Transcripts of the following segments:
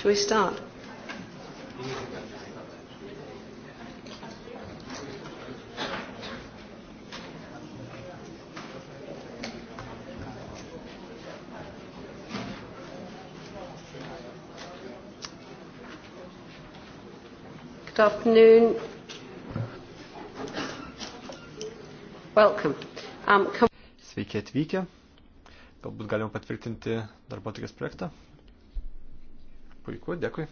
Shall we start? Good afternoon. Welcome. Um, Sveiki atvykę. Galbūt galima patvirtinti darbo tokias projektą. Puiku, dėkui.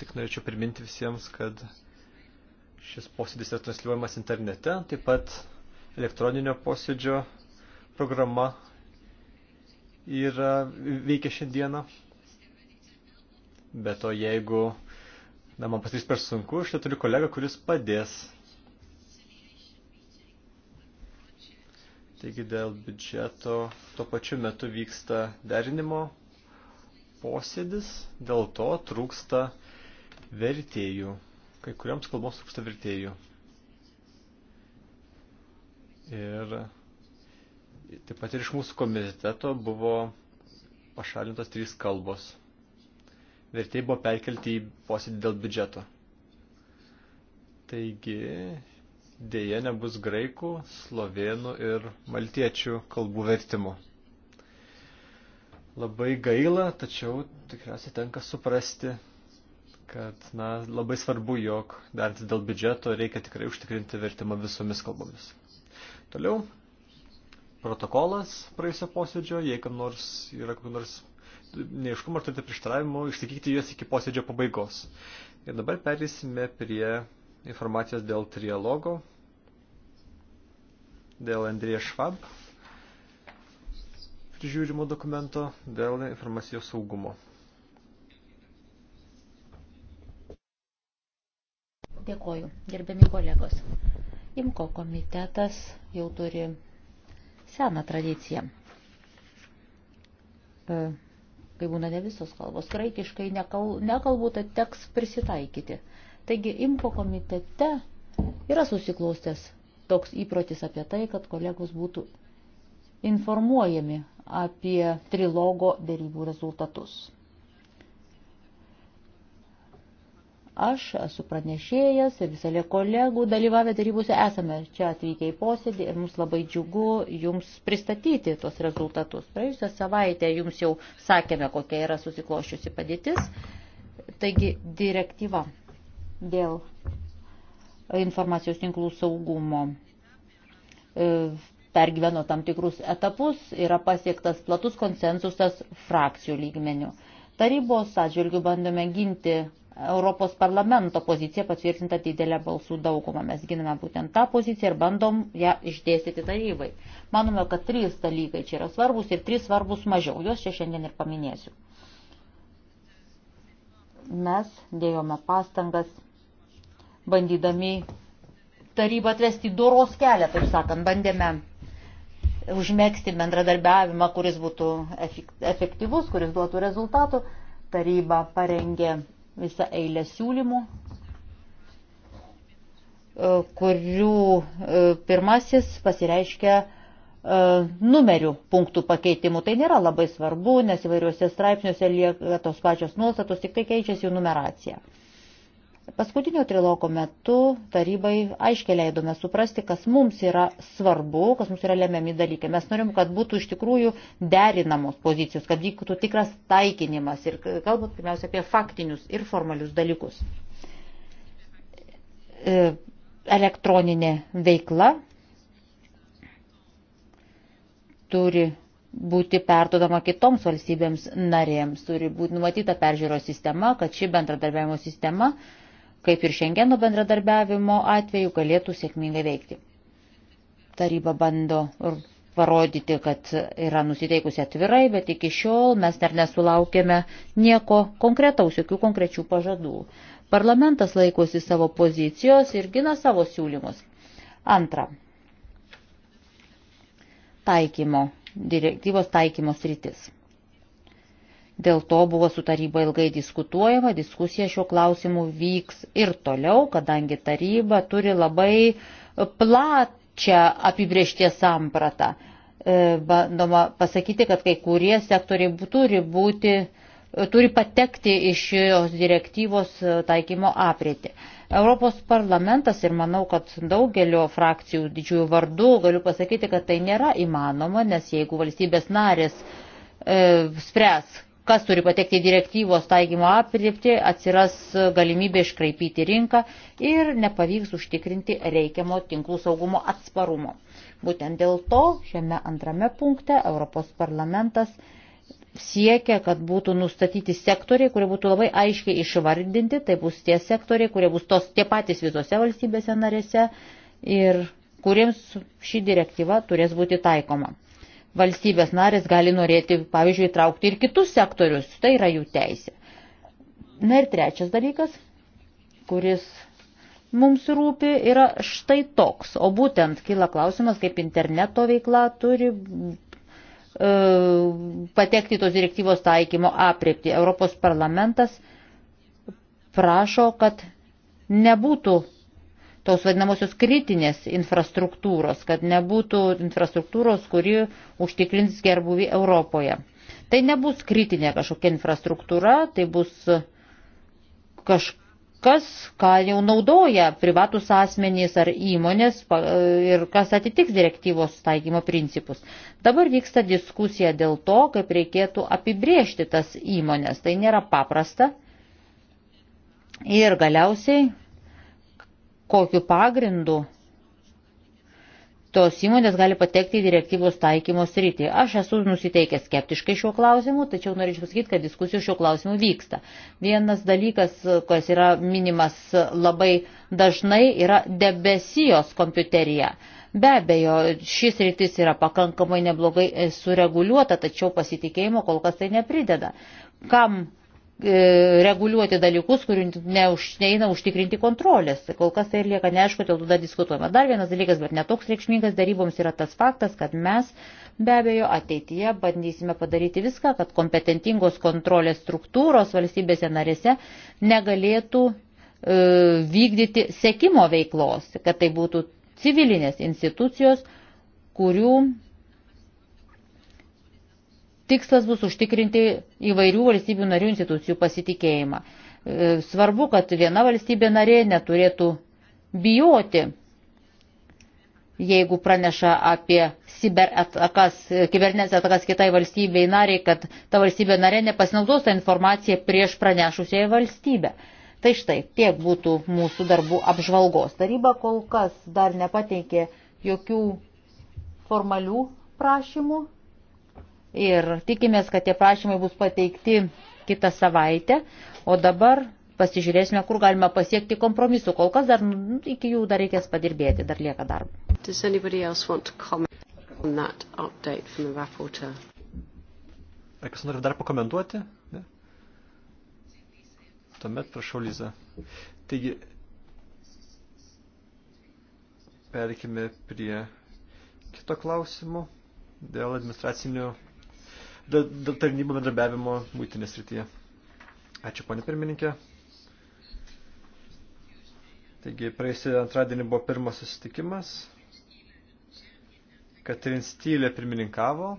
Tik norėčiau priminti visiems, kad šis posėdis yra transliuojamas internete, taip pat elektroninio posėdžio programa yra veikia šiandieną. Be to, jeigu na, man pasirys per sunku, aš turiu kolegą, kuris padės Taigi dėl biudžeto tuo pačiu metu vyksta derinimo posėdis, dėl to trūksta vertėjų. Kai kuriams kalbos trūksta vertėjų. Ir taip pat ir iš mūsų komiteto buvo pašalintos trys kalbos. Vertėjai buvo perkelti į posėdį dėl biudžeto. Taigi dėje nebus graikų, slovėnų ir maltiečių kalbų vertimų. Labai gaila, tačiau tikriausiai tenka suprasti, kad na, labai svarbu, jog darantis dėl biudžeto reikia tikrai užtikrinti vertimą visomis kalbomis. Toliau, protokolas praėjusio posėdžio, jei kam nors yra kokių nors neiškumų ar turite prieštaravimų, išsakykite juos iki posėdžio pabaigos. Ir dabar perėsime prie informacijos dėl trialogo, dėl Andrė Švab prižiūrimo dokumento, dėl informacijos saugumo. Dėkoju, gerbiami kolegos. Imko komitetas jau turi seną tradiciją. E, kai būna ne visos kalbos, graikiškai nekal, nekalbu, tai teks prisitaikyti. Taigi imko komitete yra susiklostęs toks įprotis apie tai, kad kolegos būtų informuojami apie trilogo dėrybų rezultatus. Aš esu pranešėjas ir visalė kolegų dalyvavę darybose esame čia atvykę į posėdį ir mums labai džiugu jums pristatyti tos rezultatus. Praėjusią savaitę jums jau sakėme, kokia yra susikloščiusi padėtis. Taigi direktyva dėl informacijos tinklų saugumo pergyveno tam tikrus etapus, yra pasiektas platus konsensusas frakcijų lygmenių. Tarybos atžvilgių bandome ginti Europos parlamento poziciją patvirtinta didelę balsų daugumą. Mes giname būtent tą poziciją ir bandom ją išdėstyti tarybai. Manome, kad trys dalykai čia yra svarbus ir trys svarbus mažiau. Juos čia šiandien ir paminėsiu. Mes dėjome pastangas bandydami tarybą atvesti doros kelią, taip sakant, bandėme užmėgsti bendradarbiavimą, kuris būtų efektyvus, kuris duotų rezultatų. Taryba parengė visą eilę siūlymų, e, kurių e, pirmasis pasireiškia e, numerių punktų pakeitimų. Tai nėra labai svarbu, nes įvairiuose straipsniuose lieka tos pačios nuostatos, tik tai keičiasi jų numeracija. Paskutinio triloko metu tarybai aiškiai leidome suprasti, kas mums yra svarbu, kas mums yra lemiami dalykai. Mes norim, kad būtų iš tikrųjų derinamos pozicijos, kad vyktų tikras taikinimas ir kalbant pirmiausia apie faktinius ir formalius dalykus. E, elektroninė veikla turi būti perdodama kitoms valstybėms narėms, turi būti numatyta peržiūros sistema, kad ši bendradarbiavimo sistema uh, kaip ir šengeno bendradarbiavimo atveju, galėtų sėkmingai veikti. Taryba bando parodyti, kad yra nusiteikusi atvirai, bet iki šiol mes dar nesulaukėme nieko konkretaus, jokių konkrečių pažadų. Parlamentas laikosi savo pozicijos ir gina savo siūlymus. Antra. Taikymo, direktyvos taikymos rytis. Dėl to buvo su taryba ilgai diskutuojama, diskusija šiuo klausimu vyks ir toliau, kadangi taryba turi labai plačią apibriežties sampratą. E, bandoma pasakyti, kad kai kurie sektoriai turi būti, turi patekti iš šios direktyvos taikymo aprieti. Europos parlamentas ir manau, kad daugelio frakcijų didžiųjų vardų galiu pasakyti, kad tai nėra įmanoma, nes jeigu valstybės narės e, spręs, kas turi patekti į direktyvos taikymo apripti, atsiras galimybė iškraipyti rinką ir nepavyks užtikrinti reikiamo tinklų saugumo atsparumo. Būtent dėl to šiame antrame punkte Europos parlamentas siekia, kad būtų nustatyti sektoriai, kurie būtų labai aiškiai išvardinti, tai bus tie sektoriai, kurie bus tos tie patys visose valstybėse narėse ir kuriems ši direktyva turės būti taikoma valstybės narės gali norėti, pavyzdžiui, traukti ir kitus sektorius. Tai yra jų teisė. Na ir trečias dalykas, kuris mums rūpi, yra štai toks. O būtent kyla klausimas, kaip interneto veikla turi e, patekti tos direktyvos taikymo apriepti. Europos parlamentas prašo, kad nebūtų tos vadinamosios kritinės infrastruktūros, kad nebūtų infrastruktūros, kuri užtikrins gerbuvį Europoje. Tai nebus kritinė kažkokia infrastruktūra, tai bus kažkas, ką jau naudoja privatus asmenys ar įmonės ir kas atitiks direktyvos taikymo principus. Dabar vyksta diskusija dėl to, kaip reikėtų apibriežti tas įmonės. Tai nėra paprasta. Ir galiausiai kokiu pagrindu tos įmonės gali patekti į direktyvos taikymo sritį. Aš esu nusiteikęs skeptiškai šiuo klausimu, tačiau norėčiau pasakyti, kad diskusijų šiuo klausimu vyksta. Vienas dalykas, kas yra minimas labai dažnai, yra debesijos kompiuterija. Be abejo, šis rytis yra pakankamai neblogai sureguliuota, tačiau pasitikėjimo kol kas tai neprideda. Kam E, reguliuoti dalykus, kurių neuž, neina užtikrinti kontrolės. Kol kas tai ir lieka neaišku, dėl to dar diskutuojame. Dar vienas dalykas, bet netoks reikšmingas daryboms yra tas faktas, kad mes be abejo ateityje bandysime padaryti viską, kad kompetentingos kontrolės struktūros valstybėse narėse negalėtų e, vykdyti sekimo veiklos, kad tai būtų civilinės institucijos, kurių Tikslas bus užtikrinti įvairių valstybių narių institucijų pasitikėjimą. E, svarbu, kad viena valstybė narė neturėtų bijoti, jeigu praneša apie atakas, kibernetinės atakas kitai valstybei nariai, kad ta valstybė narė nepasinaudos tą informaciją prieš pranešusiai valstybę. Tai štai, tiek būtų mūsų darbų apžvalgos. Taryba kol kas dar nepateikė jokių formalių prašymų ir tikimės, kad tie prašymai bus pateikti kitą savaitę, o dabar pasižiūrėsime, kur galime pasiekti kompromisų. Kol kas dar nu, iki jų dar reikės padirbėti, dar lieka darbo. Ar kas nori dar pakomentuoti? Ne? Tuomet prašau, Liza. Taigi, perkime prie kito klausimo dėl administracinių dėl tarnybų bendrabiavimo būtinės rytyje. Ačiū, ponė pirmininkė. Taigi, praėjusį antradienį buvo pirmas susitikimas. Katrin Stylė pirmininkavo.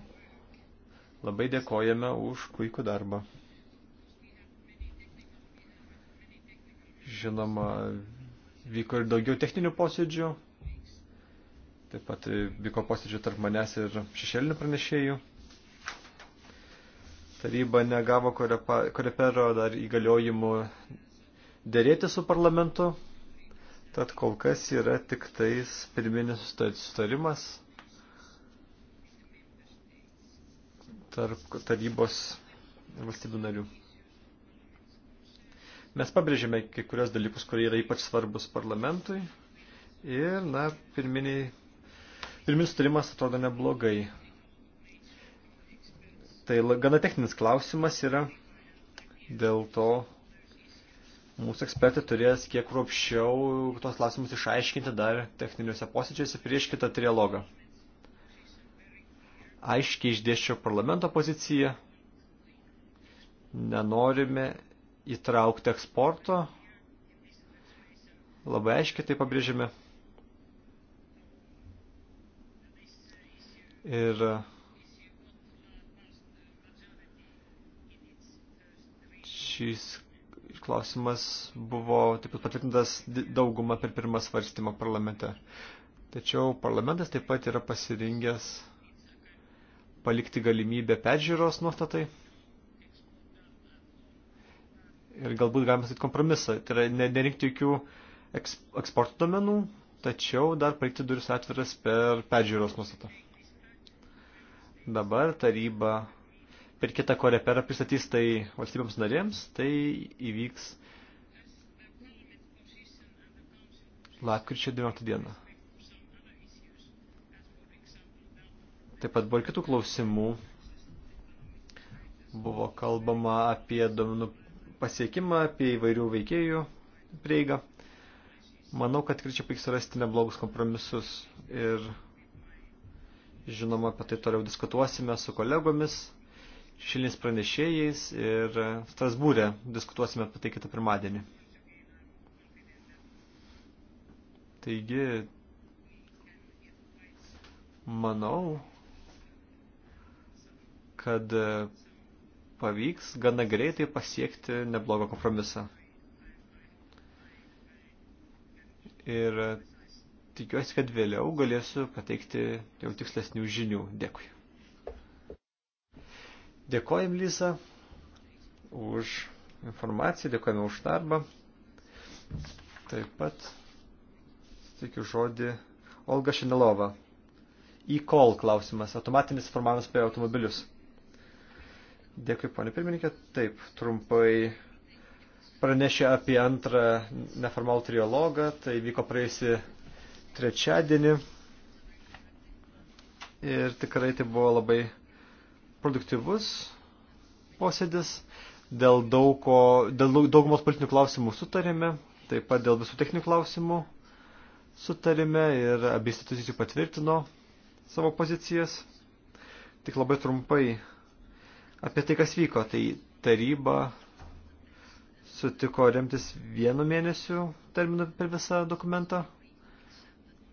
Labai dėkojame už puikų darbą. Žinoma, vyko ir daugiau techninių posėdžių. Taip pat vyko posėdžių tarp manęs ir šešėlinių pranešėjų taryba negavo korepero dar įgaliojimų dėrėti su parlamentu, tad kol kas yra tik tais pirminis sutarimas tarp tarybos valstybių narių mes pabrėžėme kai kurios dalykus, kurie yra ypač svarbus parlamentui. Ir, na, pirminiai, pirminis sutarimas atrodo neblogai. Tai gana techninis klausimas yra, dėl to mūsų ekspertai turės kiek kruopščiau tos klausimus išaiškinti dar techniniuose posėdžiuose prieš kitą trialogą. Aiškiai išdėščiau parlamento poziciją, nenorime įtraukti eksporto, labai aiškiai tai pabrėžime. Ir šis klausimas buvo taip pat patvirtintas daugumą per pirmą svarstymą parlamente. Tačiau parlamentas taip pat yra pasirinkęs palikti galimybę peržiūros nuostatai. Ir galbūt galima sakyti kompromisą. Tai yra nerinkti jokių eksporto domenų, tačiau dar palikti duris atviras per peržiūros nuostatą. Dabar taryba per kitą koreperą pristatys tai valstybėms narėms, tai įvyks lapkričio 19 dieną. Taip pat buvo ir kitų klausimų. Buvo kalbama apie domenų pasiekimą, apie įvairių veikėjų prieigą. Manau, kad tikrai čia pavyks rasti neblogus kompromisus ir žinoma, apie tai toliau diskutuosime su kolegomis šiliniais pranešėjais ir Strasbūrė diskutuosime apie tai kitą pirmadienį. Taigi, manau, kad pavyks gana greitai pasiekti neblogą kompromisą. Ir tikiuosi, kad vėliau galėsiu pateikti jau tikslesnių žinių. Dėkui. Dėkojim, Lisa, už informaciją, dėkojame už darbą. Taip pat tikiu žodį Olga Šinelova. E-call klausimas. Automatinis formavimas apie automobilius. Dėkui, ponė pirmininkė. Taip, trumpai pranešė apie antrą neformalų triologą. Tai vyko praėjusi trečiadienį. Ir tikrai tai buvo labai produktyvus posėdis, dėl, daugo, dėl daugumos politinių klausimų sutarėme, taip pat dėl visų techninių klausimų sutarėme ir abi institucijų patvirtino savo pozicijas. Tik labai trumpai apie tai, kas vyko. Tai taryba sutiko remtis vienu mėnesiu terminu per visą dokumentą.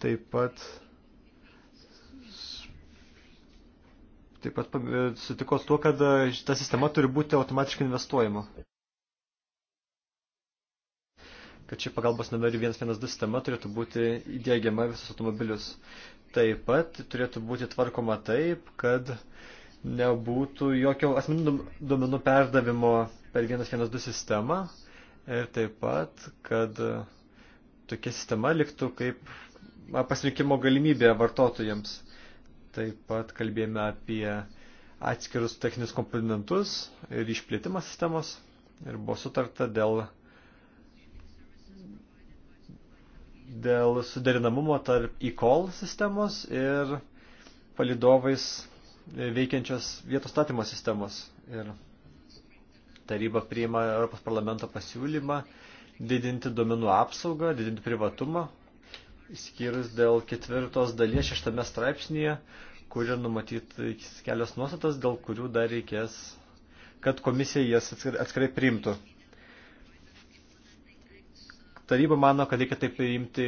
Taip pat taip pat sutiko su tuo, kad e, šita sistema turi būti automatiškai investuojama. Kad ši pagalbos numerį 112 sistema turėtų būti įdėgiama visus automobilius. Taip pat turėtų būti tvarkoma taip, kad nebūtų jokio asmenų duomenų perdavimo per 112 sistemą ir taip pat, kad e, tokia sistema liktų kaip pasirinkimo galimybė vartotojams Taip pat kalbėjome apie atskirus techninius komponentus ir išplėtimą sistemos ir buvo sutarta dėl, dėl suderinamumo tarp e-call sistemos ir palidovais veikiančios vietos statymo sistemos. Ir taryba priima Europos parlamento pasiūlymą didinti domenų apsaugą, didinti privatumą, skyrus dėl ketvirtos dalies šeštame straipsnėje, kur yra numatyti kelios nuostatas, dėl kurių dar reikės, kad komisija jas atskirai priimtų. Taryba mano, kad reikia taip priimti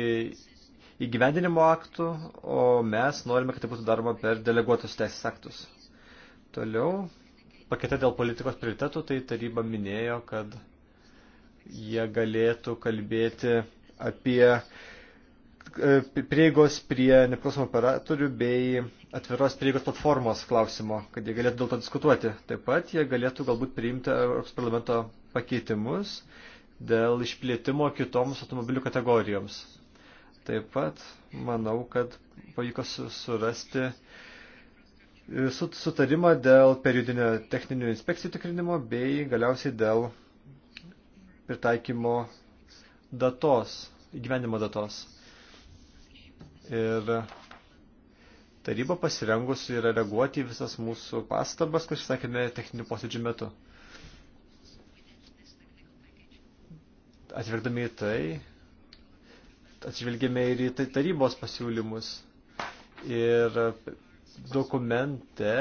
įgyvendinimo aktų, o mes norime, kad tai būtų daroma per deleguotus teisės aktus. Toliau, pakete dėl politikos prioritetų, tai taryba minėjo, kad jie galėtų kalbėti apie E, prieigos prie nepriklausomų operatorių bei atviros prieigos platformos klausimo, kad jie galėtų dėl to diskutuoti. Taip pat jie galėtų galbūt priimti Europos parlamento pakeitimus dėl išplėtimo kitoms automobilių kategorijoms. Taip pat manau, kad pavyko surasti e, sutarimą dėl periodinio techninių inspekcijų tikrinimo bei galiausiai dėl pritaikymo datos, įgyvenimo datos. Ir taryba pasirengusi yra reaguoti į visas mūsų pastabas, kur išsakėme techninių posėdžių metu. Atvirkdami į tai, atsižvelgėme ir į tai tarybos pasiūlymus. Ir dokumente,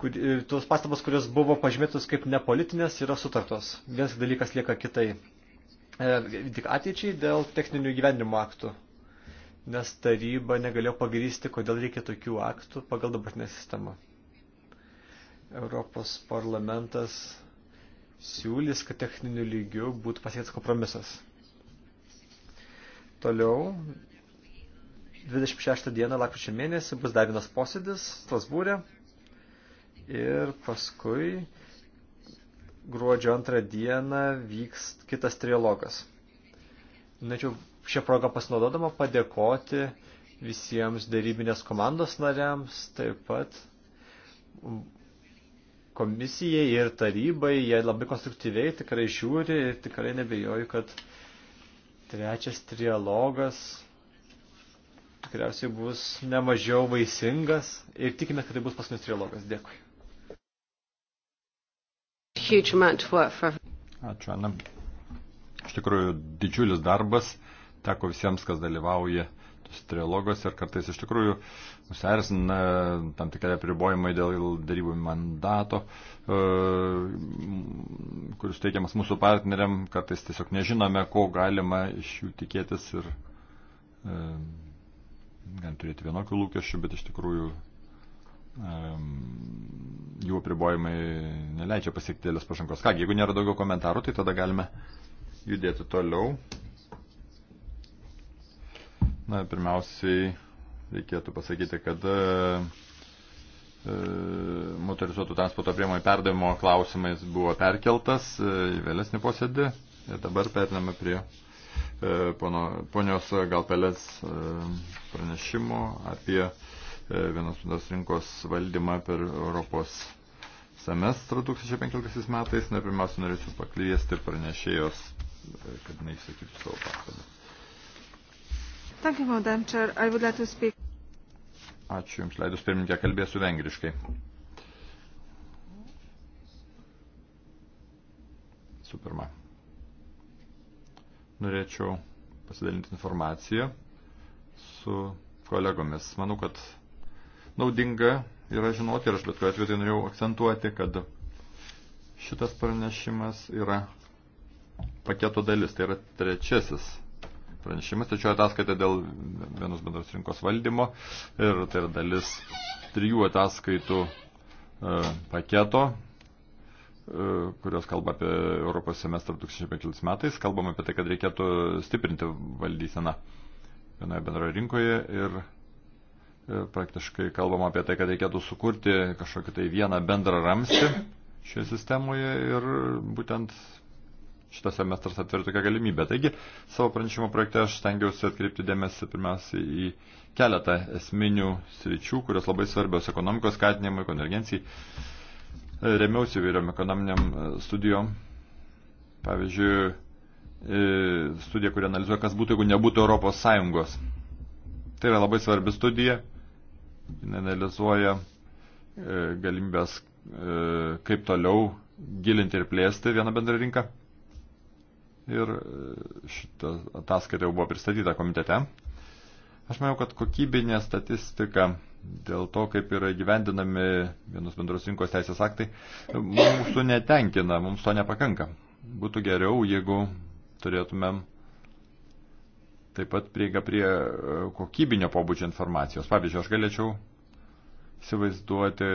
kur, ir tos pastabos, kurios buvo pažymėtos kaip nepolitinės, yra sutartos. Vienas dalykas lieka kitai. E, tik ateičiai dėl techninių gyvenimo aktų nes taryba negalėjo pagrysti, kodėl reikia tokių aktų pagal dabartinę sistemą. Europos parlamentas siūlys, kad techniniu lygiu būtų pasiektas kompromisas. Toliau, 26 dieną, lakryčio mėnesį, bus dar vienas posėdis Strasbūrė ir paskui gruodžio antrą dieną vyks kitas trialogas. Norėčiau šią progą pasinaudodama padėkoti visiems darybinės komandos nariams, taip pat komisijai ir tarybai, jie labai konstruktyviai tikrai žiūri ir tikrai nebejoju, kad trečias trialogas tikriausiai bus nemažiau vaisingas ir tikime, kad tai bus paskutinis trialogas. Dėkui. Ačiū, Ana. Iš tikrųjų, didžiulis darbas teko visiems, kas dalyvauja tuose trilogose ir kartais iš tikrųjų nusiersina tam tikrai apribojimai dėl darybų mandato, e, kuris teikiamas mūsų partneriam, kartais tiesiog nežinome, ko galima iš jų tikėtis ir e, galim turėti vienokių lūkesčių, bet iš tikrųjų e, jų apribojimai neleidžia pasiekti dėlės pažangos. Kągi, jeigu nėra daugiau komentarų, tai tada galime judėti toliau. Na, pirmiausiai reikėtų pasakyti, kad e, e, motorizuotų transporto priemonių perdavimo klausimais buvo perkeltas e, į vėlesnį posėdį ir dabar periname prie e, pono, ponios Galpelės e, pranešimo apie e, vienos sundos rinkos valdymą per Europos semestrą 2015 metais. Na, pirmiausia, norėčiau pakviesti pranešėjos, e, kad neįsakytų savo pastabą. Thank you, Madam Chair. I would like to speak. Ačiū Jums, leidus pirmininkė, kalbėsiu vengriškai. Su pirma, norėčiau pasidalinti informaciją su kolegomis. Manau, kad naudinga yra žinoti ir aš bet kuriuo atveju tai norėjau akcentuoti, kad šitas pranešimas yra paketo dalis, tai yra trečiasis pranešimas, tačiau ataskaita dėl vienos bendros rinkos valdymo ir tai yra dalis trijų ataskaitų e, paketo, e, kurios kalba apie Europos semestrą 2015 metais, kalbam apie tai, kad reikėtų stiprinti valdyseną vienoje bendroje rinkoje ir e, praktiškai kalbam apie tai, kad reikėtų sukurti kažkokį tai vieną bendrą ramstį šioje sistemoje ir būtent šitas semestras atveria tokią galimybę. Taigi, savo pranešimo projekte aš stengiausi atkreipti dėmesį pirmiausiai į keletą esminių sričių, kurios labai svarbios ekonomikos skatinimui, konvergencijai. Remiausi įvairiom ekonominiam e, studijom. Pavyzdžiui, e, studija, kuri analizuoja, kas būtų, jeigu nebūtų Europos Sąjungos. Tai yra labai svarbi studija. Jis analizuoja e, galimybės, kaip toliau gilinti ir plėsti vieną bendrą rinką ir e, šitą ataskaitą jau buvo pristatyta komitete. Aš manau, kad kokybinė statistika dėl to, kaip yra gyvendinami vienus bendros rinkos teisės aktai, mūsų netenkina, mums to nepakanka. Būtų geriau, jeigu turėtumėm taip pat prieiga prie e, kokybinio pobūdžio informacijos. Pavyzdžiui, aš galėčiau įsivaizduoti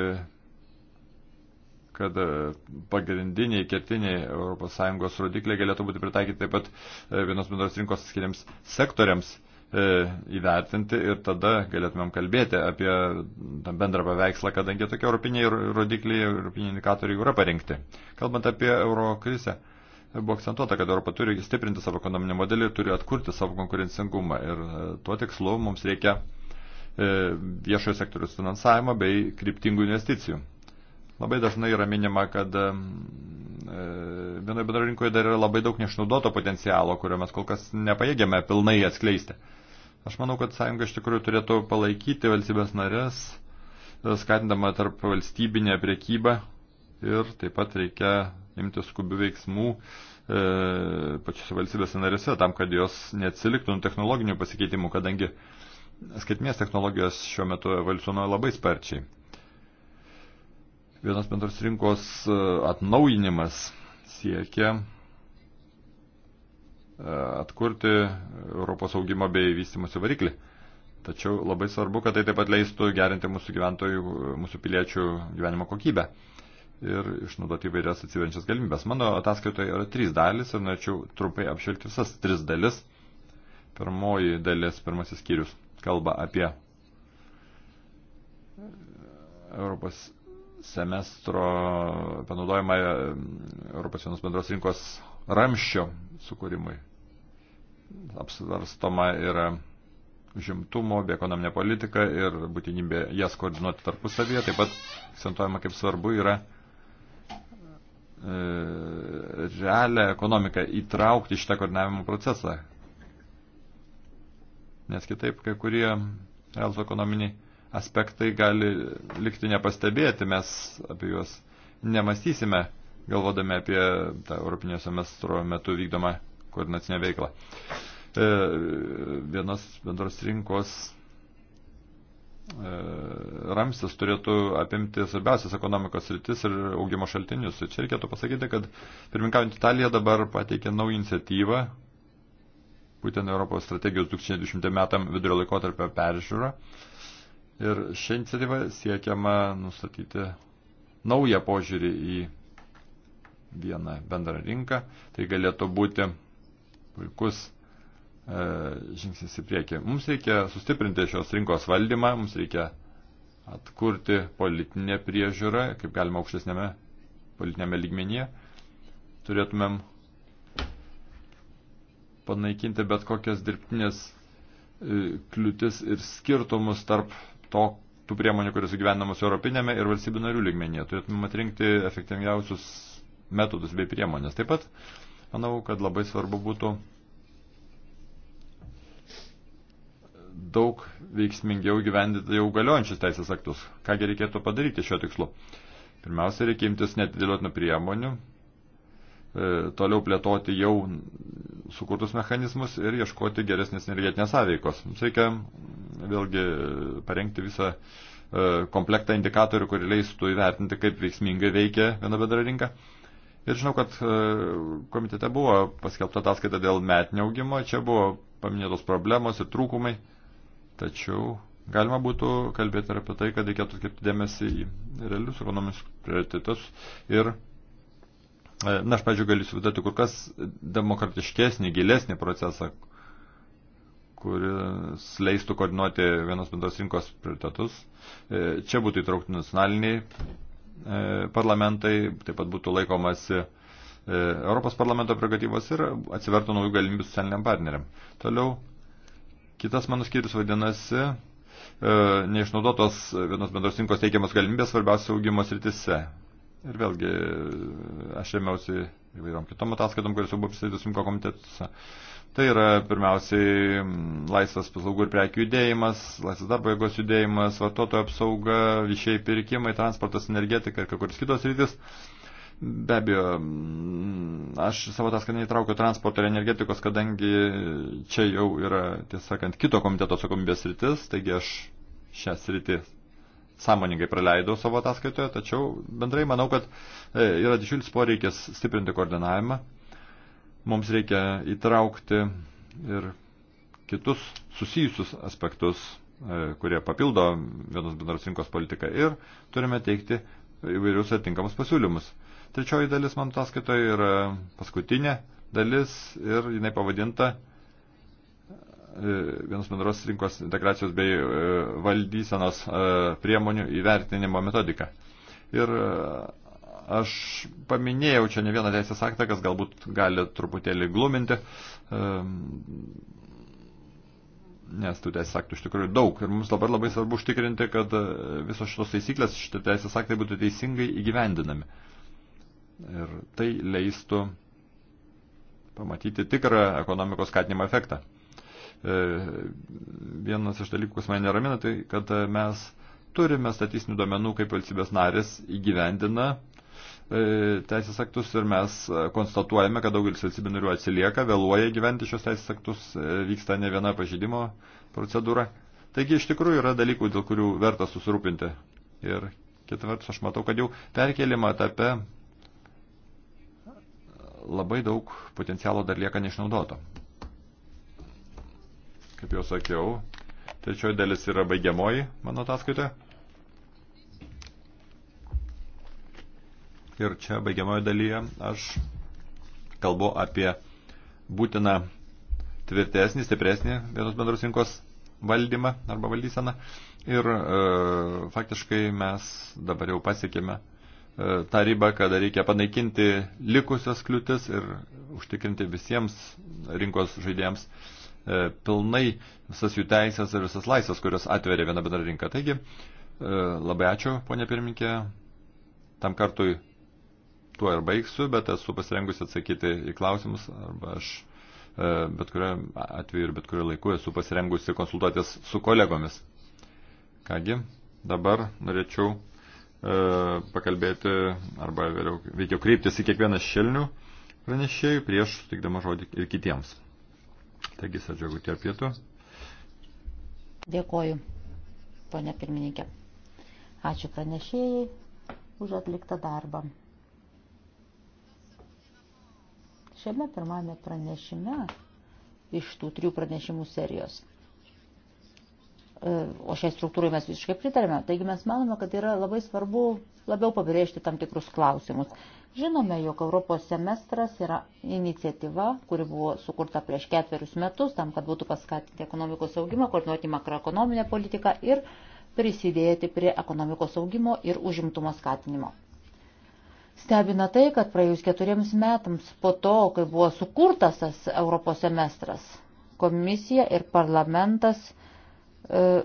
kad e, pagrindiniai kertiniai ES rodikliai galėtų būti pritaikyti taip pat e, vienos bendros rinkos skiriams sektoriams e, įvertinti ir tada galėtumėm kalbėti apie tą bendrą paveikslą, kadangi tokie europiniai rodikliai, europiniai indikatoriai jau yra parengti. Kalbant apie euro krizę, buvo akcentuota, kad Europa turi stiprinti savo ekonominį modelį ir turi atkurti savo konkurencingumą. Ir tuo tikslu mums reikia viešojo sektoriaus finansavimo bei kryptingų investicijų. Labai dažnai yra minima, kad e, vienoje bendroje rinkoje dar yra labai daug neišnaudoto potencialo, kurio mes kol kas nepajėgėme pilnai atskleisti. Aš manau, kad sąjunga iš tikrųjų turėtų palaikyti valstybės narės, e, skatindama tarp valstybinę priekybą ir taip pat reikia imti skubių veiksmų e, pačiose valstybės narėse, tam, kad jos neatsiliktų nuo technologinių pasikeitimų, kadangi skaitmės technologijos šiuo metu evoliucionuoja labai sparčiai vienos bendros rinkos e, atnaujinimas siekia e, atkurti Europos augimo bei vystimosi variklį. Tačiau labai svarbu, kad tai taip pat leistų gerinti mūsų gyventojų, mūsų piliečių gyvenimo kokybę ir išnaudoti įvairias atsiverinčias galimybės. Mano ataskaitoje yra trys dalis ir norėčiau trumpai apšvelgti visas tris dalis. Pirmoji dalis, pirmasis skyrius, kalba apie Europos semestro panaudojimą e, Europos vienos bendros rinkos ramščio sukūrimui. Apsvarstoma yra žimtumo, bei ekonominė politika ir būtinybė jas koordinuoti tarpusavyje. Taip pat akcentuojama, kaip svarbu yra e, realią ekonomiką įtraukti šitą koordinavimo procesą. Nes kitaip kai kurie realų ekonominiai aspektai gali likti nepastebėti, mes apie juos nemastysime, galvodami apie tą Europinio semestro metu vykdomą koordinacinę veiklą. E, vienos bendros rinkos e, ramstis turėtų apimti svarbiausias ekonomikos rytis ir augimo šaltinius. Ir tai čia reikėtų pasakyti, kad pirmininkaujant Italija dabar pateikė naują iniciatyvą, būtent Europos strategijos 2020 metam vidurio laikotarpio peržiūrą. E, Ir šią iniciatyvą siekiama nustatyti naują požiūrį į vieną bendrą rinką. Tai galėtų būti puikus e, žingsnis į priekį. Mums reikia sustiprinti šios rinkos valdymą, mums reikia atkurti politinę priežiūrą, kaip galima aukštesnėme politinėme lygmenyje. Turėtumėm panaikinti bet kokias dirbtinės e, kliūtis ir skirtumus tarp to, tų priemonių, kurios gyvenamos europinėme ir valstybių narių lygmenyje. Turėtume atrinkti efektyviausius metodus bei priemonės. Taip pat manau, kad labai svarbu būtų daug veiksmingiau gyvendyti jau galiojančius teisės aktus. Kągi reikėtų padaryti šiuo tikslu? Pirmiausia, reikia imtis netidėliotinų priemonių, E, toliau plėtoti jau sukurtus mechanizmus ir ieškoti geresnės energetinės sąveikos. Mums reikia vėlgi parengti visą e, komplektą indikatorių, kurie leistų įvertinti, kaip veiksmingai veikia viena bedra rinka. Ir žinau, kad e, komitete buvo paskelbta ataskaita dėl metinio augimo, čia buvo paminėtos problemos ir trūkumai, tačiau galima būtų kalbėti ir apie tai, kad reikėtų atkreipti dėmesį į realius ekonominius prioritetus ir E, na, aš, pažiūrėjau, galiu įsivaizduoti kur kas demokratiškesnį, gilesnį procesą, kuris leistų koordinuoti vienos bendros rinkos prioritetus. E, čia būtų įtraukti nacionaliniai e, parlamentai, taip pat būtų laikomasi Europos parlamento prerogatyvos ir atsivertų naujų galimybių socialiniam partneriam. Toliau, kitas mano skyrius vadinasi neišnaudotos vienos bendros rinkos teikiamas galimybės svarbiausia augimo sritise. Ir vėlgi aš ėmiausi įvairiom kitom ataskaitom, kuris jau buvo pristatytas Junko komitetuose. Tai yra pirmiausiai laisvas paslaugų ir prekių judėjimas, laisvas darbo jėgos judėjimas, vartotojų apsauga, viešiai pirkimai, transportas, energetika ir kai kuris kitos rytis. Be abejo, aš savo ataskaitą neįtraukiu transporto ir energetikos, kadangi čia jau yra, tiesą sakant, kito komiteto atsakomybės rytis, taigi aš šią sritį sąmoningai praleidau savo ataskaitoje, tačiau bendrai manau, kad e, yra didžiulis poreikis stiprinti koordinavimą. Mums reikia įtraukti ir kitus susijusius aspektus, e, kurie papildo vienos bendros rinkos politiką ir turime teikti įvairius atinkamus pasiūlymus. Trečioji dalis mano ataskaitoje yra paskutinė dalis ir jinai pavadinta E, vienos bendros rinkos integracijos bei e, valdysenos e, priemonių įvertinimo metodiką. Ir aš paminėjau čia ne vieną teisės aktą, kas galbūt gali truputėlį gluminti, nes tų teisės aktų iš tikrųjų daug. Ir mums dabar labai svarbu užtikrinti, kad visos šitos taisyklės, šitie teisės aktai būtų teisingai įgyvendinami. Ir tai leistų pamatyti tikrą ekonomikos skatinimo efektą. E, vienas iš dalykų, kas mane neramina, tai kad e, mes turime statistinių duomenų, kaip valstybės narės įgyvendina e, teisės aktus ir mes konstatuojame, kad daugelis valstybių narių atsilieka, vėluoja gyventi šios teisės aktus, vyksta ne viena pažydimo procedūra. Taigi iš tikrųjų yra dalykų, dėl kurių verta susirūpinti. Ir ketvirtas, aš matau, kad jau perkelimo etape labai daug potencialo dar lieka neišnaudoto. Kaip jau sakiau, trečioji dalis yra baigiamoji mano ataskaitoje. Ir čia baigiamojo dalyje aš kalbu apie būtiną tvirtesnį, stipresnį vienos bendros rinkos valdymą arba valdyseną. Ir e, faktiškai mes dabar jau pasiekėme e, tą ribą, kada reikia panaikinti likusias kliūtis ir užtikrinti visiems rinkos žaidėjams e, E, pilnai visas jų teisės ir visas laisvės, kurios atveria viena bendra rinka. Taigi, e, labai ačiū, ponė pirminkė, tam kartui tuo ir baigsiu, bet esu pasirengusi atsakyti į klausimus arba aš e, bet kuriuo atveju ir bet kuriuo laiku esu pasirengusi konsultuotis su kolegomis. Kągi, dabar norėčiau pakalbėti arba vėliau veikiau kreiptis į kiekvieną šelnių pranešėjų prieš sutikdama žodį ir kitiems. Taigi, sadžiagutė pietų. Dėkoju, ponė pirmininkė. Ačiū pranešėjai už atliktą darbą. Šiame pirmame pranešime iš tų trijų pranešimų serijos O šiai struktūrai mes visiškai pritarėme. Taigi mes manome, kad yra labai svarbu labiau pabrėžti tam tikrus klausimus. Žinome, jog Europos semestras yra iniciatyva, kuri buvo sukurta prieš ketverius metus, tam, kad būtų paskatinti ekonomikos augimą, koordinuoti makroekonominę politiką ir prisidėti prie ekonomikos augimo ir užimtumo skatinimo. Stebina tai, kad praėjus keturiems metams po to, kai buvo sukurtas tas Europos semestras, komisija ir parlamentas E,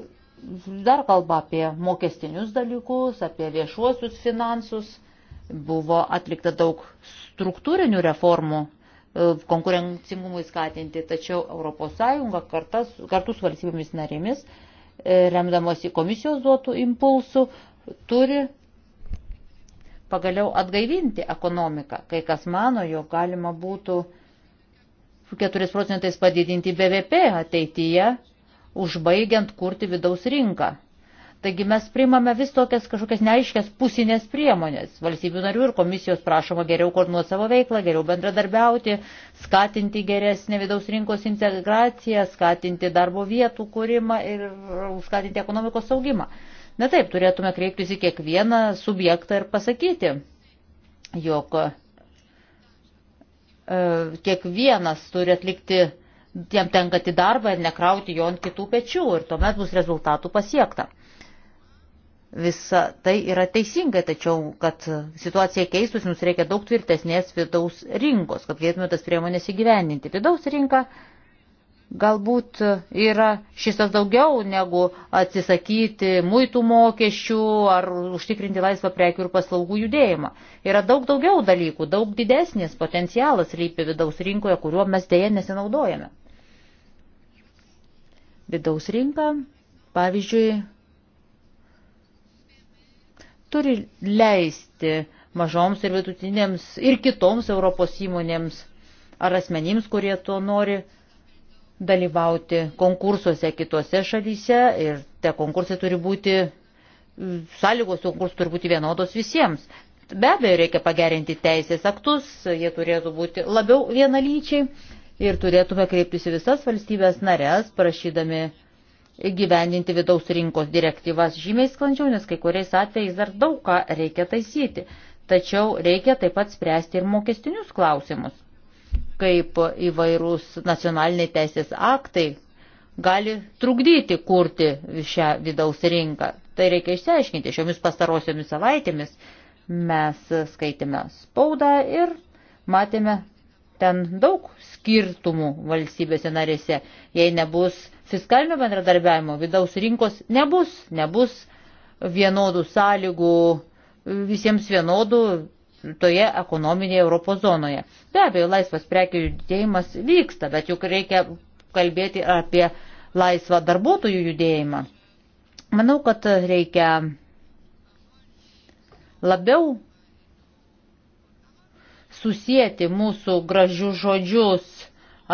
dar kalba apie mokestinius dalykus, apie viešuosius finansus. Buvo atlikta daug struktūrinių reformų e, konkurencingumui skatinti, tačiau ES kartas, kartu su valstybėmis narėmis, e, remdamosi komisijos duotų impulsų, turi pagaliau atgaivinti ekonomiką. Kai kas mano, jog galima būtų 4 procentais padidinti BVP ateityje užbaigiant kurti vidaus rinką. Taigi mes primame vis tokias kažkokias neaiškias pusinės priemonės. Valstybių narių ir komisijos prašoma geriau koordinuoti savo veiklą, geriau bendradarbiauti, skatinti geresnę vidaus rinkos integraciją, skatinti darbo vietų kūrimą ir skatinti ekonomikos saugimą. Na taip, turėtume kreiptis į kiekvieną subjektą ir pasakyti, jog e, kiekvienas turi atlikti jam tenka į darbą ir nekrauti jo ant kitų pečių ir tuomet bus rezultatų pasiekta. Visa tai yra teisinga, tačiau, kad situacija keistus, mums reikia daug tvirtesnės vidaus rinkos, kad galėtume tas priemonės įgyveninti. Vidaus rinka galbūt yra šistas daugiau negu atsisakyti muitų mokesčių ar užtikrinti laisvą prekių ir paslaugų judėjimą. Yra daug daugiau dalykų, daug didesnis potencialas lypi vidaus rinkoje, kuriuo mes dėje nesinaudojame vidaus rinka, pavyzdžiui, turi leisti mažoms ir vidutinėms ir kitoms Europos įmonėms ar asmenims, kurie to nori dalyvauti konkursuose kitose šalyse ir te konkursai turi būti, sąlygos konkursų turi būti vienodos visiems. Be abejo, reikia pagerinti teisės aktus, jie turėtų būti labiau vienalyčiai ir turėtume kreiptis į visas valstybės narės, prašydami gyvendinti vidaus rinkos direktyvas žymiai sklandžiau, nes kai kuriais atvejais dar daug ką reikia taisyti. Tačiau reikia taip pat spręsti ir mokestinius klausimus, kaip įvairūs nacionaliniai teisės aktai gali trukdyti kurti šią vidaus rinką. Tai reikia išsiaiškinti. Šiomis pastarosiomis savaitėmis mes skaitėme spaudą ir matėme ten daug skirtumų valstybėse narėse. Jei nebus fiskalinio bendradarbiavimo, vidaus rinkos nebus, nebus vienodų sąlygų, visiems vienodų toje ekonominėje Europos zonoje. Be abejo, laisvas prekių judėjimas vyksta, bet juk reikia kalbėti apie laisvą darbuotojų judėjimą. Manau, kad reikia labiau susijęti mūsų gražius žodžius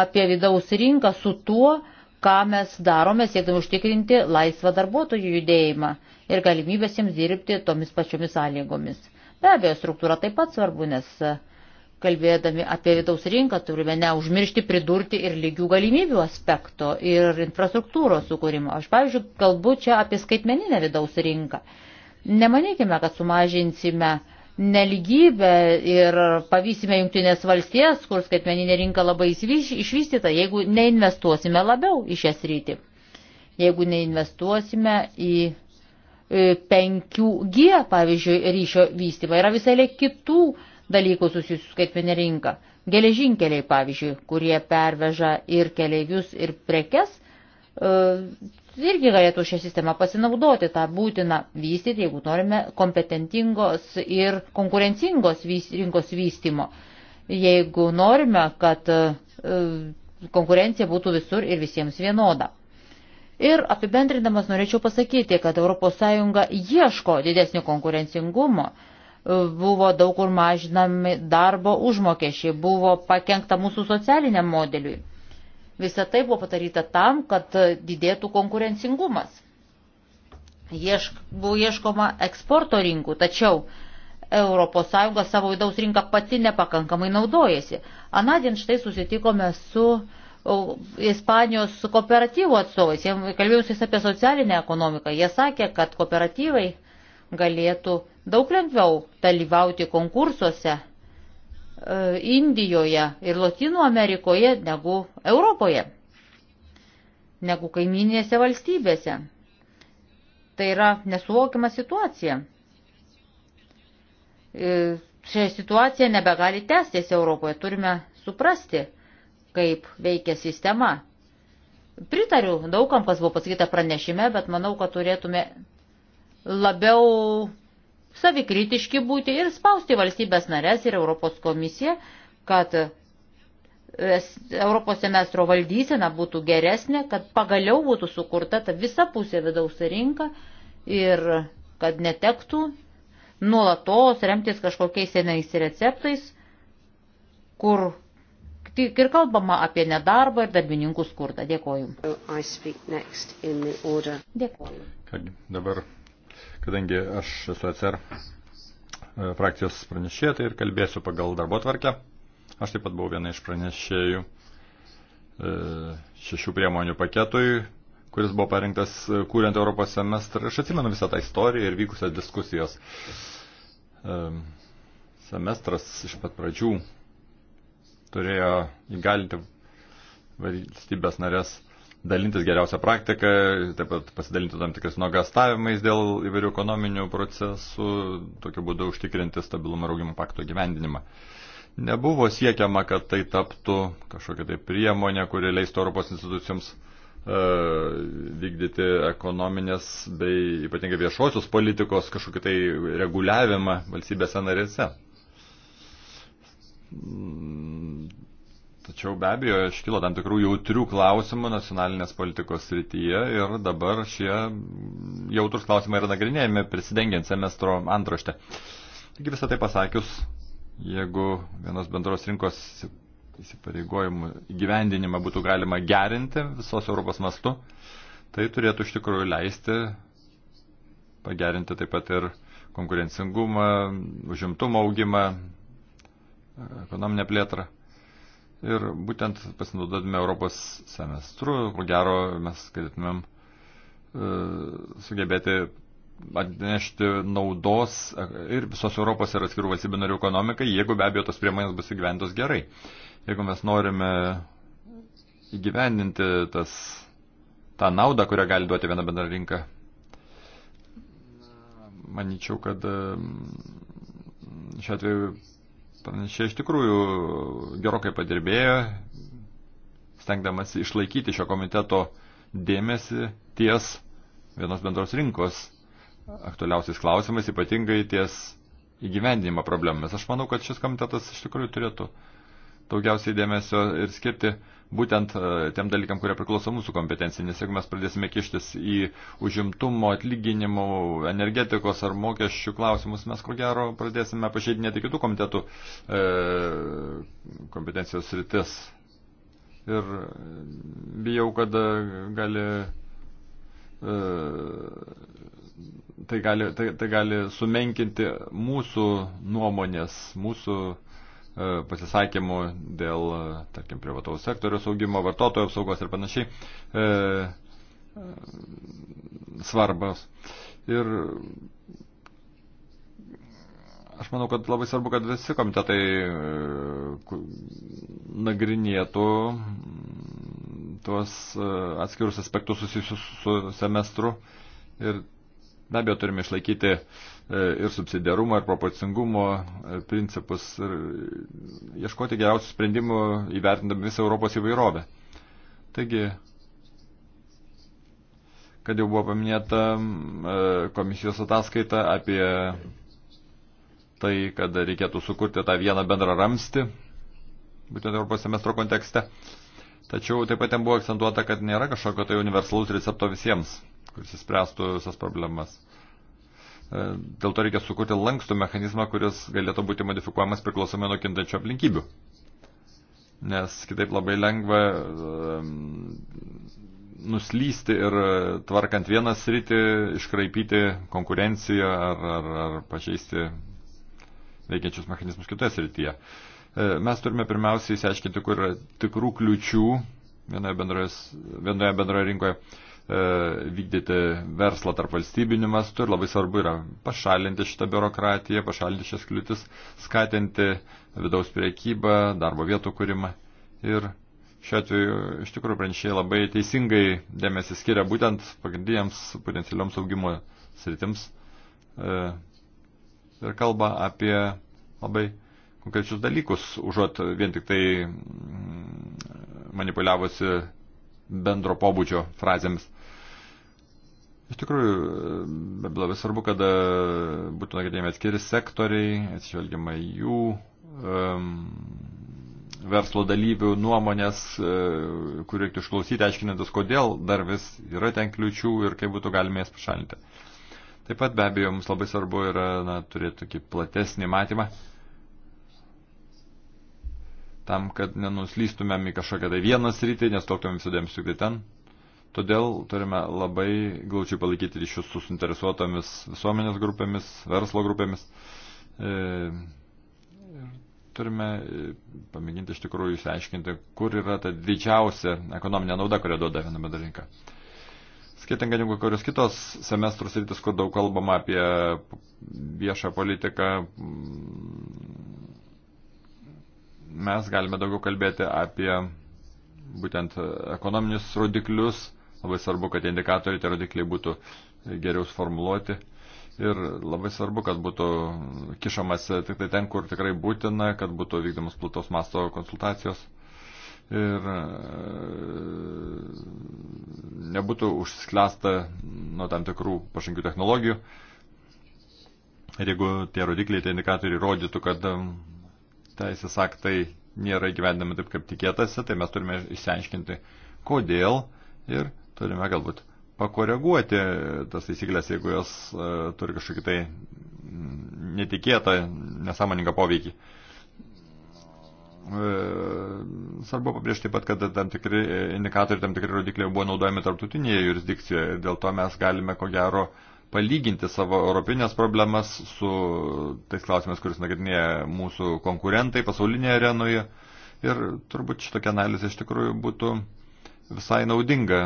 apie vidaus rinką su tuo, ką mes darome, siekdami užtikrinti laisvą darbuotojų judėjimą ir galimybės jiems dirbti tomis pačiomis sąlygomis. Be abejo, struktūra taip pat svarbu, nes e, kalbėdami apie vidaus rinką turime neužmiršti pridurti ir lygių galimybių aspekto ir infrastruktūros sukūrimo. Aš, pavyzdžiui, kalbu čia apie skaitmeninę vidaus rinką. Nemanykime, kad sumažinsime neligybę ir pavysime jungtinės valstijas, kur skaitmeninė rinka labai išvystyta, jeigu neinvestuosime labiau į šią sritį. Jeigu neinvestuosime į 5G, e, pavyzdžiui, ryšio vystymą, yra visai kitų dalykų susijusių su skaitmenė rinka. Geležinkeliai, pavyzdžiui, kurie perveža ir keleivius, ir prekes, e, irgi galėtų šią sistemą pasinaudoti, tą būtina vystyti, jeigu norime kompetentingos ir konkurencingos rinkos vystymo. Jeigu norime, kad e, konkurencija būtų visur ir visiems vienoda. Ir apibendrindamas norėčiau pasakyti, kad ES ieško didesnio konkurencingumo. E, buvo daug kur mažinami darbo užmokesčiai, buvo pakengta mūsų socialiniam modeliui Visą tai buvo padaryta tam, kad didėtų konkurencingumas. Iešk, buvo ieškoma eksporto rinkų, tačiau ES savo vidaus rinką pati nepakankamai naudojasi. Anadien štai susitikome su Ispanijos kooperatyvų atstovais. Jie kalbėjusiais apie socialinę ekonomiką. Jie sakė, kad kooperatyvai galėtų daug lengviau dalyvauti konkursuose E, Indijoje ir Latino Amerikoje negu Europoje, negu kaiminėse valstybėse. Tai yra nesuvokiama situacija. E, šią situaciją nebegali tęstis Europoje. Turime suprasti, kaip veikia sistema. Pritariu daugam, kas buvo pasakyta pranešime, bet manau, kad turėtume labiau savikritiški būti ir spausti valstybės narės ir Europos komisiją, kad e, Europos semestro valdysena būtų geresnė, kad pagaliau būtų sukurta ta visa pusė vidaus rinka ir kad netektų nuolatos remtis kažkokiais senais receptais, kur tik ir kalbama apie nedarbą ir darbininkų skurdą. Dėkoju. Dėkoju. Kągi, dabar Kadangi aš esu ECR e, frakcijos pranešėja, tai ir kalbėsiu pagal darbo tvarkę. Aš taip pat buvau viena iš pranešėjų e, šešių priemonių paketui, kuris buvo parinktas e, kūrent Europos semestrą. Aš atsimenu visą tą istoriją ir vykusias diskusijas. Semestras iš pat pradžių turėjo įgalinti valstybės narės dalintis geriausią praktiką, taip pat pasidalinti tam tikras nuogastavimais dėl įvairių ekonominių procesų, tokiu būdu užtikrinti stabilumą ir augimo pakto gyvendinimą. Nebuvo siekiama, kad tai taptų kažkokia tai priemonė, kuri leistų Europos institucijoms e, vykdyti ekonominės bei ypatingai viešosios politikos kažkokį tai reguliavimą valstybėse narėse Tačiau be abejo iškilo tam tikrų jautrių klausimų nacionalinės politikos srityje ir dabar šie jautrus klausimai yra nagrinėjami prisidengiant semestro antraštę. Taigi visą tai pasakius, jeigu vienos bendros rinkos įsipareigojimų įgyvendinimą būtų galima gerinti visos Europos mastu, tai turėtų iš tikrųjų leisti pagerinti taip pat ir konkurencingumą, užimtumo augimą, ekonominę plėtrą. Ir būtent pasinaudodami Europos semestru, ko gero, mes galėtumėm e, sugebėti atnešti naudos ir visos Europos ir atskirų valstybių narių ekonomikai, jeigu be abejo tos priemonės bus įgyventos gerai. Jeigu mes norime įgyvendinti tas, tą naudą, kurią gali duoti viena bendra rinka, manyčiau, kad e, šiuo atveju Panašiai iš tikrųjų gerokai padirbėjo, stengdamas išlaikyti šio komiteto dėmesį ties vienos bendros rinkos aktualiausiais klausimais, ypatingai ties įgyvendinimo problemas. Aš manau, kad šis komitetas iš tikrųjų turėtų daugiausiai dėmesio ir skirti būtent e, tiem dalykam, kurie priklauso mūsų kompetencijai. Nes jeigu mes pradėsime kištis į užimtumo, atlyginimų, energetikos ar mokesčių klausimus, mes ko gero pradėsime pažeidinėti kitų komitetų e, kompetencijos rytis. Ir bijau, kad gali. E, tai gali, tai, tai gali sumenkinti mūsų nuomonės, mūsų uh, E, pasisakymų dėl, e, tarkim, privataus sektoriaus augimo, vartotojų apsaugos ir panašiai e, e, svarbas. Ir aš manau, kad labai svarbu, kad visi komitetai nagrinėtų tuos atskirus aspektus susijusius su semestru. Ir be abejo turime išlaikyti uh, E, ir subsidiarumo, ir proporcingumo e, principus ir ieškoti geriausių sprendimų įvertindami visą Europos įvairovę. Taigi, kad jau buvo paminėta e, komisijos ataskaita apie tai, kad reikėtų sukurti tą vieną bendrą ramstį, būtent Europos semestro kontekste. Tačiau taip pat ten buvo akcentuota, kad nėra kažkokio tai universalaus recepto visiems, kuris įspręstų visas problemas. E, dėl to reikia sukurti lankstų mechanizmą, kuris galėtų būti modifikuojamas priklausomai nuo kintančių aplinkybių. Nes kitaip labai lengva e, nuslysti ir tvarkant vieną sritį, iškraipyti konkurenciją ar, ar, ar pažeisti veikiančius mechanizmus kitoje srityje. E, mes turime pirmiausiai įsiaiškinti, kur yra tikrų kliučių vienoje bendroje, vienoje bendroje rinkoje E, vykdyti verslą tarp valstybinių mastų ir labai svarbu yra pašalinti šitą biurokratiją, pašalinti šias kliūtis, skatinti vidaus priekybą, darbo vietų kūrimą. Ir šiuo atveju iš tikrųjų pranešėjai labai teisingai dėmesį skiria būtent pagrindiniams potencialioms augimo sritims e, ir kalba apie labai konkrečius dalykus, užuot vien tik tai mm, manipuliavosi bendro pobūdžio frazėmis. Iš tikrųjų, be abejo, labai svarbu, kad e, būtų nagrinėjami atskiri sektoriai, atsižvelgiama į jų um, verslo dalyvių nuomonės, uh, kur reiktų išklausyti, aiškinantis, kodėl dar vis yra ten kliučių ir kaip būtų galima jas pašalinti. Taip pat be abejo, mums labai svarbu yra na, turėti tokį platesnį matymą, tam, kad nenuslystumėm į kažkokią tai vieną sritį, nes toktumėm sudėmsiu tik tai ten. Todėl turime labai glaučiai palaikyti ryšius su suinteresuotomis visuomenės grupėmis, verslo grupėmis. Ir e, turime e, pamėginti iš tikrųjų išsiaiškinti, kur yra ta didžiausia ekonominė nauda, kurią duoda viena bedalinka. Skirtingai negu kurios kitos semestrus rytis, kur daug kalbama apie viešą politiką, mes galime daugiau kalbėti apie būtent ekonominius rodiklius, Labai svarbu, kad indikatoriai, tie rodikliai būtų geriau sformuluoti. Ir labai svarbu, kad būtų kišamas tik tai ten, kur tikrai būtina, kad būtų vykdomas plataus masto konsultacijos. Ir e, nebūtų užsklęsta nuo tam tikrų pažangių technologijų. Ir jeigu tie rodikliai, tie indikatoriai rodytų, kad e, teisės aktai nėra įgyvendami taip, kaip tikėtasi, tai mes turime išsiaiškinti, kodėl ir turime galbūt pakoreguoti tas taisyklės, jeigu jos e, turi kažkokį tai netikėtą, nesąmoningą poveikį. E, svarbu pabrėžti taip pat, kad tam tikri indikatoriai, tam tikri rodikliai buvo naudojami tarptautinėje jurisdikcijoje ir dėl to mes galime, ko gero, palyginti savo europinės problemas su tais klausimais, kuris nagrinėja mūsų konkurentai pasaulinėje arenoje. Ir turbūt šitokia analizė iš tikrųjų būtų uh, visai naudinga,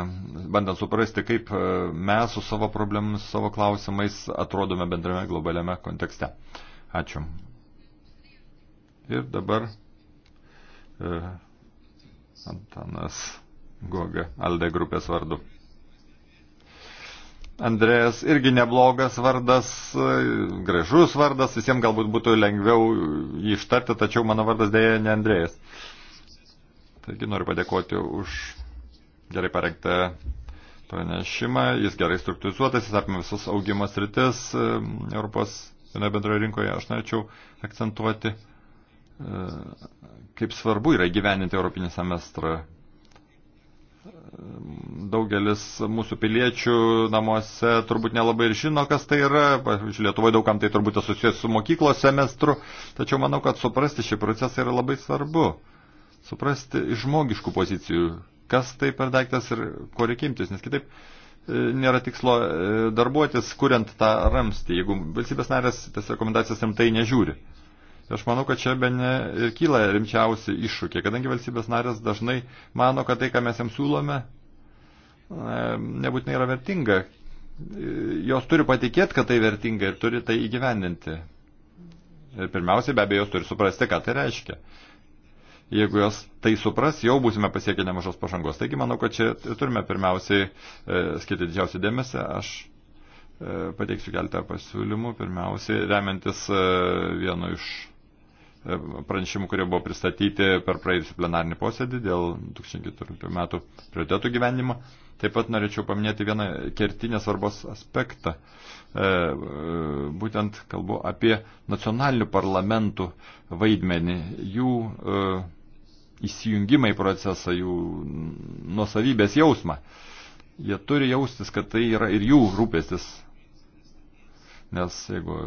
bandant suprasti, kaip e, mes su savo problemus, savo klausimais atrodome bendrame globaliame kontekste. Ačiū. Ir dabar e, Antanas Goga, Alde grupės vardu. Andrėjas irgi neblogas vardas, e, gražus vardas, visiems galbūt būtų lengviau jį ištarti, tačiau mano vardas dėja ne Andrėjas. Taigi noriu padėkoti už gerai parengtą pranešimą, jis gerai struktūrizuotas, jis apima visus augimo sritis e, Europos vienoje bendroje rinkoje. Aš norėčiau akcentuoti, e, kaip svarbu yra gyveninti Europinį semestrą. E, daugelis mūsų piliečių namuose turbūt nelabai ir žino, kas tai yra. Pavyzdžiui, Lietuvoje daugam tai turbūt susijęs su mokyklos semestru, tačiau manau, kad suprasti šį procesą yra labai svarbu. Suprasti iš žmogiškų pozicijų kas tai per daiktas ir ko reikia imtis, nes kitaip e, nėra tikslo e, darbuotis, kuriant tą ramstį, jeigu valstybės narės tas rekomendacijas rimtai nežiūri. Tai aš manau, kad čia be ne ir kyla rimčiausi iššūkiai, kadangi valstybės narės dažnai mano, kad tai, ką mes jiems siūlome, e, nebūtinai yra vertinga. Jos turi patikėti, kad tai vertinga ir turi tai įgyvendinti. Ir pirmiausiai, be abejo, jos turi suprasti, ką tai reiškia jeigu jos tai supras, jau būsime pasiekę nemažos pažangos. Taigi manau, kad čia turime pirmiausiai e, skirti didžiausią dėmesį. Aš e, pateiksiu keletą pasiūlymų, pirmiausiai remiantis e, vienu iš e, pranešimų, kurie buvo pristatyti per praėjusią plenarinį posėdį dėl 2014 metų prioritetų gyvenimo. Taip pat norėčiau paminėti vieną kertinę svarbos aspektą. E, e, būtent kalbu apie nacionalinių parlamentų vaidmenį, jų e, įsijungimą į procesą, jų nuosavybės jausmą. Jie turi jaustis, kad tai yra ir jų rūpestis. Nes jeigu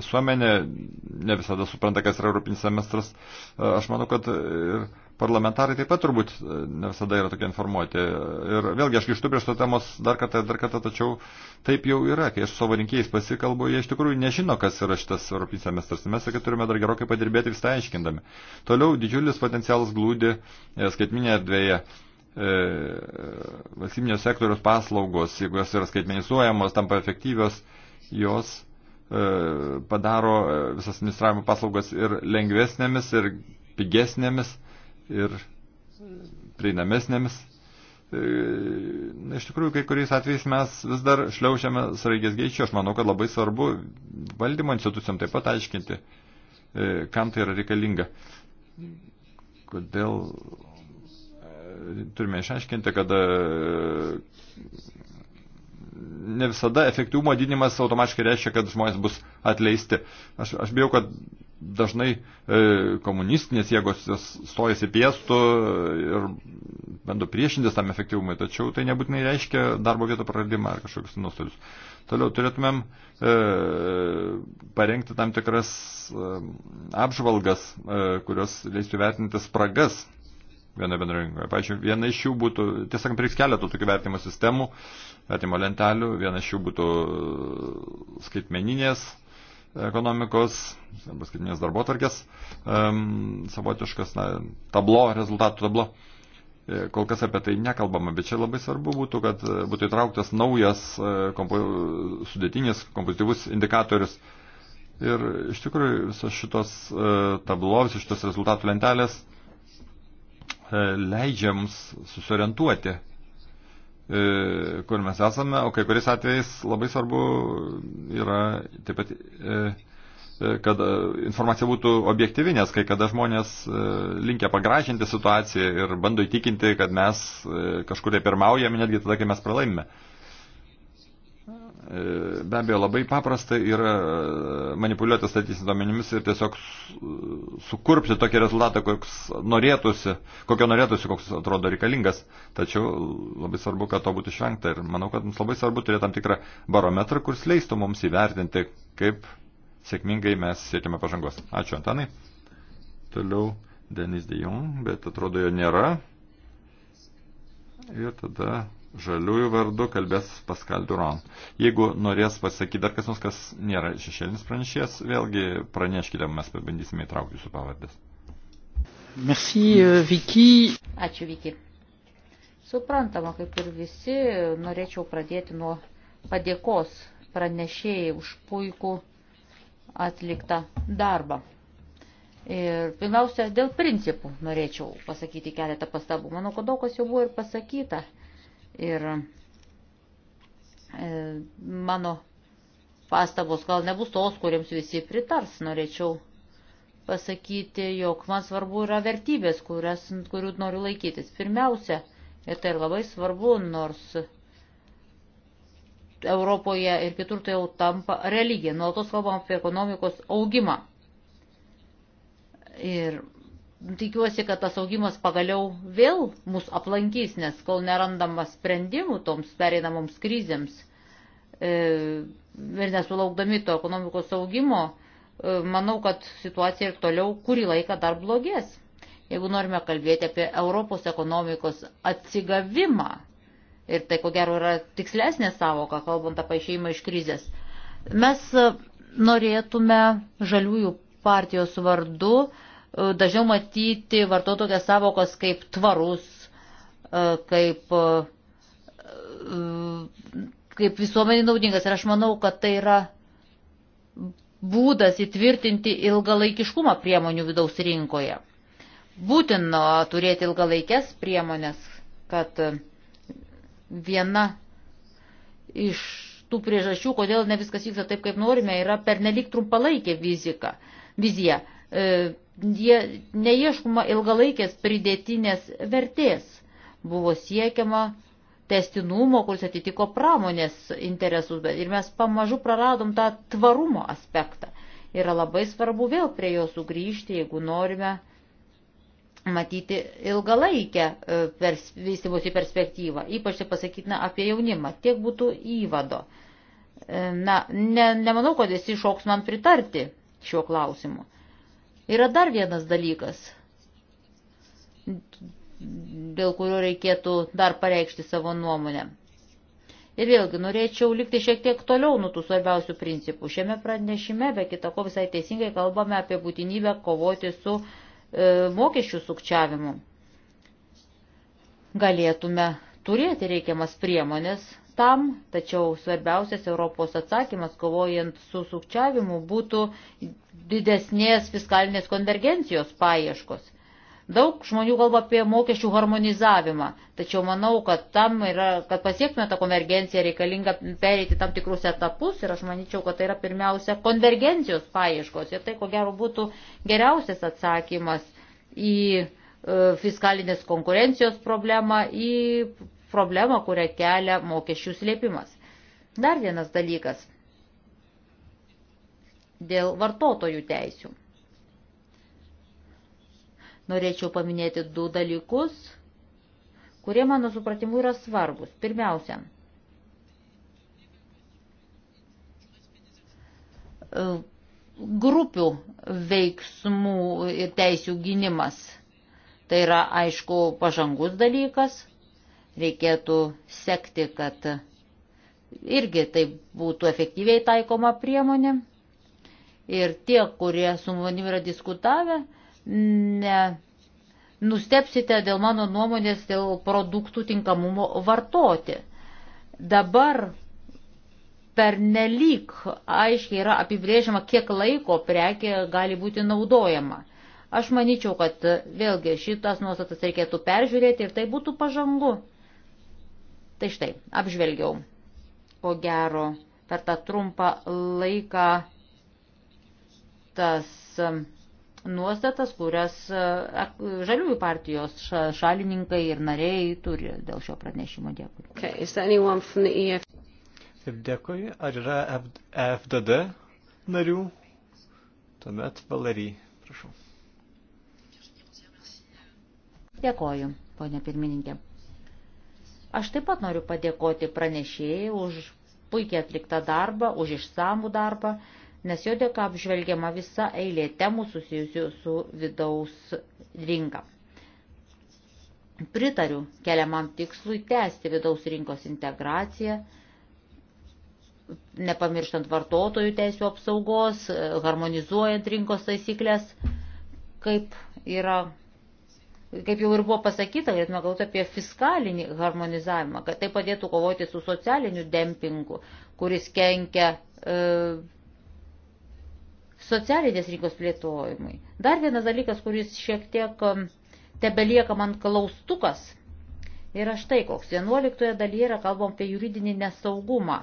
visuomenė ne visada supranta, kas yra Europinis semestras, aš manau, kad ir parlamentarai taip pat turbūt e, ne visada yra tokie informuoti. Ir vėlgi aš grįžtu prie šito temos dar kartą, dar kartą, tačiau taip jau yra. Kai aš su savo rinkėjais pasikalbu, jie iš tikrųjų nežino, kas yra šitas Europinis semestras. Mes, kad turime dar gerokai padirbėti vis tai aiškindami. Toliau didžiulis potencialas glūdi e, skaitminėje erdvėje. E, valstybinio sektoriaus paslaugos, jeigu jos yra skaitmenizuojamos, tampa efektyvios, jos e, padaro visas administravimo paslaugas ir lengvesnėmis, ir pigesnėmis ir prieinamesnėmis. E, na, iš tikrųjų, kai kuriais atvejais mes vis dar šliaušiame sraigės greičiu. Aš manau, kad labai svarbu valdymo institucijom taip pat aiškinti, e, kam tai yra reikalinga. Kodėl e, turime išaiškinti, kad ne visada efektyvumo didinimas automatiškai reiškia, kad žmonės bus atleisti. Aš, aš bijau, kad dažnai e, komunistinės jėgos stojasi piestu ir bando priešintis tam efektyvumui, tačiau tai nebūtinai reiškia darbo vietų praradimą ar kažkokius nuostolius. Toliau turėtumėm e, parengti tam tikras e, apžvalgas, e, kurios leistų vertinti spragas viena bendroje rinkoje. Pavyzdžiui, viena iš jų būtų, tiesąkant, reiks keletų tokių vertimo sistemų, vertimo lentelių, viena iš jų būtų skaitmeninės ekonomikos, paskaitinės darbo tarkės, savotiškas na, tablo, rezultatų tablo. E, kol kas apie tai nekalbama, bet čia labai svarbu būtų, kad e, būtų įtrauktas naujas e, kompo, sudėtinis kompozityvus indikatorius. Ir iš tikrųjų visos šitos tablo, visos šitos rezultatų lentelės leidžia mums susiorientuoti E, kur mes esame, o kai kuriais atvejais labai svarbu yra taip pat, e, e, kad informacija būtų objektyvi, nes kai kada žmonės linkia pagražinti situaciją ir bando įtikinti, kad mes kažkur tai pirmaujame netgi tada, kai mes pralaimime. E, be abejo, labai paprasta yra e, manipuliuoti statistiniais duomenimis ir tiesiog e, sukurpti tokį rezultatą, koks norėtųsi, kokio norėtųsi, koks atrodo reikalingas. Tačiau labai svarbu, kad to būtų išvengta. Ir manau, kad mums labai svarbu turėti tam tikrą barometrą, kuris leistų mums įvertinti, kaip sėkmingai mes siekime pažangos. Ačiū, Antanai. Toliau Denis Dijon, bet atrodo jo nėra. Ir tada žaliųjų vardu kalbės Pascal Duron. Jeigu norės pasakyti dar kas nors, kas nėra šešėlinis pranešėjas, vėlgi praneškite, mes pabandysime įtraukti jūsų pavardės. Merci, euh, Viki. Ačiū, Viki. Suprantama, kaip ir visi, norėčiau pradėti nuo padėkos pranešėjai už puikų atliktą darbą. Ir pirmiausia, dėl principų norėčiau pasakyti keletą pastabų. Manau, kad daug kas jau buvo ir pasakyta. Uh, Ir e, mano pastabos gal nebus tos, kuriems visi pritars. Norėčiau pasakyti, jog man svarbu yra vertybės, kurias, kurių noriu laikytis. Pirmiausia, ir tai labai svarbu, nors Europoje ir kitur tai jau tampa religija. Nuolatos kalbam apie ekonomikos augimą. Ir tikiuosi, kad tas augimas pagaliau vėl mus aplankys, nes kol nerandamas sprendimų toms pereinamoms krizėms e, ir nesulaukdami to ekonomikos augimo, e, manau, kad situacija ir toliau kurį laiką dar blogės. Jeigu norime kalbėti apie Europos ekonomikos atsigavimą, ir tai ko gero yra tikslesnė savoka, kalbant apie išeimą iš krizės, mes norėtume žaliųjų partijos vardu dažniau matyti vartoto tokias savokas kaip tvarus, e, kaip, e, e, kaip visuomeniai naudingas. Ir aš manau, kad tai yra būdas įtvirtinti ilgalaikiškumą priemonių vidaus rinkoje. Būtina turėti ilgalaikės priemonės, kad viena iš tų priežasčių, kodėl ne viskas vyksta taip, kaip norime, yra pernelik trumpalaikė vizika, vizija. vizija E, jie neieškoma ilgalaikės pridėtinės vertės. Buvo siekiama testinumo, kuris atitiko pramonės interesus, bet ir mes pamažu praradom tą tvarumo aspektą. Yra labai svarbu vėl prie jo sugrįžti, jeigu norime matyti ilgalaikę e, pers, vystimosi perspektyvą, ypač tai pasakytina apie jaunimą. Tiek būtų įvado. E, na, ne, nemanau, kad esi šoks man pritarti šiuo klausimu. Yra dar vienas dalykas, dėl kurio reikėtų dar pareikšti savo nuomonę. Ir vėlgi norėčiau likti šiek tiek toliau nuo tų svarbiausių principų. Šiame pranešime, be kita ko, visai teisingai kalbame apie būtinybę kovoti su e, mokesčių sukčiavimu. Galėtume turėti reikiamas priemonės tam, tačiau svarbiausias Europos atsakymas kovojant su sukčiavimu būtų didesnės fiskalinės konvergencijos paieškos. Daug žmonių kalba apie mokesčių harmonizavimą, tačiau manau, kad tam yra, kad pasiektume tą konvergenciją reikalinga pereiti tam tikrus etapus ir aš manyčiau, kad tai yra pirmiausia konvergencijos paieškos ir tai ko gero būtų geriausias atsakymas į e, fiskalinės konkurencijos problemą, į problemą, kurią kelia mokesčių slėpimas. Dar vienas dalykas - dėl vartotojų teisių. Norėčiau paminėti du dalykus, kurie mano supratimu yra svarbus. Pirmiausia, grupių veiksmų ir teisių gynimas. Tai yra, aišku, pažangus dalykas, Reikėtų sekti, kad irgi tai būtų efektyviai taikoma priemonė. Ir tie, kurie su manimi yra diskutavę, ne, nustepsite dėl mano nuomonės dėl produktų tinkamumo vartoti. Dabar pernelyg aiškiai yra apibrėžiama, kiek laiko prekė gali būti naudojama. Aš manyčiau, kad vėlgi šitas nuostatas reikėtų peržiūrėti ir tai būtų pažangu. Tai štai, apžvelgiau, ko gero, per tą trumpą laiką tas um, nuostatas, kurias uh, žaliųjų partijos šalininkai ir nariai turi dėl šio pranešimo. Dėkui. Okay, e Taip, dėkui. Ar yra FDD e narių? Tuomet Valery, prašau. Dėkoju, ponia pirmininkė. Aš taip pat noriu padėkoti pranešėjai už puikiai atliktą darbą, už išsamų darbą, nes jo dėka apžvelgiama visa eilė temų susijusių su vidaus rinka. Pritariu keliamam tikslui tęsti vidaus rinkos integraciją, nepamirštant vartotojų teisų apsaugos, harmonizuojant rinkos taisyklės, kaip yra Kaip jau ir buvo pasakyta, galėtume galvoti apie fiskalinį harmonizavimą, kad tai padėtų kovoti su socialiniu dempingu, kuris kenkia e, socialinės rinkos plėtojimui. Dar vienas dalykas, kuris šiek tiek tebelieka man klaustukas, yra štai koks. 11 dalyje yra kalbam apie juridinį nesaugumą,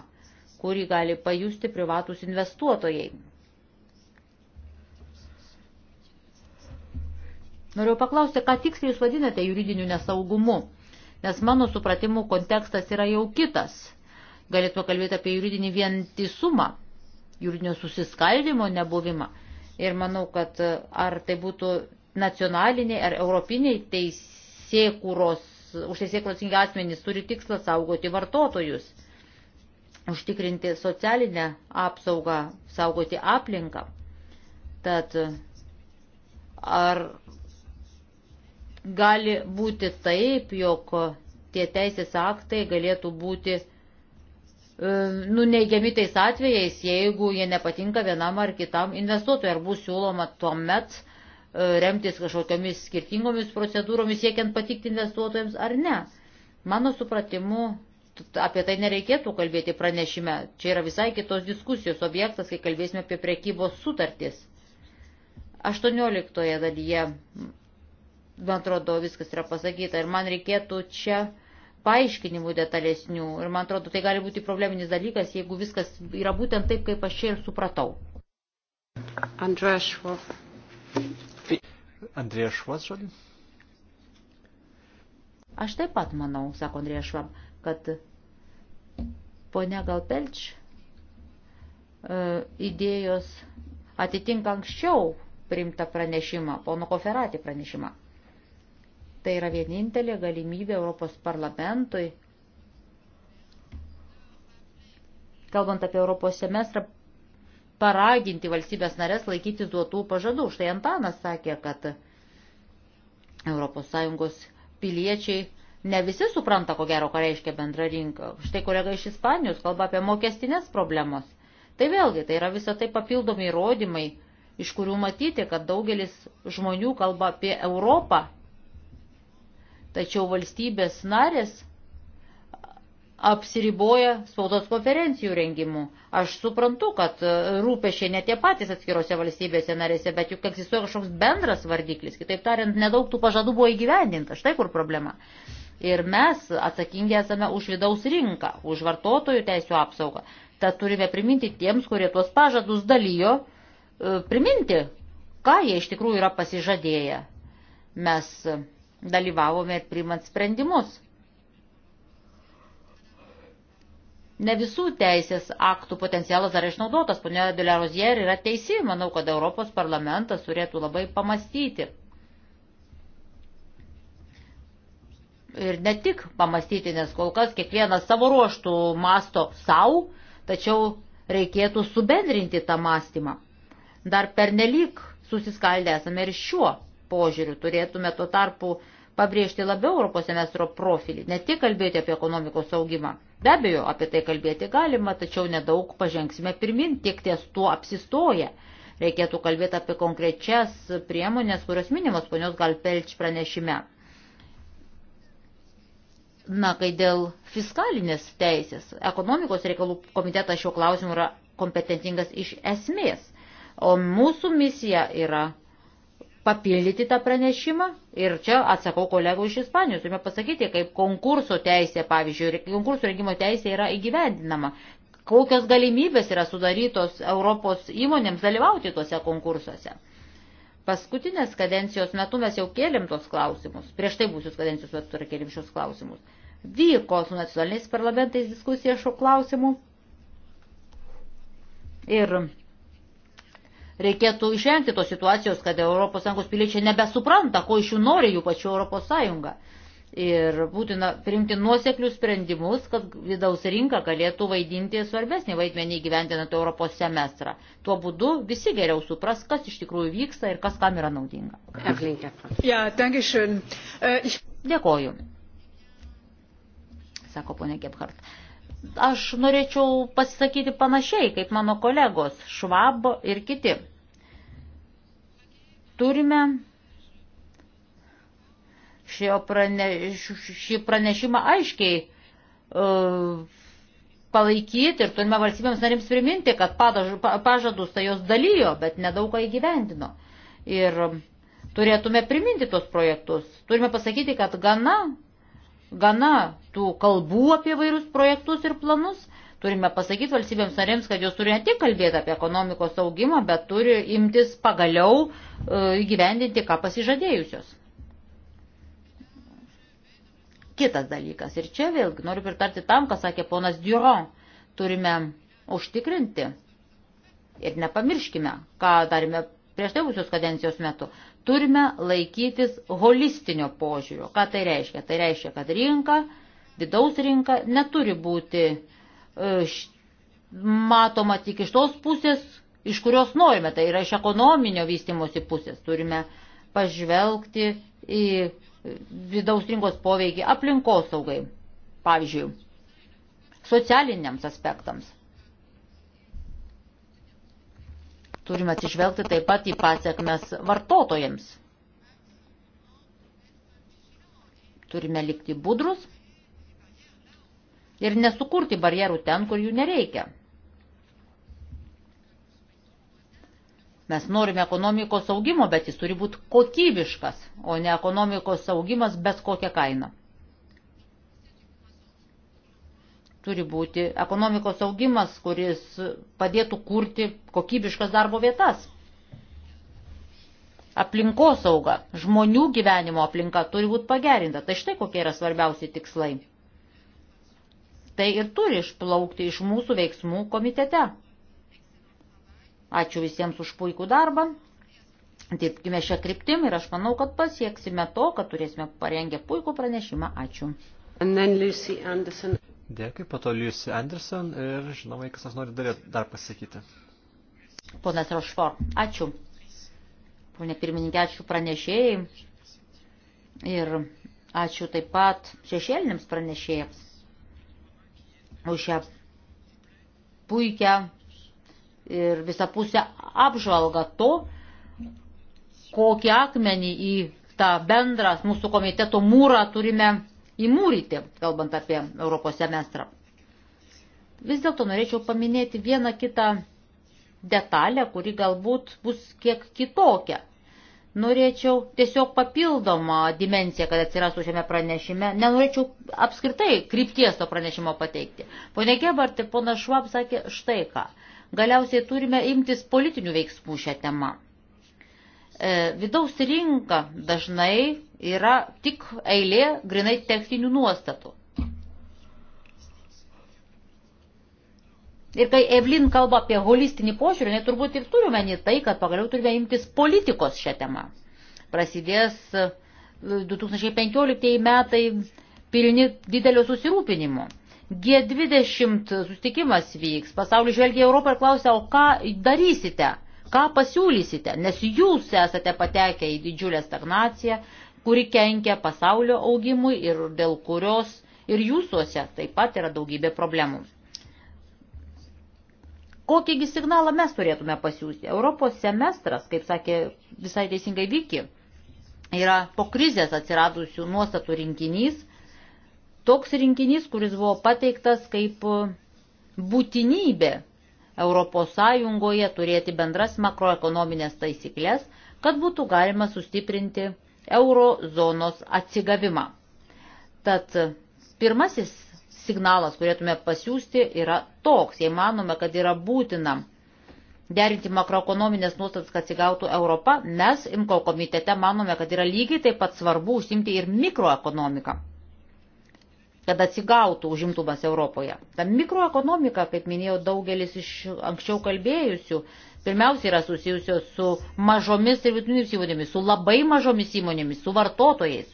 kurį gali pajusti privatus investuotojai. Noriu paklausti, ką tiksliai jūs vadinate juridiniu nesaugumu, nes mano supratimu kontekstas yra jau kitas. Galėtume kalbėti apie juridinį vientisumą, juridinio susiskaldimo nebuvimą. Ir manau, kad e, ar tai būtų nacionaliniai ar europiniai teisėkūros, už teisėkūros asmenys turi tikslą saugoti vartotojus, užtikrinti socialinę apsaugą, saugoti aplinką. Tad ar gali būti taip, jog tie teisės aktai galėtų būti e, nuneigiami tais atvejais, jeigu jie nepatinka vienam ar kitam investuotojui, ar bus siūloma tuomet e, remtis kažkokiamis skirtingomis procedūromis, siekiant patikti investuotojams ar ne. Mano supratimu, apie tai nereikėtų kalbėti pranešime. Čia yra visai kitos diskusijos objektas, kai kalbėsime apie prekybos sutartis. 18 dalyje man atrodo, viskas yra pasakyta ir man reikėtų čia paaiškinimų detalesnių ir man atrodo, tai gali būti probleminis dalykas, jeigu viskas yra būtent taip, kaip aš čia ir supratau. Andrėjas Švab. Andrėjas Švab žodį? Aš taip pat manau, sako Andrėjas Švab, kad ponia Galpelč e, idėjos atitinka anksčiau primtą pranešimą, pono Koferatį pranešimą. Tai yra vienintelė galimybė Europos parlamentui, kalbant apie Europos semestrą, paraginti valstybės narės laikytis duotų pažadų. Štai Antanas sakė, kad ES piliečiai ne visi supranta, ko gero, ką reiškia bendra rinka. Štai kolega iš Ispanijos kalba apie mokestinės problemos. Tai vėlgi, tai yra visą tai papildomi įrodymai, iš kurių matyti, kad daugelis žmonių kalba apie Europą Tačiau valstybės narės apsiriboja spaudos konferencijų rengimu. Aš suprantu, kad e, rūpešiai ne tie patys atskirose valstybėse narėse, bet juk egzistuoja kažkoks bendras vardiklis. Kitaip tariant, nedaug tų pažadų buvo įgyvendinta. Štai kur problema. Ir mes atsakingi esame už vidaus rinką, už vartotojų teisų apsaugą. Tad turime priminti tiems, kurie tuos pažadus dalyjo, e, priminti, ką jie iš tikrųjų yra pasižadėję. Mes dalyvavome primant sprendimus. Ne visų teisės aktų potencialas dar išnaudotas, ponia Delerozier yra teisi, manau, kad Europos parlamentas turėtų labai pamastyti. Ir ne tik pamastyti, nes kol kas kiekvienas savo ruoštų masto savo, tačiau reikėtų subendrinti tą mąstymą. Dar pernelyg susiskaldę esame ir šiuo požiūriu. Turėtume tuo tarpu pabrėžti labiau Europos semestro profilį, ne tik kalbėti apie ekonomikos augimą. Be abejo, apie tai kalbėti galima, tačiau nedaug pažengsime pirmin, tiek ties tuo apsistoja. Reikėtų kalbėti apie konkrečias priemonės, kurios minimos ponios gal pelč pranešime. Na, kai dėl fiskalinės teisės, ekonomikos reikalų komitetas šiuo klausimu yra kompetentingas iš esmės, o mūsų misija yra papildyti tą pranešimą ir čia atsakau kolegų iš Ispanijos, turime pasakyti, kaip konkurso teisė, pavyzdžiui, konkurso rengimo teisė yra įgyvendinama, kokios galimybės yra sudarytos Europos įmonėms dalyvauti tuose konkursuose. Paskutinės kadencijos metu mes jau kėlėm tos klausimus, prieš tai būsius kadencijos metu ir kėlėm šios klausimus. Vyko su nacionaliniais parlamentais diskusija šiuo klausimu. Ir Reikėtų išvengti tos situacijos, kad ES piliečiai nebesupranta, ko iš jų nori jų pačių ES. Ir būtina priimti nuoseklius sprendimus, kad vidaus rinka galėtų vaidinti svarbesnį vaidmenį įgyvendinant Europos semestrą. Tuo būdu visi geriau supras, kas iš tikrųjų vyksta ir kas kam yra naudinga. Äh, Dėkoju. Sako ponė Gebhardt. Aš norėčiau pasisakyti panašiai, kaip mano kolegos Švab ir kiti. Turime prane, šį pranešimą aiškiai uh, palaikyti ir turime valstybėms narims priminti, kad pažadus tai jos dalyjo, bet nedaug ką įgyvendino. Ir turėtume priminti tos projektus. Turime pasakyti, kad gana gana tų kalbų apie vairius projektus ir planus. Turime pasakyti valstybėms narėms, kad jos turi ne tik kalbėti apie ekonomikos augimą, bet turi imtis pagaliau e, įgyvendinti, ką pasižadėjusios. Kitas dalykas, ir čia vėlgi noriu pritarti tam, ką sakė ponas Duron, turime užtikrinti ir nepamirškime, ką darėme prieš tai būsios kadencijos metu. Turime laikytis holistinio požiūrio. Ką tai reiškia? Tai reiškia, kad rinka, vidaus rinka neturi būti e, matoma tik iš tos pusės, iš kurios norime. Tai yra iš ekonominio vystimosi pusės. Turime pažvelgti į vidaus rinkos poveikį aplinkosaugai, pavyzdžiui, socialiniams aspektams. Turime atsižvelgti taip pat į pasiekmes vartotojams. Turime likti budrus ir nesukurti barjerų ten, kur jų nereikia. Mes norime ekonomikos augimo, bet jis turi būti kokybiškas, o ne ekonomikos augimas bet kokią kainą. Turi būti ekonomikos augimas, kuris padėtų kurti kokybiškas darbo vietas. Aplinkosauga, žmonių gyvenimo aplinka turi būti pagerinta. Tai štai kokie yra svarbiausi tikslai. Tai ir turi išplaukti iš mūsų veiksmų komitete. Ačiū visiems už puikų darbą. Dirbkime šią kryptim ir aš manau, kad pasieksime to, kad turėsime parengę puikų pranešimą. Ačiū. And then Lucy Anderson. Dėkui, patolijus Anderson ir žinoma, kas nors nori dar, dar pasakyti. Ponas Rošfor, ačiū. Pone pirmininkė, ačiū pranešėjai ir ačiū taip pat šešėlinėms pranešėjams už šią puikią ir visapusę apžvalgą to, kokį akmenį į tą bendrą mūsų komiteto mūrą turime įmūryti, kalbant apie Europos semestrą. Vis dėlto norėčiau paminėti vieną kitą detalę, kuri galbūt bus kiek kitokia. Norėčiau tiesiog papildomą dimenciją, kad atsirastų šiame pranešime. Nenorėčiau apskritai krypties to pranešimo pateikti. Pone Gebart ir pona Švab sakė štai ką. Galiausiai turime imtis politinių veiksmų šią temą. E, vidaus rinka dažnai yra tik eilė grinai techninių nuostatų. Ir kai Evlin kalba apie holistinį požiūrį, ne turbūt ir turime ne tai, kad pagaliau turime imtis politikos šią temą. Prasidės 2015 e, metai pilni didelio susirūpinimo. G20 sustikimas vyks, pasaulis žvelgia Europą ir klausia, o ką darysite, ką pasiūlysite, nes jūs esate patekę į didžiulę stagnaciją, kuri kenkia pasaulio augimui ir dėl kurios ir jūsuose taip pat yra daugybė problemų. Kokįgi signalą mes turėtume pasiūsti? Europos semestras, kaip sakė visai teisingai Viki, yra po krizės atsiradusių nuostatų rinkinys. Toks rinkinys, kuris buvo pateiktas kaip būtinybė Europos Sąjungoje turėti bendras makroekonominės taisyklės, kad būtų galima sustiprinti euro zonos atsigavimą. Tad pirmasis signalas, kurį turime pasiūsti, yra toks, jei manome, kad yra būtina derinti makroekonominės nuostatas, kad atsigautų Europa, mes IMKO komitete manome, kad yra lygiai taip pat svarbu užsimti ir mikroekonomiką, kad atsigautų užimtumas Europoje. Ta mikroekonomika, kaip minėjau daugelis iš anksčiau kalbėjusių, pirmiausia yra susijusios su mažomis ir vidutinėmis įmonėmis, su labai mažomis įmonėmis, su vartotojais.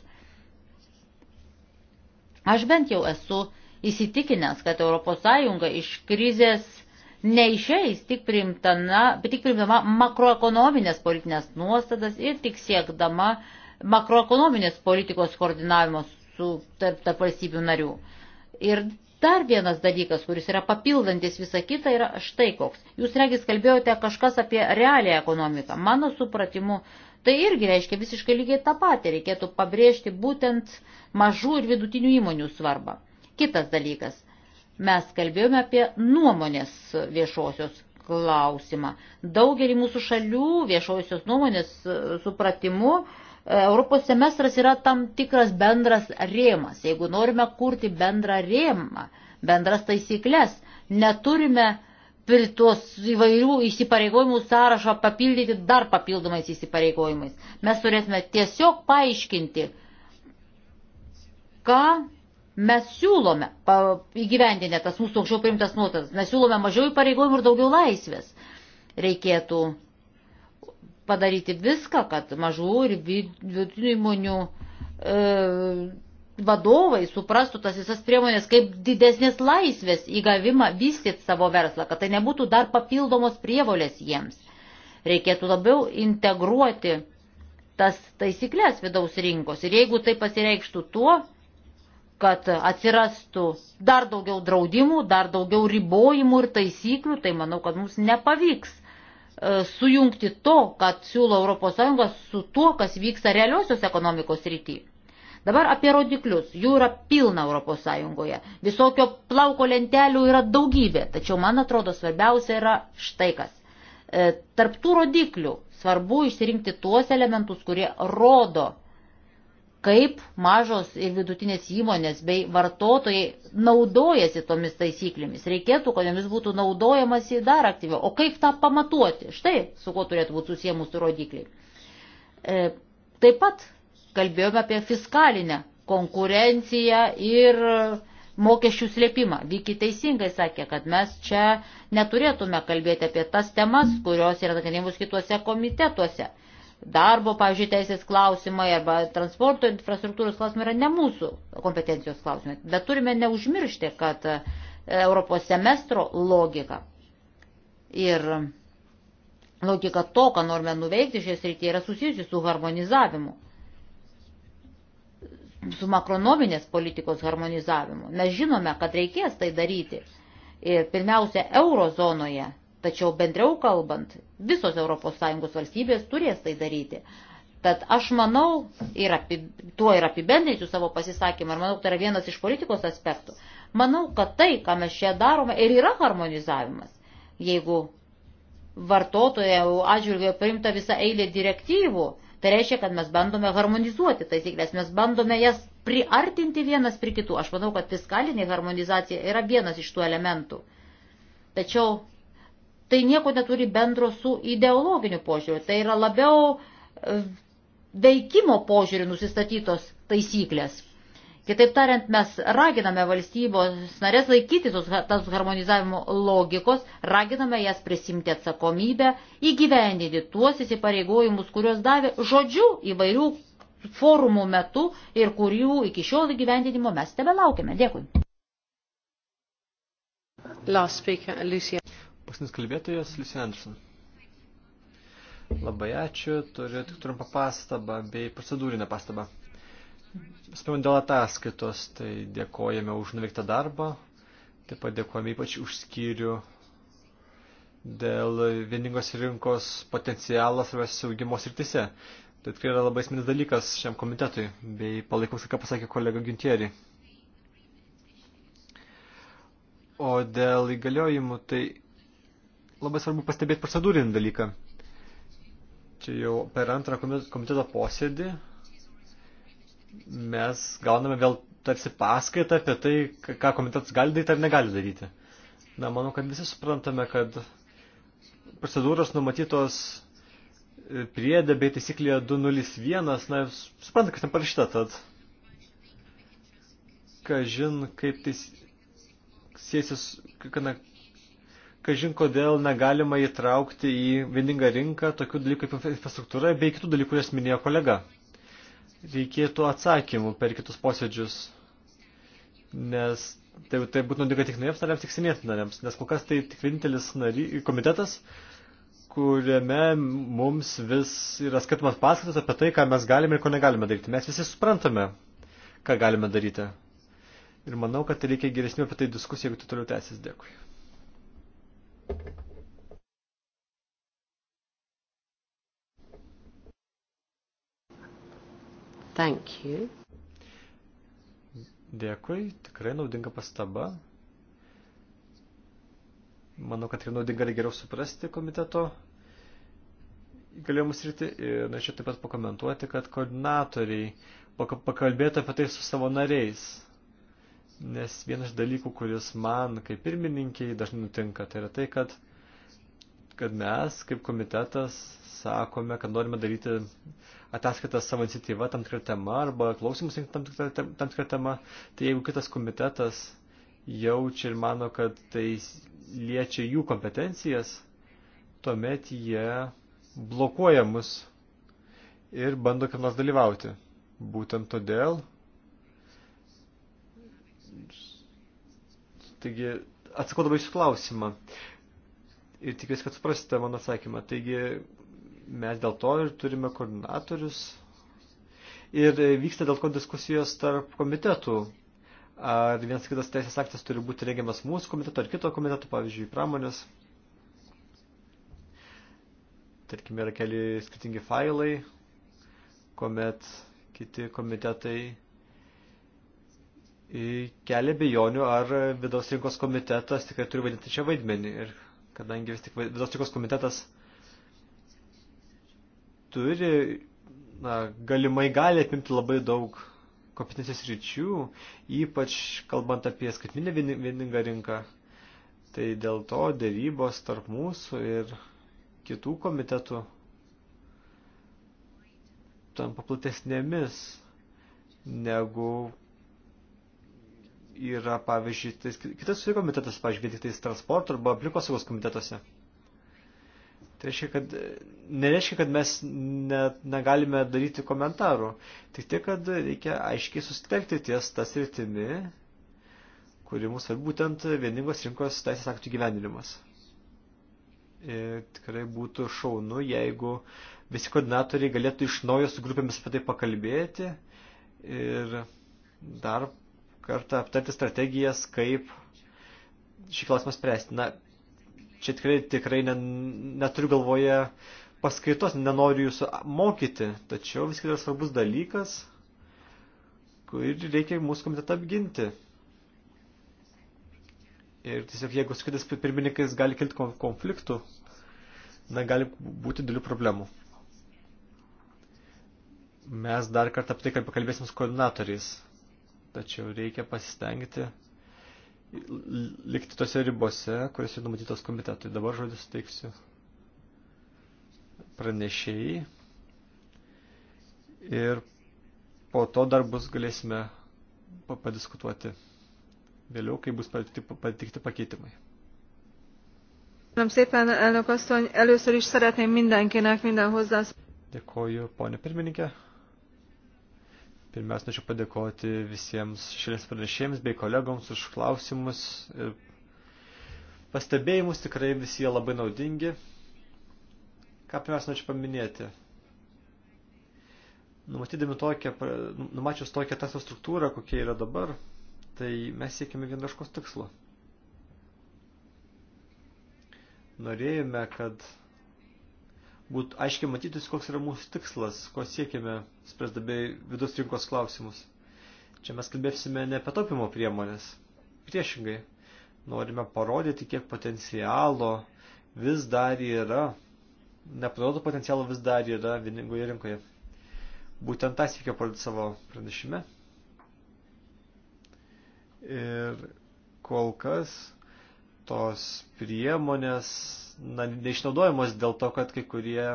Aš bent jau esu įsitikinęs, kad ES iš krizės neišeis tik, primtana, tik primtama makroekonominės politinės nuostatas ir tik siekdama makroekonominės politikos koordinavimo su tarp, tarp valstybių narių. Ir Dar vienas dalykas, kuris yra papildantis visą kitą, yra štai koks. Jūs regis kalbėjote kažkas apie realią ekonomiką. Mano supratimu, tai irgi reiškia visiškai lygiai tą patį. Reikėtų pabrėžti būtent mažų ir vidutinių įmonių svarbą. Kitas dalykas. Mes kalbėjome apie nuomonės viešosios klausimą. Daugelį mūsų šalių viešosios nuomonės e, supratimu uh, Europos semestras yra tam tikras bendras rėmas. Jeigu norime kurti bendrą rėmą, bendras taisyklės, neturime tuos įvairių įsipareigojimų sąrašą papildyti dar papildomais įsipareigojimais. Mes turėtume tiesiog paaiškinti, ką mes siūlome įgyvendinę tas mūsų anksčiau priimtas nuotas. Mes siūlome mažiau įpareigojimų ir daugiau laisvės. Reikėtų padaryti viską, kad mažų ir vidutinių įmonių e, vadovai suprastų tas visas priemonės kaip didesnės laisvės įgavimą vystyti savo verslą, kad tai nebūtų dar papildomos prievolės jiems. Reikėtų labiau integruoti tas taisyklės vidaus rinkos ir jeigu tai pasireikštų tuo, kad atsirastų dar daugiau draudimų, dar daugiau ribojimų ir taisyklių, tai manau, kad mums nepavyks E, sujungti to, kad siūlo ES su tuo, kas vyksta realiosios ekonomikos rytyje. Dabar apie rodiklius. Jų yra pilna ES. Visokio plauko lentelių yra daugybė, tačiau man atrodo svarbiausia yra štai kas. E, Tarptų rodiklių svarbu išsirinkti tuos elementus, kurie rodo, kaip mažos ir vidutinės įmonės bei vartotojai naudojasi tomis taisyklėmis. Reikėtų, kad jomis būtų naudojamasi dar aktyviau. O kaip tą pamatuoti? Štai su kuo turėtų būti susiję mūsų rodikliai. E, taip pat kalbėjome apie fiskalinę konkurenciją ir mokesčių slėpimą. Vyki teisingai sakė, kad mes čia neturėtume kalbėti apie tas temas, kurios yra nagrinėjimus kituose komitetuose darbo, pavyzdžiui, teisės klausimai arba transporto infrastruktūros klausimai yra ne mūsų kompetencijos klausimai. Bet turime neužmiršti, kad e, Europos semestro logika ir logika to, ką norime nuveikti šioje srityje, yra susijusi su harmonizavimu su makronominės politikos harmonizavimu. Mes žinome, kad reikės tai daryti. Ir pirmiausia, eurozonoje Tačiau bendriau kalbant, visos ES valstybės turės tai daryti. Tad aš manau, ir api, tuo ir apibendrinsiu savo pasisakymą, ir manau, tai yra vienas iš politikos aspektų. Manau, kad tai, ką mes čia darome, ir yra harmonizavimas. Jeigu vartotojų atžvilgiu priimta visa eilė direktyvų, tai reiškia, kad mes bandome harmonizuoti taisyklės, mes bandome jas priartinti vienas prie kitų. Aš manau, kad fiskalinė harmonizacija yra vienas iš tų elementų. Tačiau tai nieko neturi bendro su ideologiniu požiūriu. Tai yra labiau e, veikimo požiūriu nusistatytos taisyklės. Kitaip tariant, mes raginame valstybos narės laikyti tos, tos harmonizavimo logikos, raginame jas prisimti atsakomybę, įgyvendinti tuos įsipareigojimus, kuriuos davė žodžių įvairių forumų metu ir kurių iki šiol įgyvendinimo mes tebe laukiame. Dėkui. Last speaker, Lucia. Paskutinis kalbėtojas Liusin Anderson. Labai ačiū, turiu tik trumpą pastabą bei procedūrinę pastabą. Spėjom dėl ataskaitos, tai dėkojame už nuveiktą darbą, taip pat dėkojame ypač už skyrių dėl vieningos rinkos potencialas arba saugimo srityse. Tai tikrai yra labai esminis dalykas šiam komitetui, bei palaikau, ką pasakė kolega Gintieri. O dėl įgaliojimų, tai labai svarbu pastebėti procedūrinį dalyką. Čia jau per antrą komiteto posėdį mes gauname vėl tarsi paskaitą apie tai, ką komitetas gali daryti ar negali daryti. Na, manau, kad visi suprantame, kad procedūros numatytos e, priedė bei taisyklėje 201, na, supranta, kas ten parašyta, tad kažin, kaip tai siesi, na, kažin kodėl negalima įtraukti į vieningą rinką tokių dalykų kaip infrastruktūra bei kitų dalykų, kurias minėjo kolega. Reikėtų atsakymų per kitus posėdžius, nes tai, tai būtų naudinga tik narėms nariams, tik senėtams nariams, nes kol kas tai tik vienintelis nary, komitetas, kuriame mums vis yra skirtumas paskatas apie tai, ką mes galime ir ko negalime daryti. Mes visi suprantame, ką galime daryti. Ir manau, kad reikia geresnių apie tai diskusijų, jeigu tai toliau tęsis. Dėkui. Thank you. Dėkui, tikrai naudinga pastaba. Manau, kad ir naudinga geriau suprasti komiteto įgaliojimus rytį ir norėčiau taip pat pakomentuoti, kad koordinatoriai pakalbėtų apie tai su savo nariais. Nes vienas iš dalykų, kuris man kaip pirmininkiai dažnai nutinka, tai yra tai, kad, kad mes kaip komitetas sakome, kad norime daryti ataskaitą savo iniciatyvą tam tikrą temą arba klausimus tam tikrą, tam tikrą temą. Tai jeigu kitas komitetas jaučia ir mano, kad tai liečia jų kompetencijas, tuomet jie blokuoja mus ir bando kam nors dalyvauti. Būtent todėl Taigi, atsakau dabar iš klausimą. Ir tikiuosi, kad suprasite mano atsakymą. Taigi, mes dėl to ir turime koordinatorius. Ir vyksta dėl ko diskusijos tarp komitetų. Ar vienas kitas teisės aktas turi būti rengiamas mūsų komiteto ar kito komiteto, pavyzdžiui, pramonės. Tarkime, yra keli skirtingi failai, kuomet kiti komitetai kelia bejonių, ar vidaus rinkos komitetas tikrai turi vaidinti čia vaidmenį. Ir kadangi vis tik vidaus rinkos komitetas turi, na, galimai gali apimti labai daug kompetencijos ryčių, ypač kalbant apie skaitminę vieningą rinką. Tai dėl to dėrybos tarp mūsų ir kitų komitetų tampa platesnėmis negu yra, pavyzdžiui, tais, kitas komitetas, pavyzdžiui, vien tik tais transporto arba aplinkosaugos komitetuose. Tai reiškia, kad nereiškia, kad mes net negalime daryti komentarų. Tik tiek, kad reikia aiškiai susitelkti ties tas rytimi, kuri mums svarbi būtent vieningos rinkos teisės aktų gyvendinimas. Ir tikrai būtų šaunu, jeigu visi koordinatoriai galėtų iš naujo su grupėmis apie tai pakalbėti ir dar kartą aptarti strategijas, kaip šį klausimą spręsti. Na, čia tikrai, tikrai ne, neturiu galvoje paskaitos, nenoriu jūsų mokyti, tačiau viskai yra svarbus dalykas, kurį reikia mūsų komitetą apginti. Ir tiesiog jeigu su kitais pirmininkais gali kilti konfliktų, na, gali būti didelių problemų. Mes dar kartą apie tai pakalbėsim su koordinatoriais tačiau reikia pasistengti likti tose ribose, kurias jau numatytos komitetui. Dabar žodį suteiksiu pranešėjai ir po to dar bus galėsime padiskutuoti vėliau, kai bus patikti pakeitimai. Köszönöm szépen, elnök asszony. Először is szeretném mindenkinek minden hozzász. Dėkoju, ponė pirmininkė. Pirmiausia, norėčiau padėkoti visiems šalies pranešėjams bei kolegoms už klausimus ir e, pastebėjimus, tikrai visi jie labai naudingi. Ką pirmiausia, norėčiau paminėti. Numatydami tokią, nu, numačius tokią tasą struktūrą, kokia yra dabar, tai mes siekime vienaškos tikslo. Norėjome, kad būtų aiškiai matytis, koks yra mūsų tikslas, ko siekiame, spręsdami vidaus rinkos klausimus. Čia mes kalbėsime ne apie taupimo priemonės. Priešingai, norime parodyti, kiek potencialo vis dar yra, nepanaudoto potencialo vis dar yra vieningoje rinkoje. Būtent tą siekia parodyti savo pranešime. Ir kol kas tos priemonės na, neišnaudojamos dėl to, kad kai kurie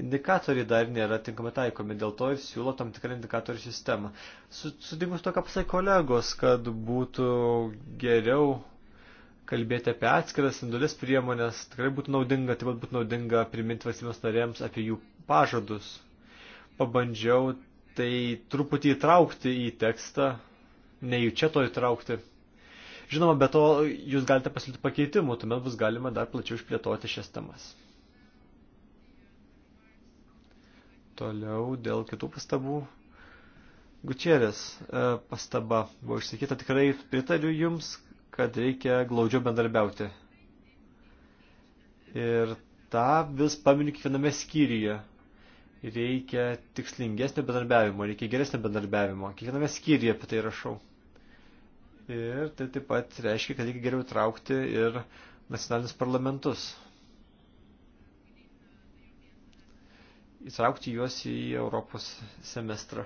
indikatoriai dar nėra tinkamai taikomi, dėl to ir siūlo tam tikrą indikatorių sistemą. Sutikimus to, ką pasakė kolegos, kad būtų geriau kalbėti apie atskiras individualias priemonės, tikrai būtų naudinga, taip pat būtų naudinga priminti valstybės narėms apie jų pažadus. Pabandžiau tai truputį įtraukti į tekstą, nejučia to įtraukti. Žinoma, be to jūs galite pasiūlyti pakeitimų, tuomet bus galima dar plačiau išplėtoti šias temas. Toliau dėl kitų pastabų. Gučierės e, pastaba buvo išsakyta, tikrai pritariu jums, kad reikia glaudžiau bendarbiauti. Ir tą vis paminiu kiekviename skyriuje. Reikia tikslingesnio bendarbiavimo, reikia geresnio bendarbiavimo. Kiekviename skyriuje apie tai rašau. Ir tai taip pat reiškia, kad reikia geriau traukti ir nacionalinius parlamentus. Įtraukti juos į Europos semestrą.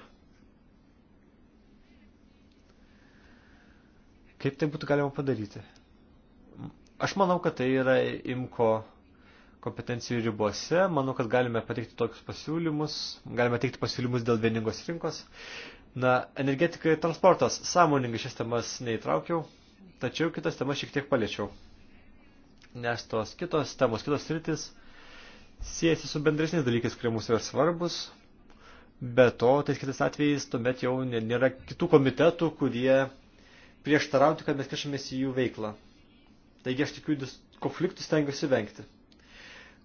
Kaip tai būtų galima padaryti? Aš manau, kad tai yra imko kompetencijų ribose. Manau, kad galime pateikti tokius pasiūlymus. Galime teikti pasiūlymus dėl vieningos rinkos. Na, energetika ir transportas. Sąmoningai šias temas neįtraukiau, tačiau kitas temas šiek tiek paliečiau. Nes tos kitos temos, kitos sritis siejasi su bendresniais dalykais, kurie mums yra svarbus. Be to, tais kitais atvejais, tuomet jau nėra kitų komitetų, kurie prieštarauti, kad mes kišamės į jų veiklą. Taigi aš tikiu konfliktų stengiuosi vengti.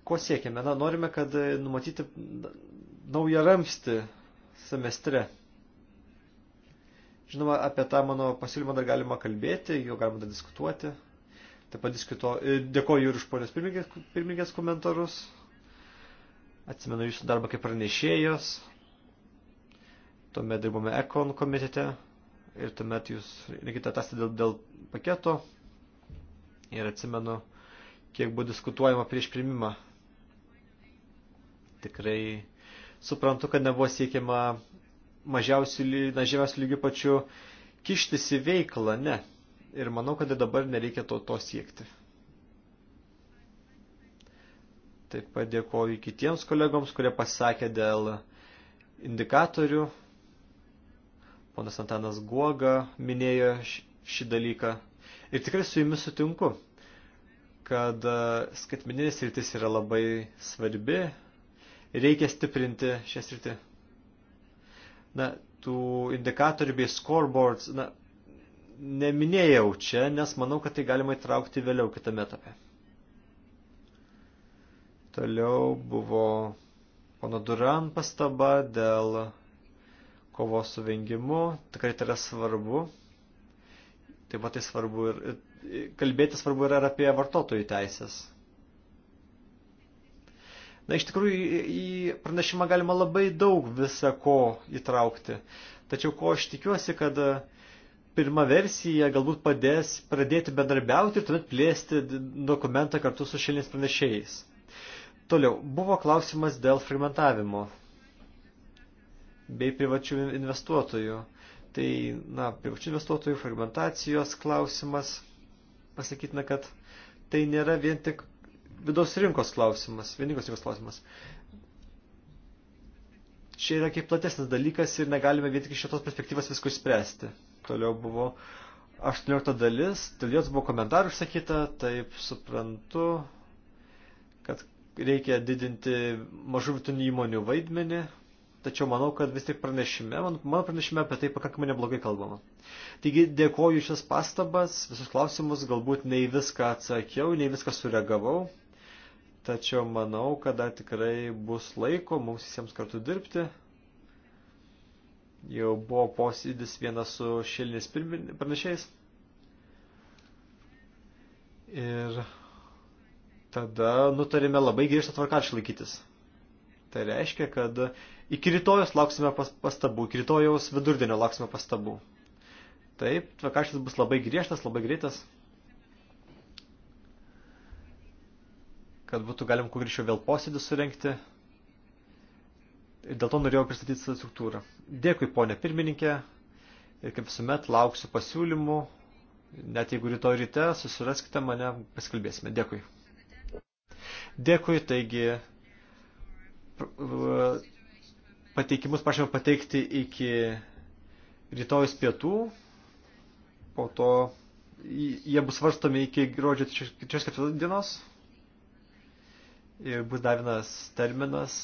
Ko siekiame? Na, norime, kad numatyti naują ramstį semestre Žinoma, apie tą mano pasiūlymą dar galima kalbėti, jo galima dar diskutuoti. Taip pat diskuto, e, dėkoju ir už ponios pirmininkės, pirmininkės komentarus. Atsimenu jūsų darbą kaip pranešėjos. Tuomet dirbome Ekon komitete. Ir tuomet jūs reikite atasti dėl, dėl paketo. Ir atsimenu, kiek buvo diskutuojama prieš primimą. Tikrai suprantu, kad nebuvo siekiama mažiausių, na, žemiausių lygių pačių kištis į veiklą, ne. Ir manau, kad dabar nereikia to, to siekti. Taip pat dėkoju kitiems kolegoms, kurie pasakė dėl indikatorių. Ponas Antanas Guoga minėjo šį dalyką. Ir tikrai su jumis sutinku, kad e, skaitmeninės rytis yra labai svarbi. Reikia stiprinti šią rytį na, tų indikatorių bei scoreboards, na, neminėjau čia, nes manau, kad tai galima įtraukti vėliau kitame etape. Toliau buvo pono Duran pastaba dėl kovos su vengimu, tikrai tai yra svarbu. Taip pat tai svarbu ir, ir kalbėti svarbu yra ir apie vartotojų teisės. Na, iš tikrųjų, į pranešimą galima labai daug visą ko įtraukti. Tačiau ko aš tikiuosi, kad e, pirma versija galbūt padės pradėti bendarbiauti ir tuomet plėsti dokumentą kartu su šiliniais pranešėjais. Toliau, buvo klausimas dėl fragmentavimo bei privačių investuotojų. Tai, na, privačių investuotojų fragmentacijos klausimas, pasakytina, kad tai nėra vien tik vidaus rinkos klausimas, vieningos rinkos klausimas. Čia yra kaip platesnis dalykas ir negalime vien tik iš šitos perspektyvos visko išspręsti. Toliau buvo 18 dalis, dėl jos buvo komentarų išsakyta, taip suprantu, kad reikia didinti mažų vidutinių įmonių vaidmenį, tačiau manau, kad vis tik pranešime, man, mano pranešime apie tai pakankamai neblogai kalbama. Taigi dėkoju šias pastabas, visus klausimus, galbūt nei viską atsakiau, nei viską sureagavau, Tačiau manau, kada tikrai bus laiko mums visiems kartu dirbti. Jau buvo posėdis vienas su šilnis panašiais. Ir tada nutarėme labai griežtą tvarką išlaikytis. Tai reiškia, kad iki rytojus lauksime pas, pastabų, iki rytojaus vidurdienio lauksime pastabų. Taip, tvarkaštis bus labai griežtas, labai greitas. kad būtų galim kuo greičiau vėl posėdį surenkti. Ir dėl to norėjau pristatyti savo struktūrą. Dėkui, ponė pirmininkė. Ir kaip visuomet lauksiu pasiūlymų. Net jeigu rytoj ryte, susiraskite mane, pasikalbėsime. Dėkui. Dėkui, taigi pateikimus prašome pateikti iki rytojus pietų, po to jie bus svarstomi iki gruodžio 3-4 dienos ir bus dar vienas terminas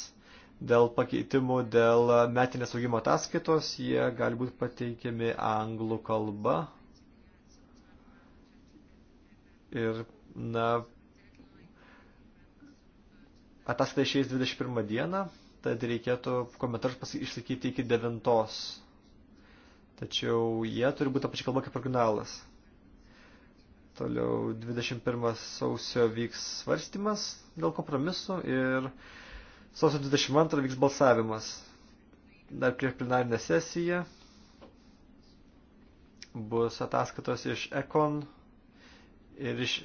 dėl pakeitimų dėl metinės augimo ataskaitos. Jie gali būti pateikiami anglų kalba. Ir, na, ataskaita išeis 21 dieną, tad reikėtų komentarus išsakyti iki 9. Tačiau jie turi būti apačiai kalba kaip originalas. Toliau 21 sausio vyks svarstymas dėl kompromisų ir sausio 22 vyks balsavimas. Dar prieš plenarinę sesiją bus ataskaitos iš Ekon ir iš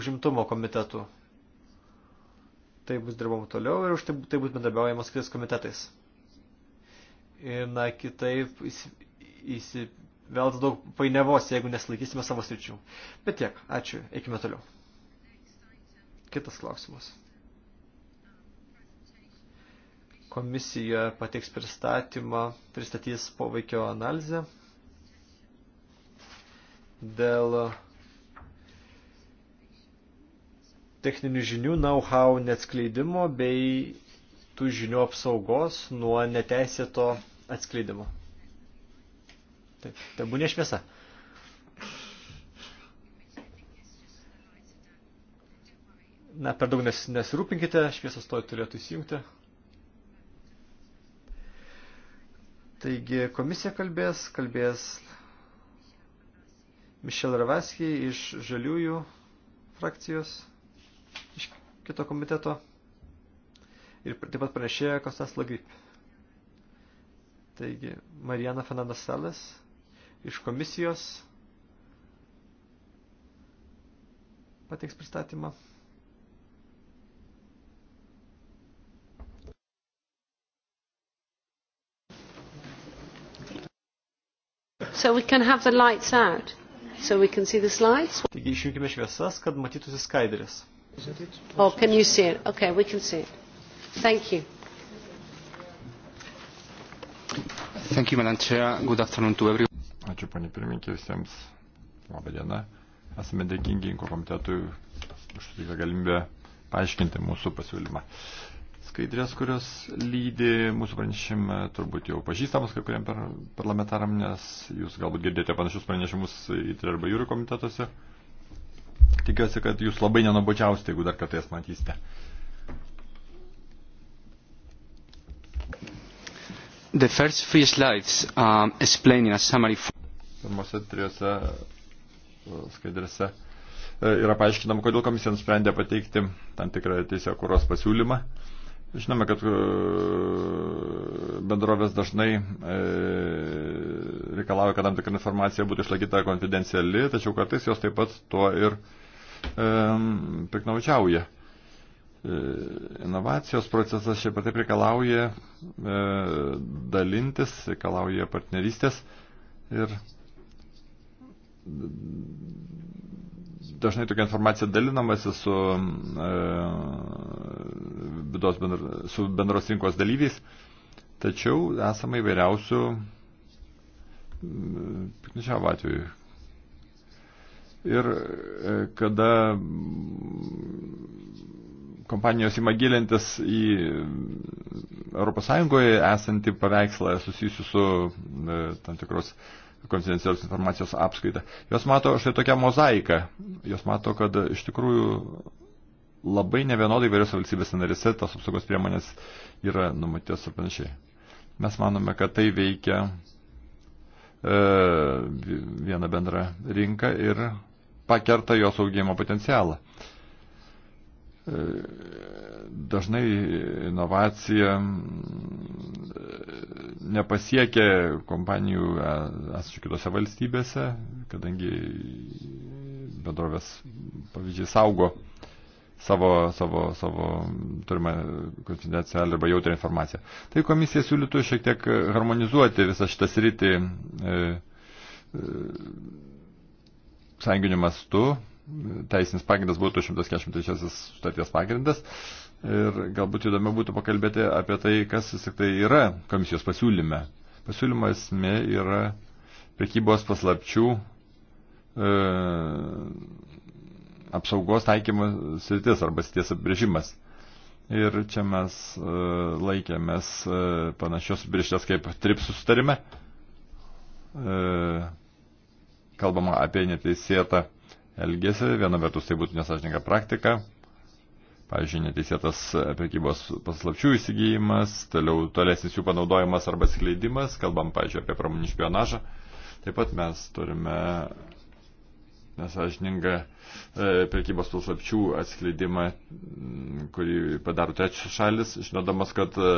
užimtumo komitetų. Tai bus dirbama toliau ir už tai, tai bus bendrabiaujama su kitais komitetais. Ir na, kitaip įsi, įsi, vėl daug painiavos, jeigu nesilaikysime savo sričių. Bet tiek, ačiū, eikime toliau. Kitas klausimas. Komisija pateiks pristatymą, pristatys poveikio analizę dėl techninių žinių, know-how neatskleidimo bei tų žinių apsaugos nuo neteisėto atskleidimo. Tai, tai būnė šviesa. Na, per daug nes, nesirūpinkite, šviesos toj turėtų įsijungti. Taigi komisija kalbės, kalbės Mišel Ravaskį iš Žaliųjų frakcijos, iš kito komiteto ir taip pat pranešėjo Kostas Lagrip. Taigi, Marijana Fernandas Salas iš komisijos pateiks pristatymą. So we can have the lights out. So we can see the slides. Taigi išjungime šviesas, kad matytųsi skaidrės. Oh, can you see it? Okay, we can see it. Thank you. Thank you, Madam Chair. Good afternoon to everyone. Ačiū, panė pirmininkė, visiems. Labą dieną. Esame dėkingi Inko komitetui už sutiką galimybę paaiškinti mūsų pasiūlymą. Skaidrės, kurios lydi mūsų pranešimą, turbūt jau pažįstamas kai kuriam par parlamentaram, nes jūs galbūt girdėjote panašius pranešimus į tri arba jūrų komitetuose. Tikiuosi, kad jūs labai nenuobodžiausite, jeigu dar kartais matysite. The first three slides um, explain in a summary pirmose trijose e, skaidrėse e, yra paaiškinama, kodėl komisija nusprendė pateikti tam tikrą teisę kūros pasiūlymą. Žinome, kad e, bendrovės dažnai reikalauja, kad tam tikra informacija būtų išlaikyta konfidenciali, tačiau kartais jos taip pat tuo ir piknaučiauja. Inovacijos procesas šiaip pat taip reikalauja dalintis, reikalauja partnerystės ir dažnai tokia informacija dalinamasi su, e, bendro, su bendros rinkos dalyviais, tačiau esama įvairiausių mm, pikničiavo atveju. Ir e, kada kompanijos ima gilintis į ES esantį paveikslą susijusiu su e, tam tikros e, konfidencialios informacijos apskaitą. Jos mato štai tokią mozaiką. Jos mato, kad iš tikrųjų labai nevienodai įvairiose valstybėse narise tos apsaugos priemonės yra numatytos ir panašiai. Mes manome, kad tai veikia e, vieną bendrą rinką ir pakerta jos augimo potencialą. E, dažnai inovacija nepasiekė kompanijų e, esančių kitose valstybėse, kadangi bendrovės pavyzdžiai saugo savo, savo, savo turimą konfidencialią arba jautrią informaciją. Tai komisija siūlytų šiek tiek harmonizuoti visą šitą sritį e, e, sąjunginiu mastu. Teisinis pagrindas būtų 143 sutarties pagrindas. E, ir galbūt įdomiau būtų pakalbėti apie tai, kas vis tik tai yra komisijos pasiūlyme. Pasiūlymo esmė yra prekybos paslapčių e, apsaugos taikymo sritis arba srities apibrėžimas. Ir čia mes e, laikėmės e, panašios apibrėžtės kaip TRIPS sustarime. E, kalbama apie neteisėtą elgesį, viena vertus tai būtų nesažininga praktika, Pavyzdžiui, neteisėtas prekybos paslapčių įsigijimas, toliau tolesnis jų panaudojimas arba skleidimas, kalbam, pavyzdžiui, apie pramonį špionažą. Taip pat mes turime nesažininga e, prekybos paslapčių atskleidimą, kurį padaro trečios šalis, žinodamas, kad e,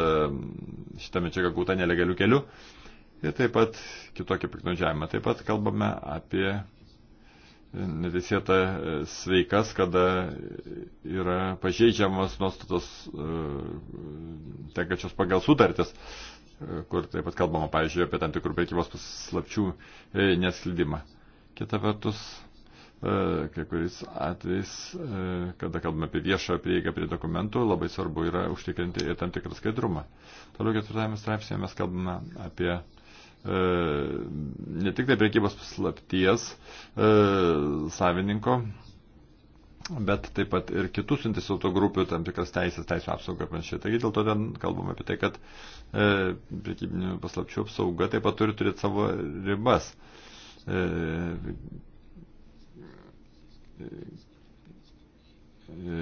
šitą medžiagą gauta nelegalių kelių. Ir taip pat kitokį piknaudžiavimą. Taip pat kalbame apie neteisėta e, sveikas, kada yra pažeidžiamos nuostatos e, tenkačios pagal sutartis, e, kur taip pat kalbama, pavyzdžiui, apie tam tikrų prekybos paslapčių nesklidimą. Kita vertus, kai kuris atvejais, kada kalbame apie viešą prieigą prie dokumentų, labai svarbu yra užtikrinti ir tam tikrą skaidrumą. Toliau ketvirtajame straipsnėje mes kalbame apie E, ne tik tai priekybos paslapties e, savininko, bet taip pat ir kitų suinteresuotų grupių tam tikras teisės, teisų apsauga ir panašiai. Taigi dėl to ten kalbame apie tai, kad e, prekybinių paslapčių apsauga taip pat turi turėti savo ribas. E, e, e,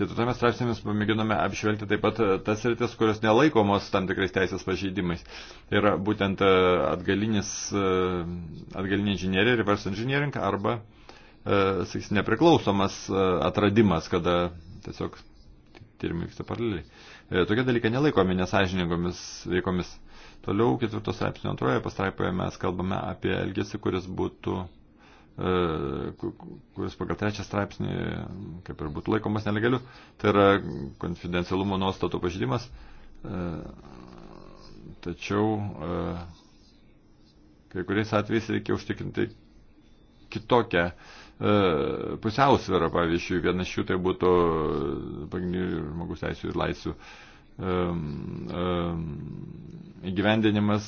Kitame tai straipsnėmis pamėginome apžvelgti taip pat e, tas rytis, kurios nelaikomos tam tikrais teisės pažeidimais. Tai yra būtent e, atgalinis, e, atgalinė inžinierija, reverse engineering arba, sakys, nepriklausomas atradimas, kada tiesiog tyrimai vyksta paraleliai. Tokie dalykai nelaikomi nesažiningomis veikomis. Toliau ketvirtos straipsnio antroje pastraipoje mes kalbame apie elgesį, kuris būtų kuris pagal trečią straipsnį kaip ir būtų laikomas nelegaliu, tai yra konfidencialumo nuostatų pažydimas. E, tačiau e, kai kuriais atvejais reikia užtikrinti kitokią e, pusiausvyrą, pavyzdžiui, vienas šių tai būtų pagrindinių žmogus teisų ir laisvių įgyvendinimas,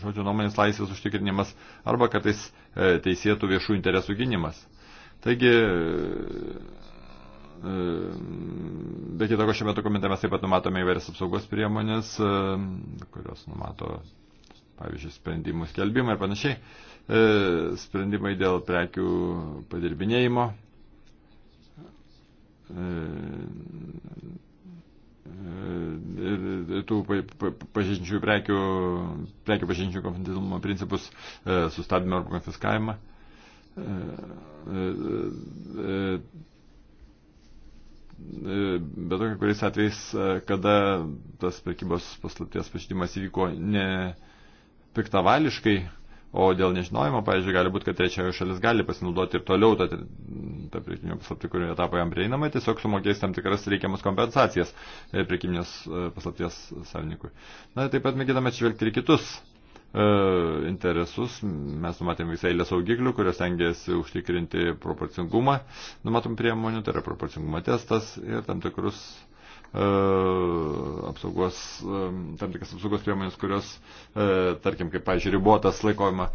žodžio nuomonės laisvės užtikrinimas arba kartais e, teisėtų viešų interesų gynimas. Taigi, e, be kitako šiame dokumente mes taip pat numatome įvairias apsaugos priemonės, e, kurios numato, pavyzdžiui, sprendimų skelbimą ir panašiai, sprendimai dėl prekių padirbinėjimo, ir tų pažeidžiančių prekių, prekių pažeidžiančių konfidencialumo principus e, sustabdymą arba konfiskavimą. E, e, bet tokia kuriais atvejais, kada tas prekybos paslapties pažeidimas įvyko ne piktavališkai, O dėl nežinojimo, pavyzdžiui, gali būti, kad trečiojo šalis gali pasinaudoti ir toliau tą, tą prekiminio paslaptį, kurio etapo jam prieinama, tiesiog sumokės tam tikras reikiamas kompensacijas e, prekiminės e, paslapties savininkui. Na, taip pat mėginame atsižvelgti ir kitus e, interesus. Mes numatėm visą eilę saugiklių, kurios tengiasi užtikrinti proporcingumą. Numatom priemonių, tai yra proporcingumo testas ir tam tikrus e, E, apsaugos, e, tam tikras apsaugos priemonės, kurios, e, tarkim, kaip, pavyzdžiui, ribotas laikojama,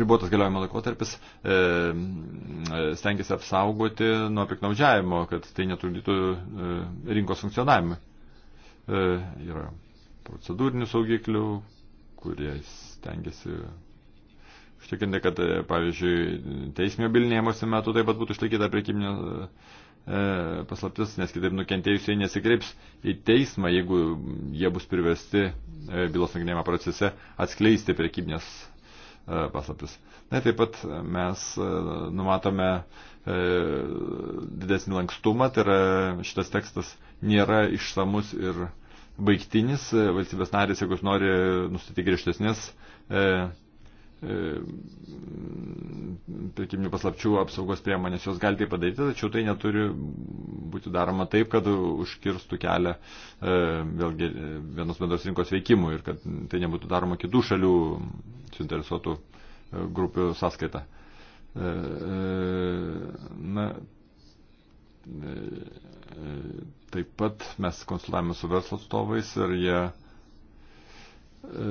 ribotas galiojimo laikotarpis stengiasi apsaugoti nuo piknaudžiavimo, kad tai netrukdytų rinkos funkcionavimui. Yra procedūrinių saugiklių, kurie stengiasi užtikrinti, kad, pavyzdžiui, teisminio bilinėjimosi metu taip pat būtų išlaikyta priekybinė E, paslaptis, nes kitaip nukentėjusiai nesikreips į teismą, jeigu jie bus priversti e, bylos nagrinėjimo procese atskleisti prekybinės e, paslaptis. Na taip pat mes numatome didesnį lankstumą, tai yra šitas tekstas nėra išsamus ir baigtinis. Valstybės narės, jeigu nori nustatyti griežtesnės E, pirkiminių paslapčių apsaugos priemonės, jos gali tai padaryti, tačiau tai neturi būti daroma taip, kad užkirstų kelią e, vėlgi e, vienos bendros rinkos veikimui ir kad tai nebūtų daroma kitų šalių suinteresuotų grupių sąskaita. Na, taip pat mes konsultavome su verslo atstovais ir jie E,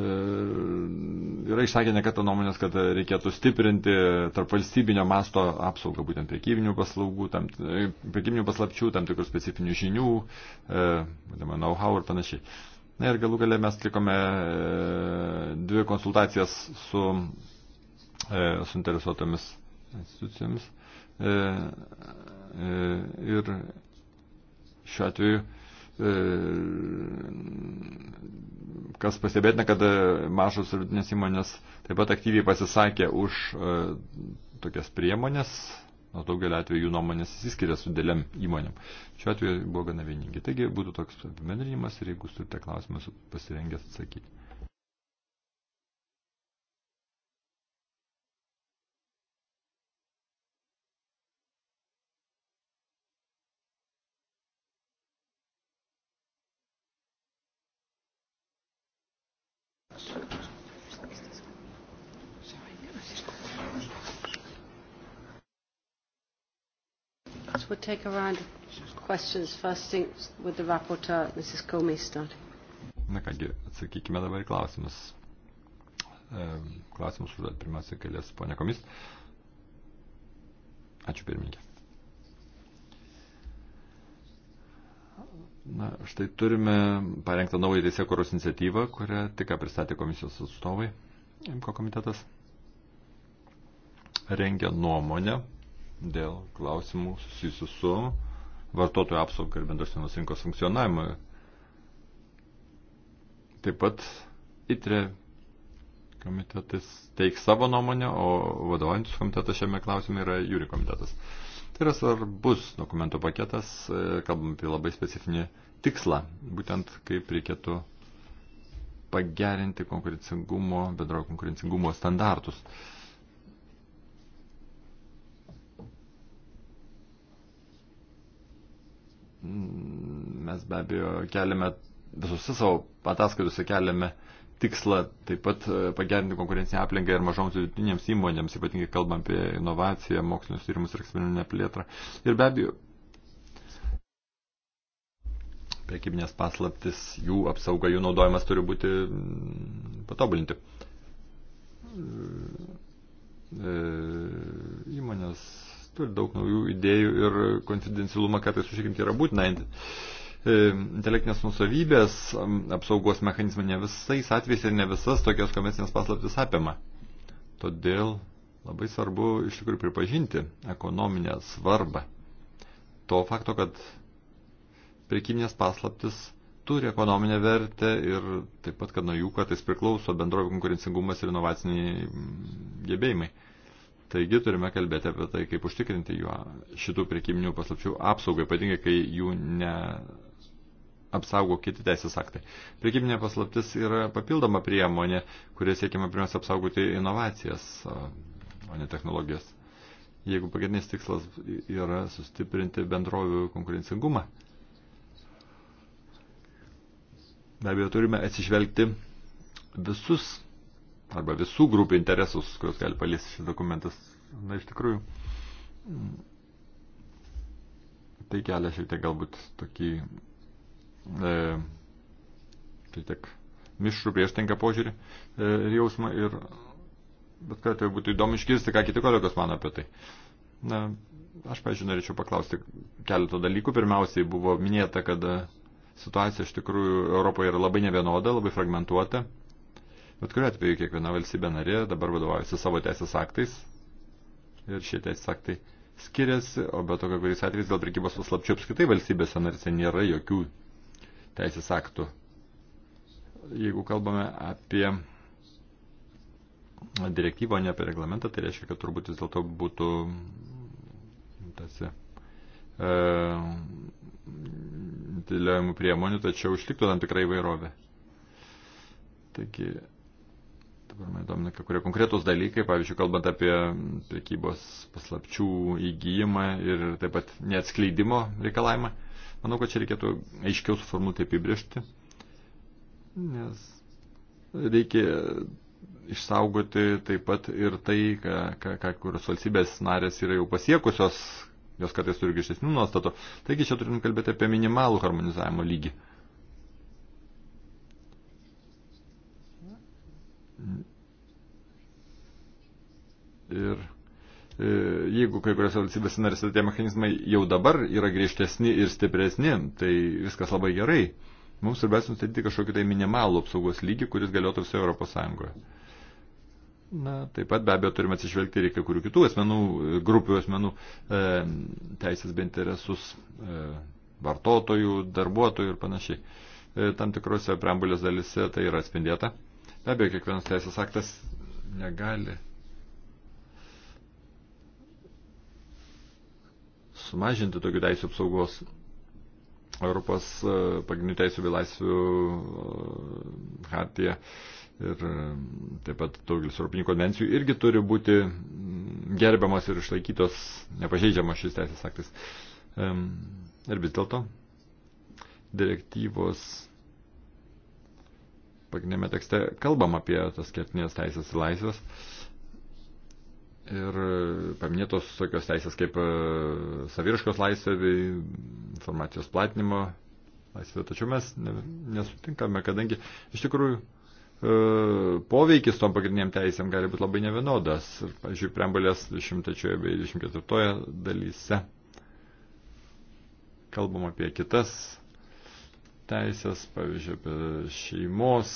yra išsakę nekata nuomonės, kad reikėtų stiprinti tarp valstybinio masto apsaugą būtent prekybinių paslaugų, tam, e, prekybinių paslapčių, tam tikrų specifinių žinių, e, know-how ir panašiai. Na ir galų galę mes atlikome dvi konsultacijas su suinteresuotomis institucijomis. Ir šiuo atveju E, kas pastebėtina, kad mažos ir vidutinės įmonės taip pat aktyviai pasisakė už e, tokias priemonės, nuo daugelio atveju jų nuomonės įsiskiria su dėliam įmonėm. Šiuo atveju buvo gana vieningi. Taigi būtų toks apibendrinimas ir jeigu turite klausimus, pasirengęs atsakyti. take a round of questions first thing with the rapporteur, Mrs. Comey starting. Na kągi, atsakykime dabar į klausimus. Klausimus užduot pirmiausia kelias ponia komis. Ačiū pirmininkė. Na, štai turime parengtą naują teisėkuros iniciatyvą, kurią tik pristatė komisijos atstovai. MKO komitetas rengia nuomonę dėl klausimų susijusių su vartotojų apsauga ir bendrosios rinkos funkcionavimu. Taip pat ITRE komitetas teiks savo nuomonę, o vadovaujantis komitetas šiame klausime yra jūri komitetas. Tai yra svarbus dokumentų paketas, e, kalbam apie labai specifinį tikslą, būtent kaip reikėtų pagerinti konkurencingumo, bendrojo konkurencingumo standartus. Uh, Mm, mes be abejo keliame, visose savo ataskaitose keliame tikslą taip pat e, pagerinti konkurencinę aplinką ir mažoms vidutinėms įmonėms, ypatingai kalbant apie inovaciją, mokslinius tyrimus ir eksperimentinę plėtrą. Ir be abejo, prekybinės paslaptis, jų apsauga, jų naudojimas turi būti mm, patobulinti. E, e, įmonės turi daug naujų idėjų ir konfidencialumą kartais užtikrinti yra būtina. E, intelektinės nusavybės apsaugos mechanizmai ne visais atvejais ir ne visas tokias komercinės paslaptis apima. Todėl labai svarbu iš tikrųjų pripažinti ekonominę svarbą to fakto, kad prekybinės paslaptis turi ekonominę vertę ir taip pat, kad nuo jų kartais priklauso bendrovė konkurencingumas ir inovaciniai gebėjimai. Taigi turime kalbėti apie tai, kaip užtikrinti juo šitų priekybinių paslapčių apsaugą, ypatingai kai jų ne apsaugo kiti teisės aktai. Priekybinė paslaptis yra papildoma priemonė, kurie siekime pirmiausia apsaugoti inovacijas, o ne technologijas. Jeigu pagrindinis tikslas yra sustiprinti bendrovių konkurencingumą, be abejo turime atsižvelgti visus arba visų grupių interesus, kurios gali paliesti šis dokumentas. Na, iš tikrųjų, mm, tai kelia šiek tiek galbūt tokį, e, šiek tiek mišrų prieštinką požiūrį e, ir jausmą ir bet kad tai būtų įdomu išgirsti, ką kiti kolegos mano apie tai. Na, aš, pažiūrėjau, norėčiau paklausti keletą dalykų. Pirmiausiai buvo minėta, kad situacija iš tikrųjų Europoje yra labai nevienoda, labai fragmentuota. Bet kuriuo atveju kiekviena valstybė narė dabar vadovaujasi savo teisės aktais ir šie teisės aktai skiriasi, o be to, kai kuriais atvejais dėl prekybos paslapčių apskritai valstybėse narėse nėra jokių teisės aktų. Jeigu kalbame apie direktyvą, ne apie reglamentą, tai reiškia, kad turbūt vis dėlto būtų tasi, e, dėliojimų priemonių, tačiau išliktų tam tikrai įvairovė. Taigi, mane domina kai kurie konkretūs dalykai, pavyzdžiui, kalbant apie prekybos paslapčių įgyjimą ir taip pat neatskleidimo reikalavimą. Manau, kad čia reikėtų aiškiau suformuoti apibriežti, nes reikia išsaugoti taip pat ir tai, ką, ką, ką kurios valstybės narės yra jau pasiekusios, jos kartais turi grįžtesnių nuostatų. Taigi čia turim kalbėti apie minimalų harmonizavimo lygį. Ir e, jeigu kai kuriuose valstybės narėse tie mechanizmai jau dabar yra griežtesni ir stipresni, tai viskas labai gerai. Mums svarbiausia nustatyti kažkokį tai minimalų apsaugos lygį, kuris galėtų visoje Europos Sąjungoje. Na, taip pat be abejo turime atsižvelgti ir kai kurių kitų asmenų, grupių asmenų e, teisės bei interesus e, vartotojų, darbuotojų ir panašiai. E, tam tikrose preambulės dalise tai yra atspindėta. Be abejo, kiekvienas teisės aktas negali sumažinti tokių teisų apsaugos. Europos e, pagrindinių teisų bei laisvių e, hartija ir e, taip pat daugelis Europinių konvencijų irgi turi būti gerbiamas ir išlaikytos nepažeidžiamas šis teisės aktas. Ir vis dėlto direktyvos pagrindinėme tekste kalbam apie tas kertinės teisės ir laisvės. Ir e, paminėtos tokios teisės kaip e, saviriškos laisvė bei informacijos platinimo laisvė. Tačiau mes nesutinkame, kadangi iš tikrųjų e, poveikis tom pagrindiniam teisėm gali būti labai nevienodas. Ir, pažiūrėjau, preambulės 23 bei 24 dalyse kalbam apie kitas teisės, pavyzdžiui, apie šeimos,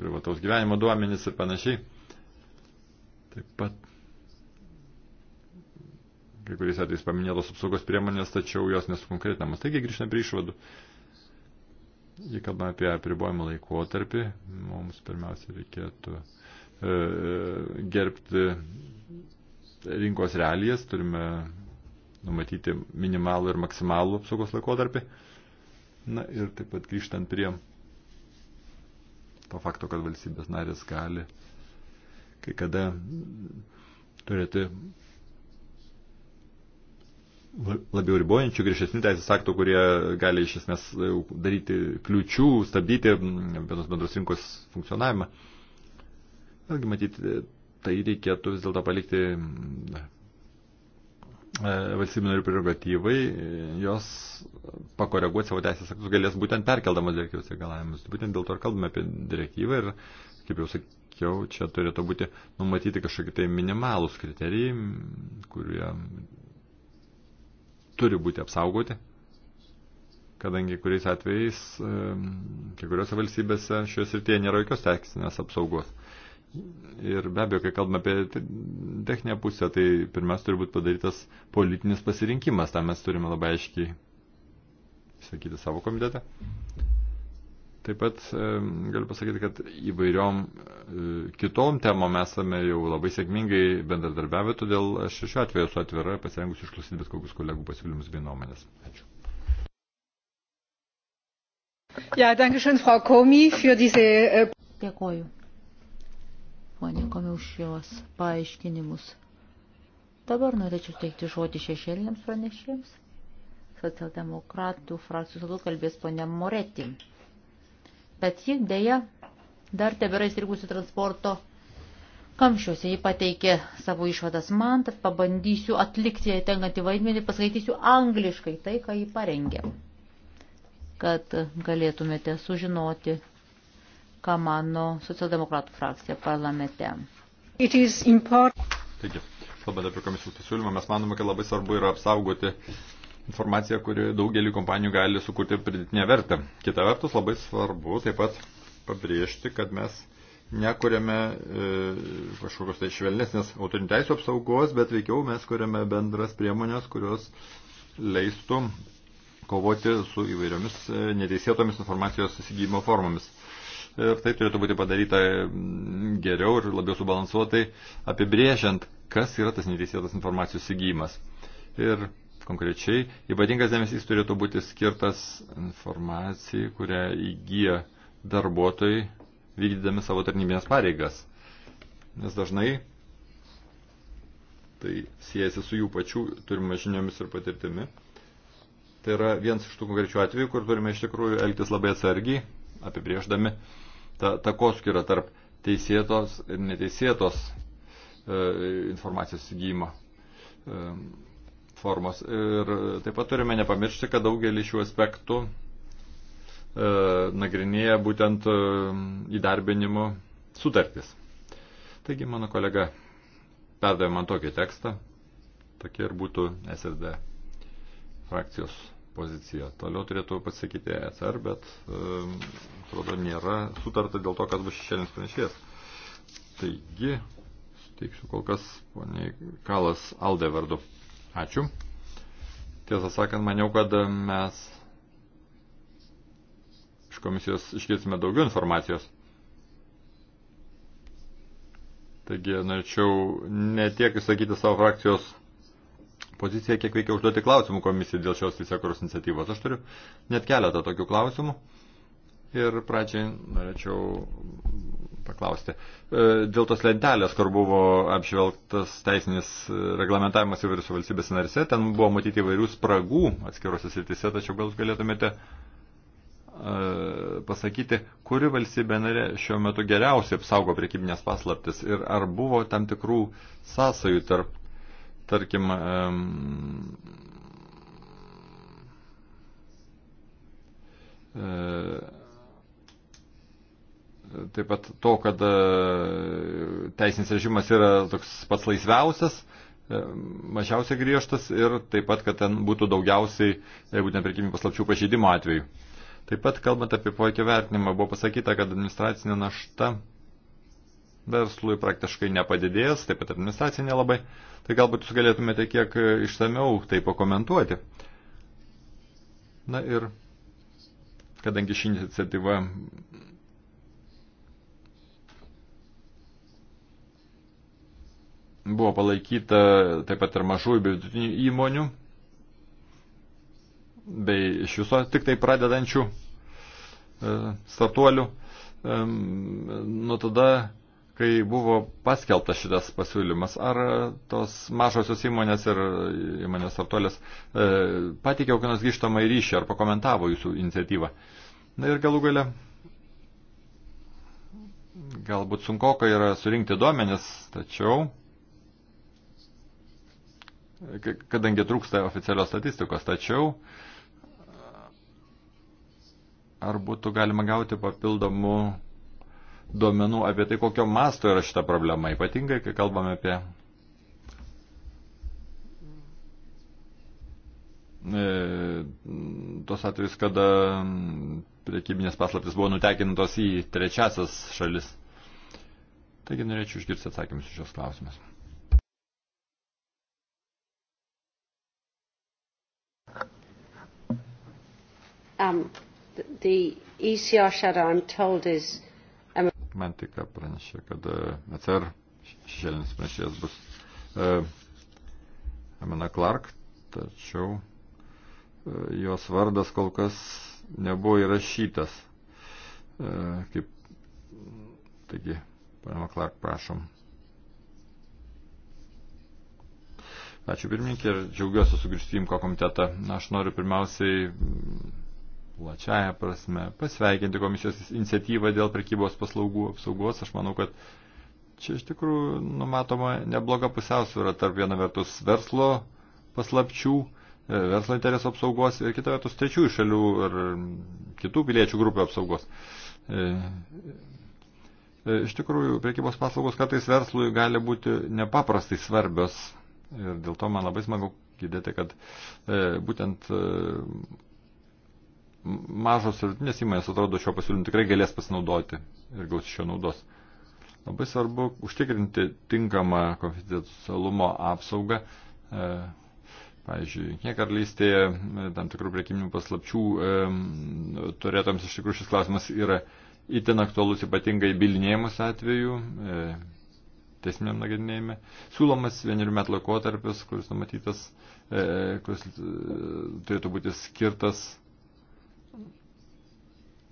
privataus gyvenimo duomenis ir panašiai. Taip pat kai kuriais atvejais paminėtos apsaugos priemonės, tačiau jos nesukonkretinamas. Taigi grįžtame prie išvadų. Jei kalbame apie apribojimą laikotarpį, mums pirmiausia reikėtų e, gerbti rinkos realijas, turime numatyti minimalų ir maksimalų apsaugos laikotarpį. Na ir taip pat grįžtant prie to fakto, kad valstybės narės gali kai kada turėti labiau ribojančių, griežtesnių teisės aktų, kurie gali iš esmės e, daryti kliučių, stabdyti mm, vienos bendros rinkos funkcionavimą. Vėlgi matyti, e, tai reikėtų vis dėlto palikti mm, e, valstybių narių prerogatyvai, jos pakoreguoti savo teisės aktus galės būtent perkeldamas direktyvos reikalavimus. Būtent dėl to ir kalbame apie direktyvą ir, kaip jau sakiau, sakiau, čia turėtų būti numatyti kažkokie tai minimalūs kriterijai, kurie turi būti apsaugoti, kadangi kuriais atvejais, kai kuriuose valstybėse šioje srityje nėra jokios teisinės apsaugos. Ir be abejo, kai kalbame apie techninę pusę, tai pirmiausia turi būti padarytas politinis pasirinkimas, tą mes turime labai aiškiai išsakyti savo komitete. Taip pat e, galiu pasakyti, kad įvairiom e, kitom temom esame jau labai sėkmingai bendradarbiavę, todėl aš šiuo atveju esu atvira pasirengusi išklausyti bet kokius kolegų pasiūlymus bei nuomonės. Ačiū. Ja, dankeschön, Frau Komi, für diese... Äh, Dėkoju. Pone Komi už jos paaiškinimus. Dabar norėčiau teikti žodį šešėliniams pranešėjams. Socialdemokratų frakcijos kalbės ponia Moretim bet ji dėja dar tebėra įstrigusi transporto kamščiuose. Ji pateikė savo išvadas man, tad pabandysiu atlikti jai tenkantį vaidmenį, paskaitysiu angliškai tai, ką ji parengė, kad galėtumėte sužinoti, ką mano socialdemokratų frakcija parlamente. Taigi, kalbant apie komisijos pasiūlymą, mes manome, kad labai svarbu yra apsaugoti uh, informacija, kuri daugelį kompanijų gali sukurti pridėtinę vertę. Kita vertus, labai svarbu taip pat pabrėžti, kad mes nekuriame e, kažkokios tai švelnesnės autorinių teisų apsaugos, bet veikiau mes kuriame bendras priemonės, kurios leistų kovoti su įvairiomis e, neteisėtomis informacijos įsigymo formomis. Ir tai turėtų būti padaryta mm, geriau ir labiau subalansuotai, apibrėžiant, kas yra tas neteisėtas informacijos įgymas. Ir Konkrečiai, ypatingas dėmesys turėtų būti skirtas informacijai, kurią įgyja darbuotojai vykdydami savo tarnybinės pareigas. Nes dažnai tai siejasi su jų pačių turima žiniomis ir patirtimi. Tai yra vienas iš tų konkrečių atvejų, kur turime iš tikrųjų elgtis labai atsargiai, apibrieždami tą takoskirą tarp teisėtos ir neteisėtos e, informacijos įgyjimo. E, formos. Ir taip pat turime nepamiršti, kad daugelį šių aspektų e, nagrinėja būtent e, įdarbinimo sutartis. Taigi mano kolega perdavė man tokį tekstą, tokia ir būtų SSD frakcijos pozicija. Toliau turėtų pasakyti ECR, bet e, atrodo nėra sutarta dėl to, kas bus šešėlinis pranešėjas. Taigi, suteiksiu kol kas poniai Kalas Alde vardu. Ačiū. Tiesą sakant, maniau, kad mes iš komisijos išgirsime daugiau informacijos. Taigi, norėčiau ne tiek išsakyti savo frakcijos poziciją, kiek reikia užduoti klausimų komisijai dėl šios teisėkuros iniciatyvos. Aš turiu net keletą tokių klausimų. Ir pradžiai norėčiau paklausti. E, dėl tos lentelės, kur buvo apžvelgtas teisinis reglamentavimas įvairiuose valstybės narise, ten buvo matyti įvairių spragų atskiruose srityse, tačiau gal galėtumėte e, pasakyti, kuri valstybė narė šiuo metu geriausiai apsaugo priekybinės paslaptis ir ar buvo tam tikrų sąsajų tarp, tarkim, um, e, taip pat to, kad e, teisinis režimas yra toks pats laisviausias, e, mažiausiai griežtas ir taip pat, kad ten būtų daugiausiai, jeigu ten prekybinių paslapčių pažeidimo atveju. Taip pat, kalbant apie poveikio vertinimą, buvo pasakyta, kad administracinė našta verslui praktiškai nepadidės, taip pat administracija nelabai. Tai galbūt jūs galėtumėte kiek e, išsameu tai pakomentuoti. Na ir kadangi ši iniciatyva Buvo palaikyta taip pat ir mažųjų bei vidutinių įmonių, bei iš viso tik tai pradedančių e, startuolių. Nuo tada, kai buvo paskelbtas šitas pasiūlymas, ar tos mažosios įmonės ir įmonės startuolės e, patikė kokį nors grįžtamą į ryšį ar pakomentavo jūsų iniciatyvą. Na ir galų gale galbūt sunkoka yra surinkti duomenis, tačiau kadangi trūksta oficialios statistikos, tačiau ar būtų galima gauti papildomų duomenų apie tai, kokio masto yra šita problema, ypatingai, kai kalbame apie e, tos atvejus, kada priekybinės paslaptis buvo nutekintos į trečiasias šalis. Taigi norėčiau išgirsti atsakymus iš šios klausimus. Um, the ECR shadow, I'm told, is... Um... Man tik pranešė, kad uh, ECR šešėlinis pranešėjas bus uh, Amina Clark, tačiau uh, jos vardas kol kas nebuvo įrašytas. Uh, kaip, taigi, panama Clark, prašom. Ačiū pirmininkė ir džiaugiuosi sugrįžti į Imko komitetą. Aš noriu pirmiausiai plačiaja prasme, pasveikinti komisijos iniciatyvą dėl prekybos paslaugų apsaugos. Aš manau, kad čia iš tikrųjų numatoma nebloga pusiausvyrą tarp viena vertus verslo paslapčių, e, verslo interesų apsaugos ir kita vertus trečiųjų šalių ir kitų piliečių grupių apsaugos. E, e, iš tikrųjų, priekybos paslaugos kartais verslui gali būti nepaprastai svarbios ir dėl to man labai smagu girdėti, kad būtent mažos ir vidutinės įmonės, atrodo, šio pasiūlymu tikrai galės pasinaudoti ir gauti šio naudos. Labai svarbu užtikrinti tinkamą konfidencialumo apsaugą. E, pavyzdžiui, Junkinė karalystėje e, tam tikrų priekiminių paslapčių e, turėtams iš tikrųjų šis klausimas yra itin aktualus ypatingai bilinėjimus atveju, e, teisminiam nagrinėjime. Siūlomas vienerių metų laikotarpis, kuris numatytas, e, kuris e, turėtų būti skirtas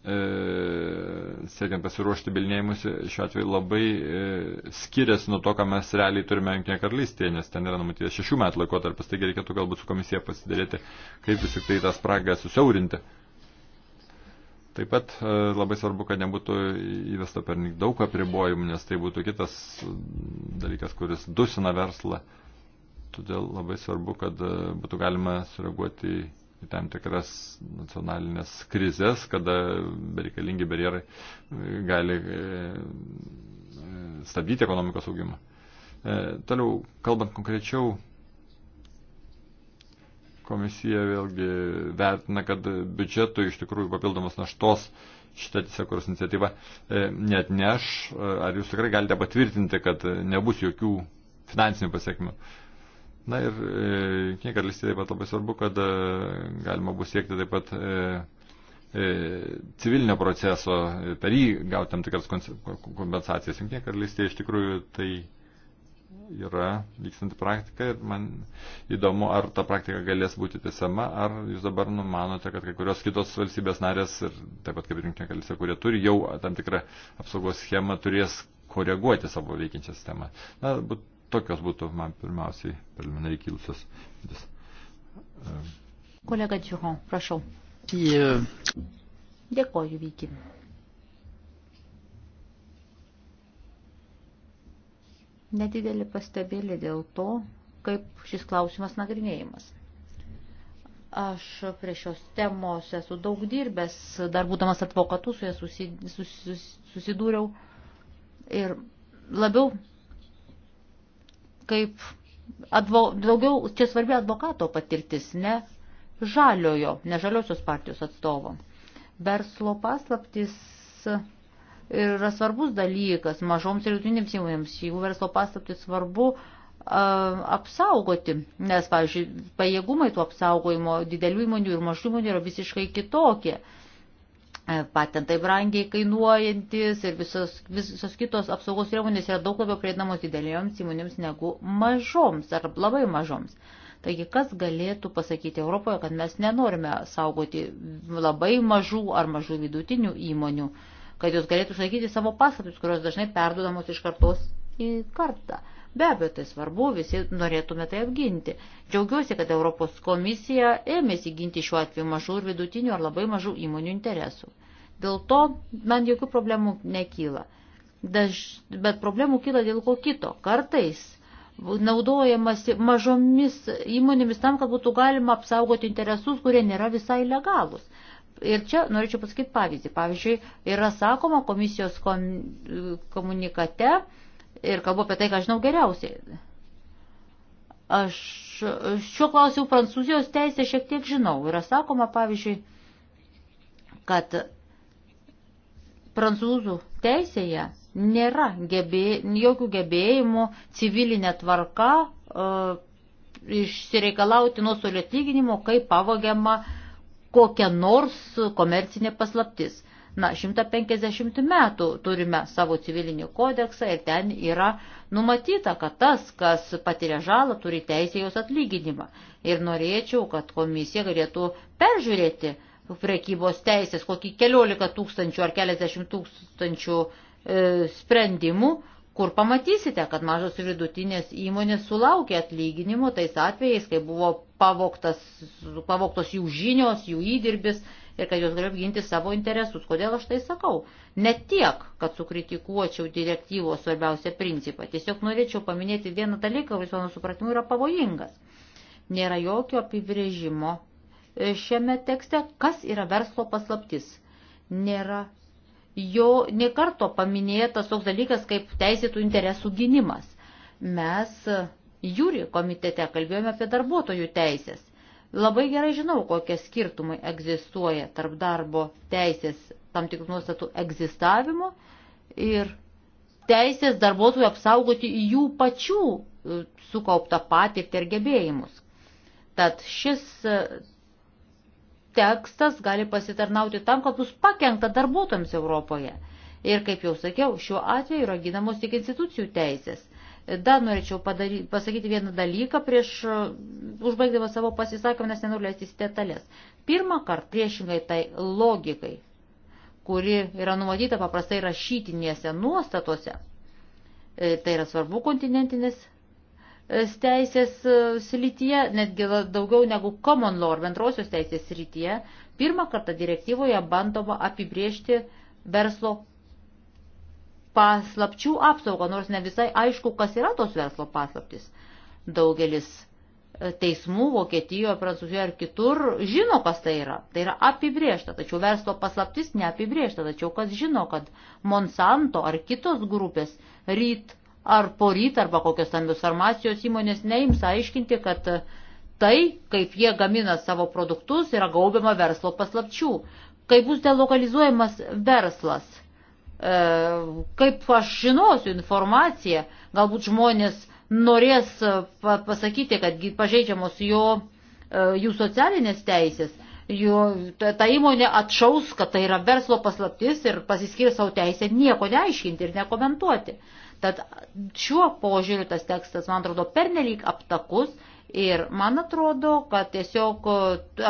E, siekiant pasiruošti bilinėjimus, šiuo atveju labai e, skiriasi nuo to, ką mes realiai turime Junktinėje karalystėje, nes ten yra numatytas šešių metų laikotarpis, taigi reikėtų galbūt su komisija pasidaryti, kaip vis tik tai tą spragą susiaurinti. Taip pat e, labai svarbu, kad nebūtų įvesta per daug apribojimų, nes tai būtų kitas dalykas, kuris dusina verslą. Todėl labai svarbu, kad būtų galima sureaguoti į tam tikras nacionalinės krizės, kada bereikalingi barjerai e, gali e, e, stabdyti ekonomikos augimą. Toliau, kalbant konkrečiau, komisija vėlgi vertina, kad biudžeto iš tikrųjų papildomas naštos šitą tiesiekuros iniciatyvą net neš. Ar jūs tikrai galite patvirtinti, kad nebus jokių finansinių pasiekmių? Uh, Na ir Kinė e, karalystė taip pat labai svarbu, kad e, galima bus siekti taip pat e, e, civilinio proceso, per jį gauti tam tikras kompensacijas. Kinė karalystė iš tikrųjų tai yra vykstanti praktika ir man įdomu, ar ta praktika galės būti tiesama, ar jūs dabar numanote, kad kai kurios kitos valstybės narės, ir taip pat kaip ir Kinė karalystė, kurie turi jau tam tikrą apsaugos schemą, turės koreguoti savo veikiančią sistemą. Na, būt, tokios būtų man pirmiausiai preliminariai kilusios. Kolega Čiuho, prašau. Yeah. Dėkoju, Vyki. Nedidelį pastebėlį dėl to, kaip šis klausimas nagrinėjimas. Aš prie šios temos esu daug dirbęs, dar būdamas advokatu su ja susidūriau ir labiau kaip advo, daugiau čia svarbi advokato patirtis, ne žaliojo, ne žaliosios partijos atstovo. Verslo paslaptis yra svarbus dalykas mažoms ir vidutinėms įmonėms. Jeigu verslo paslaptis svarbu apsaugoti, nes, pavyzdžiui, pajėgumai to apsaugojimo didelių įmonių ir mažų įmonių yra visiškai kitokie. E, patentai brangiai kainuojantis ir visos, visos kitos apsaugos priemonės yra daug labiau prieinamos didelėms įmonėms negu mažoms ar labai mažoms. Taigi kas galėtų pasakyti Europoje, kad mes nenorime saugoti labai mažų ar mažų vidutinių įmonių, kad jos galėtų sakyti savo paslaptis, kurios dažnai perdodamos iš kartos į kartą. Be abejo, tai svarbu, visi norėtume tai apginti. Džiaugiuosi, kad Europos komisija ėmėsi ginti šiuo atveju mažų ir vidutinių ar labai mažų įmonių interesų. Dėl to man jokių problemų nekyla. Daž, bet problemų kyla dėl ko kito. Kartais naudojamasi mažomis įmonėmis tam, kad būtų galima apsaugoti interesus, kurie nėra visai legalūs. Ir čia norėčiau pasakyti pavyzdį. Pavyzdžiui, yra sakoma komisijos kom, komunikate ir kalbu apie tai, ką žinau geriausiai. Aš šiuo klausimu prancūzijos teisę šiek tiek žinau. Yra sakoma, pavyzdžiui, kad Prancūzų teisėje nėra gebė, jokių gebėjimų civilinė tvarka e, išsireikalauti nuostolių atlyginimo, kai pavogiama kokia nors komercinė paslaptis. Na, 150 metų turime savo civilinį kodeksą ir ten yra numatyta, kad tas, kas patiria žalą, turi teisę jos atlyginimą. Ir norėčiau, kad komisija galėtų peržiūrėti uh, prekybos teisės, kokį keliolika tūkstančių ar keliasdešimt tūkstančių e, sprendimų, kur pamatysite, kad mažos ir vidutinės įmonės sulaukė atlyginimo tais atvejais, kai buvo pavoktas, pavoktos jų žinios, jų įdirbis ir kad jos galėjo apginti savo interesus. Kodėl aš tai sakau? Ne tiek, kad sukritikuočiau direktyvos svarbiausią principą, tiesiog norėčiau paminėti vieną dalyką, kuris mano supratimu yra pavojingas. Nėra jokio apibrėžimo šiame tekste, kas yra verslo paslaptis. Nėra jo nekarto paminėtas toks dalykas kaip teisėtų interesų gynimas. Mes jūri komitete kalbėjome apie darbuotojų teisės. Labai gerai žinau, kokie skirtumai egzistuoja tarp darbo teisės tam tikrų nuostatų egzistavimo ir teisės darbuotojų apsaugoti jų pačių e, sukauptą patirtį ir gebėjimus. Tad šis tekstas gali pasitarnauti tam, kad bus pakengta darbuotojams Europoje. Ir kaip jau sakiau, šiuo atveju yra ginamos tik institucijų teisės. Dar norėčiau padary, pasakyti vieną dalyką prieš uh, užbaigdama savo pasisakymą, nes nenoriu leistis detalės. Pirmą kartą priešingai tai logikai, kuri yra numatyta paprastai rašytinėse nuostatose, e, tai yra svarbu kontinentinis teisės e, srityje, netgi daugiau negu common law ar bendrosios teisės srityje, pirmą kartą direktyvoje bandoma apibriežti verslo paslapčių apsaugą, nors ne visai aišku, kas yra tos verslo paslaptis. Daugelis e, teismų Vokietijoje, Prancūzijoje ar kitur žino, kas tai yra. Tai yra apibriešta, tačiau verslo paslaptis neapibriešta, tačiau kas žino, kad Monsanto ar kitos grupės ryt ar poryt, arba kokios stambios farmacijos įmonės neims aiškinti, kad tai, kaip jie gamina savo produktus, yra gaubiama verslo paslapčių. Kai bus delokalizuojamas verslas, e, kaip aš žinosiu informaciją, galbūt žmonės norės pasakyti, kad pažeidžiamos jo, e, jų socialinės teisės, jų, ta įmonė atšaus, kad tai yra verslo paslaptis ir pasiskirs savo teisę nieko neaiškinti ir nekomentuoti. E, Tad šiuo požiūriu tas tekstas, man atrodo, pernelyg aptakus ir man atrodo, kad tiesiog e,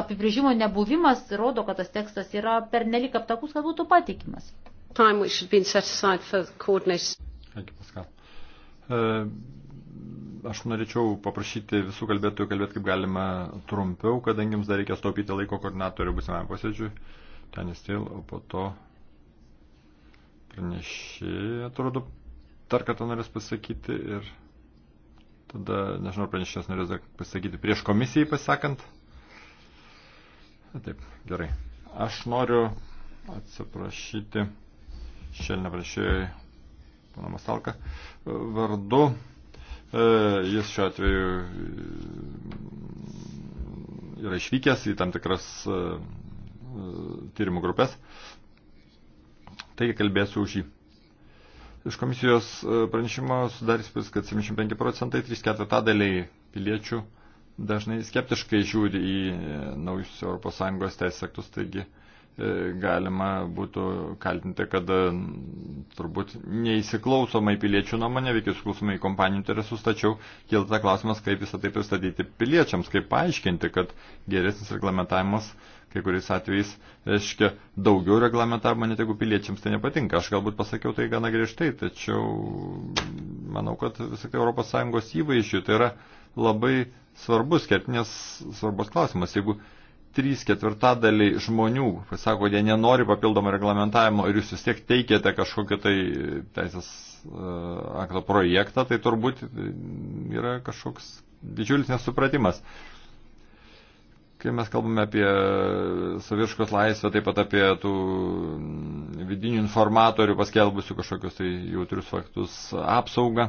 apibrėžimo nebuvimas rodo, kad tas tekstas yra pernelyg aptakus, kad būtų patikimas. E, aš norėčiau paprašyti visų kalbėtojų kalbėti kaip galima trumpiau, kadangi jums dar reikia staupyti laiko koordinatorių būsimam posėdžiui. Ten jis til, o po to pranešė, atrodo, dar kartą norės pasakyti ir tada, nežinau, pranešės norės dar pasakyti prieš komisijai pasakant. Taip, gerai. Aš noriu atsiprašyti šiandien prašėjai pana Masalka vardu. E, jis šiuo atveju e, yra išvykęs į tam tikras e, tyrimų grupės. Taigi kalbėsiu už jį. Iš komisijos e, pranešimo sudarys vis, kad 75 procentai, 3 ketvirtadaliai piliečių dažnai skeptiškai žiūri į e, naujus ES teisės aktus, taigi e, galima būtų kaltinti, kad turbūt neįsiklausomai piliečių nuomonė, veikia įsiklausomai kompanijų interesus, tačiau kilta klausimas, kaip visą tai pristatyti piliečiams, kaip paaiškinti, kad geresnis reglamentavimas kai kuriais atvejais reiškia daugiau reglamentavimo, net jeigu piliečiams tai nepatinka. Aš galbūt pasakiau tai gana griežtai, tačiau manau, kad vis tik tai ES įvaizdžių tai yra labai svarbus, kertinės svarbos klausimas. Jeigu trys ketvirtadaliai žmonių pasako, jie nenori papildomą reglamentavimo ir jūs vis tiek teikėte kažkokį tai teisės e, akto projektą, tai turbūt yra kažkoks didžiulis nesupratimas. Kai mes kalbame apie saviškos laisvę, taip pat apie tų vidinių informatorių paskelbusių kažkokius tai jautrius faktus apsaugą,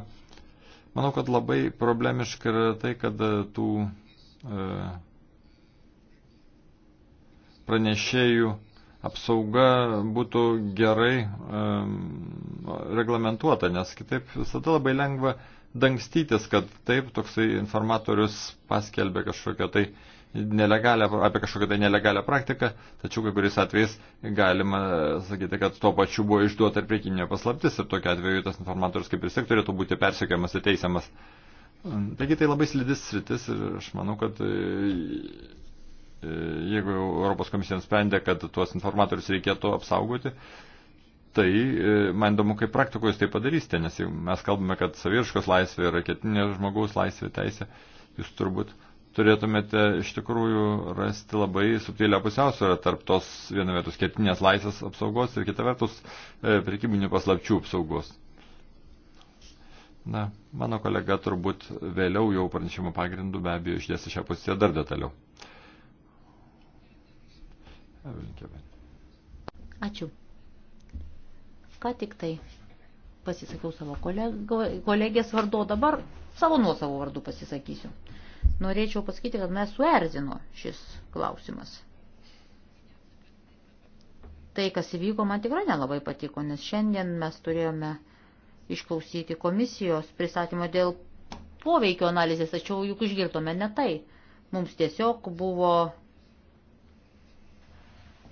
manau, kad labai problemiška yra tai, kad tų e, pranešėjų apsauga būtų gerai e, reglamentuota, nes kitaip visada labai lengva dangstytis, kad taip toksai informatorius paskelbė kažkokią tai e, nelegalę, apie kažkokią tai nelegalią praktiką, tačiau kai kuriais atvejais galima sakyti, kad tuo pačiu buvo išduota ir priekinė paslaptis ir tokiu atveju tas informatorius kaip ir sek turėtų būti persiekiamas ir teisiamas. Taigi tai labai slidis sritis ir aš manau, kad e, e, jeigu Europos komisija nusprendė, kad tuos informatorius reikėtų apsaugoti, tai e, man įdomu, kaip praktikoje jūs tai padarysite, nes jeigu mes kalbame, kad savirškos laisvė yra ketinė žmogaus laisvė, teisė, jūs turbūt turėtumėte iš tikrųjų rasti labai subtilę pusiausvyrą tarp tos viena vertus kertinės laisvės apsaugos ir kita vertus e, prekybinių paslapčių apsaugos. Na, mano kolega turbūt vėliau jau pranešimo pagrindų be abejo išdėsi šią poziciją dar detaliau. Ačiū. Ką tik tai pasisakiau savo kolego, kolegės vardu, o dabar savo nuosavo vardu pasisakysiu. Norėčiau pasakyti, kad mes suerzino šis klausimas. Tai, kas įvyko, man tikrai nelabai patiko, nes šiandien mes turėjome išklausyti komisijos pristatymo dėl poveikio analizės, tačiau juk išgirdome ne tai. Mums tiesiog buvo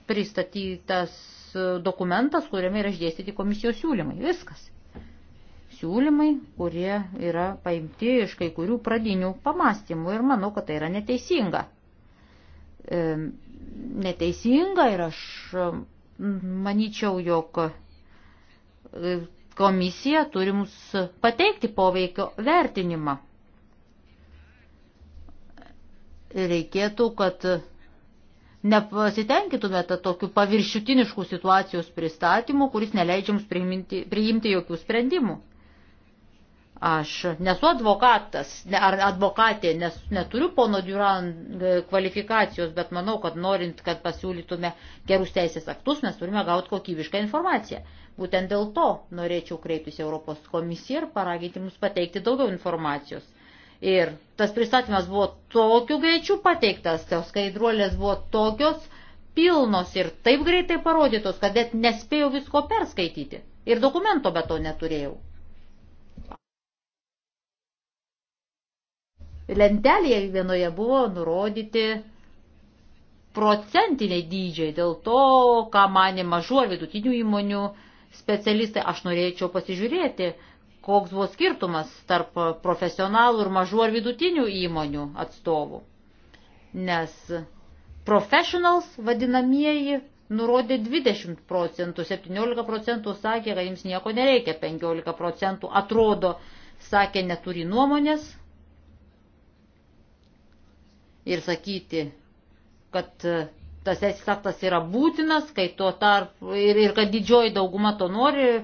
pristatytas dokumentas, kuriame yra išdėstyti komisijos siūlymai. Viskas pasiūlymai, kurie yra paimti iš kai kurių pradinių pamastymų ir manau, kad tai yra neteisinga. E, neteisinga ir aš manyčiau, jog e, komisija turi mums pateikti poveikio vertinimą. Reikėtų, kad nepasitenkitumėte tokiu paviršutinišku situacijos pristatymu, kuris neleidžia jums priimti, priimti jokių sprendimų. Aš nesu advokatas, ar advokatė, nes neturiu pono Duran e, kvalifikacijos, bet manau, kad norint, kad pasiūlytume gerus teisės aktus, mes turime gauti kokybišką informaciją. Būtent dėl to norėčiau kreiptis Europos komisiją ir paraginti mus pateikti daugiau informacijos. Ir tas pristatymas buvo tokiu greičiu pateiktas, tos skaidruolės buvo tokios pilnos ir taip greitai parodytos, kad net nespėjau visko perskaityti. Ir dokumento be to neturėjau. lentelėje vienoje buvo nurodyti procentiniai dydžiai dėl to, ką mane mažų ar vidutinių įmonių specialistai. Aš norėčiau pasižiūrėti, koks buvo skirtumas tarp profesionalų ir mažų ar vidutinių įmonių atstovų. Nes professionals vadinamieji nurodė 20 procentų, 17 procentų sakė, kad jums nieko nereikia, 15 procentų atrodo, sakė, neturi nuomonės, ir sakyti, kad e, tas teisės aktas yra būtinas, kai tuo tarp ir, ir kad didžioji dauguma to nori, m,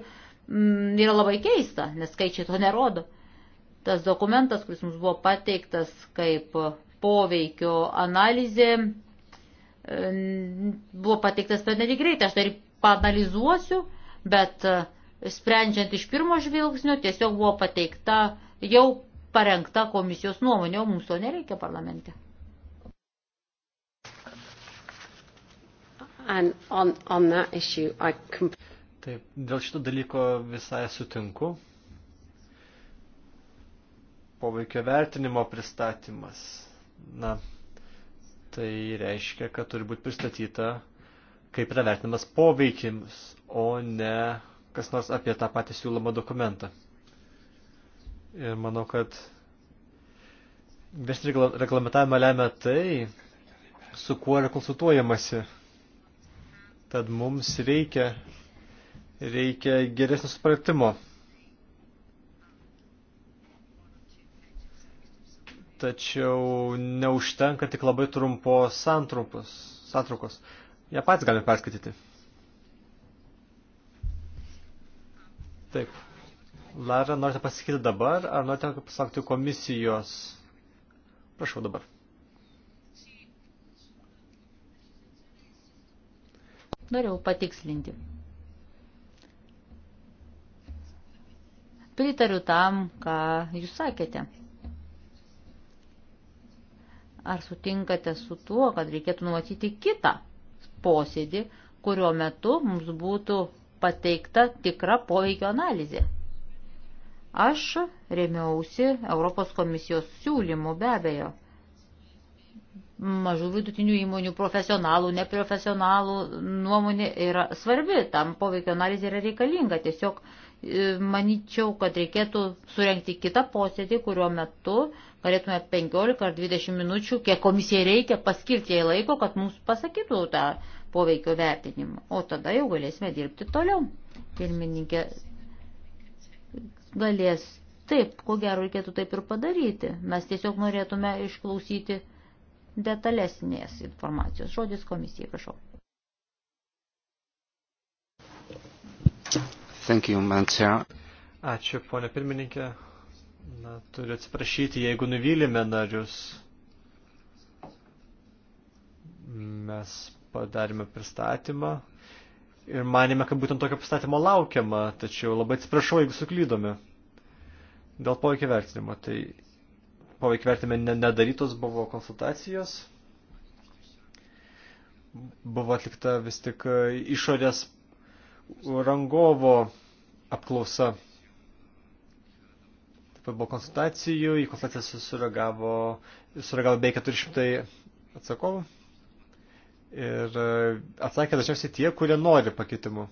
mm, yra labai keista, nes skaičiai to nerodo. Tas dokumentas, kuris mums buvo pateiktas kaip poveikio analizė, e, buvo pateiktas pernelyg greitai. Aš dar panalizuosiu, bet e, sprendžiant iš pirmo žvilgsnio, tiesiog buvo pateikta jau parengta komisijos nuomonė, o mums to nereikia parlamente. On, on issue, I... Taip, dėl šito dalyko visai sutinku. Poveikio vertinimo pristatymas. Na, tai reiškia, kad turi būti pristatyta, kaip yra vertinamas poveikims, o ne kas nors apie tą patį siūlomą dokumentą. Ir manau, kad vis reglamentavimą lemia tai, su kuo yra konsultuojamasi. Tad mums reikia, reikia geresnio supratimo. Tačiau neužtenka tik labai trumpos santrupos, santrukos. Jie patys gali perskaityti. Taip. Lara, norite pasakyti dabar, ar norite pasakyti komisijos? Prašau dabar. Norėjau patikslinti. Pritariu tam, ką jūs sakėte. Ar sutinkate su tuo, kad reikėtų numatyti kitą posėdį, kurio metu mums būtų pateikta tikra poveikio analizė? Aš remiausi Europos komisijos siūlymu be abejo mažų vidutinių įmonių profesionalų, neprofesionalų nuomonė yra svarbi, tam poveikio analizė yra reikalinga. Tiesiog e, manyčiau, kad reikėtų surenkti kitą posėdį, kurio metu galėtume 15 ar 20 minučių, kiek komisijai reikia, paskirti jai laiko, kad mums pasakytų tą poveikio vertinimą. O tada jau galėsime dirbti toliau. Pirmininkė galės. Taip, ko gero reikėtų taip ir padaryti. Mes tiesiog norėtume išklausyti detalesnės informacijos. Žodis komisijai, prašau. Thank you, Mancia. Ačiū, ponė pirmininkė. Na, turiu atsiprašyti, jeigu nuvylėme narius. Mes padarėme pristatymą ir manėme, kad būtent tokio pristatymo laukiama, tačiau labai atsiprašau, jeigu suklydome. Dėl poveikio vertinimo, tai poveikį vertime nedarytos buvo konsultacijos. Buvo atlikta vis tik e, išorės rangovo apklausa. Taip pat buvo konsultacijų, į konsultacijas sureagavo, sureagavo beveik 400 atsakovų. Ir e, atsakė dažniausiai tie, kurie nori pakeitimų.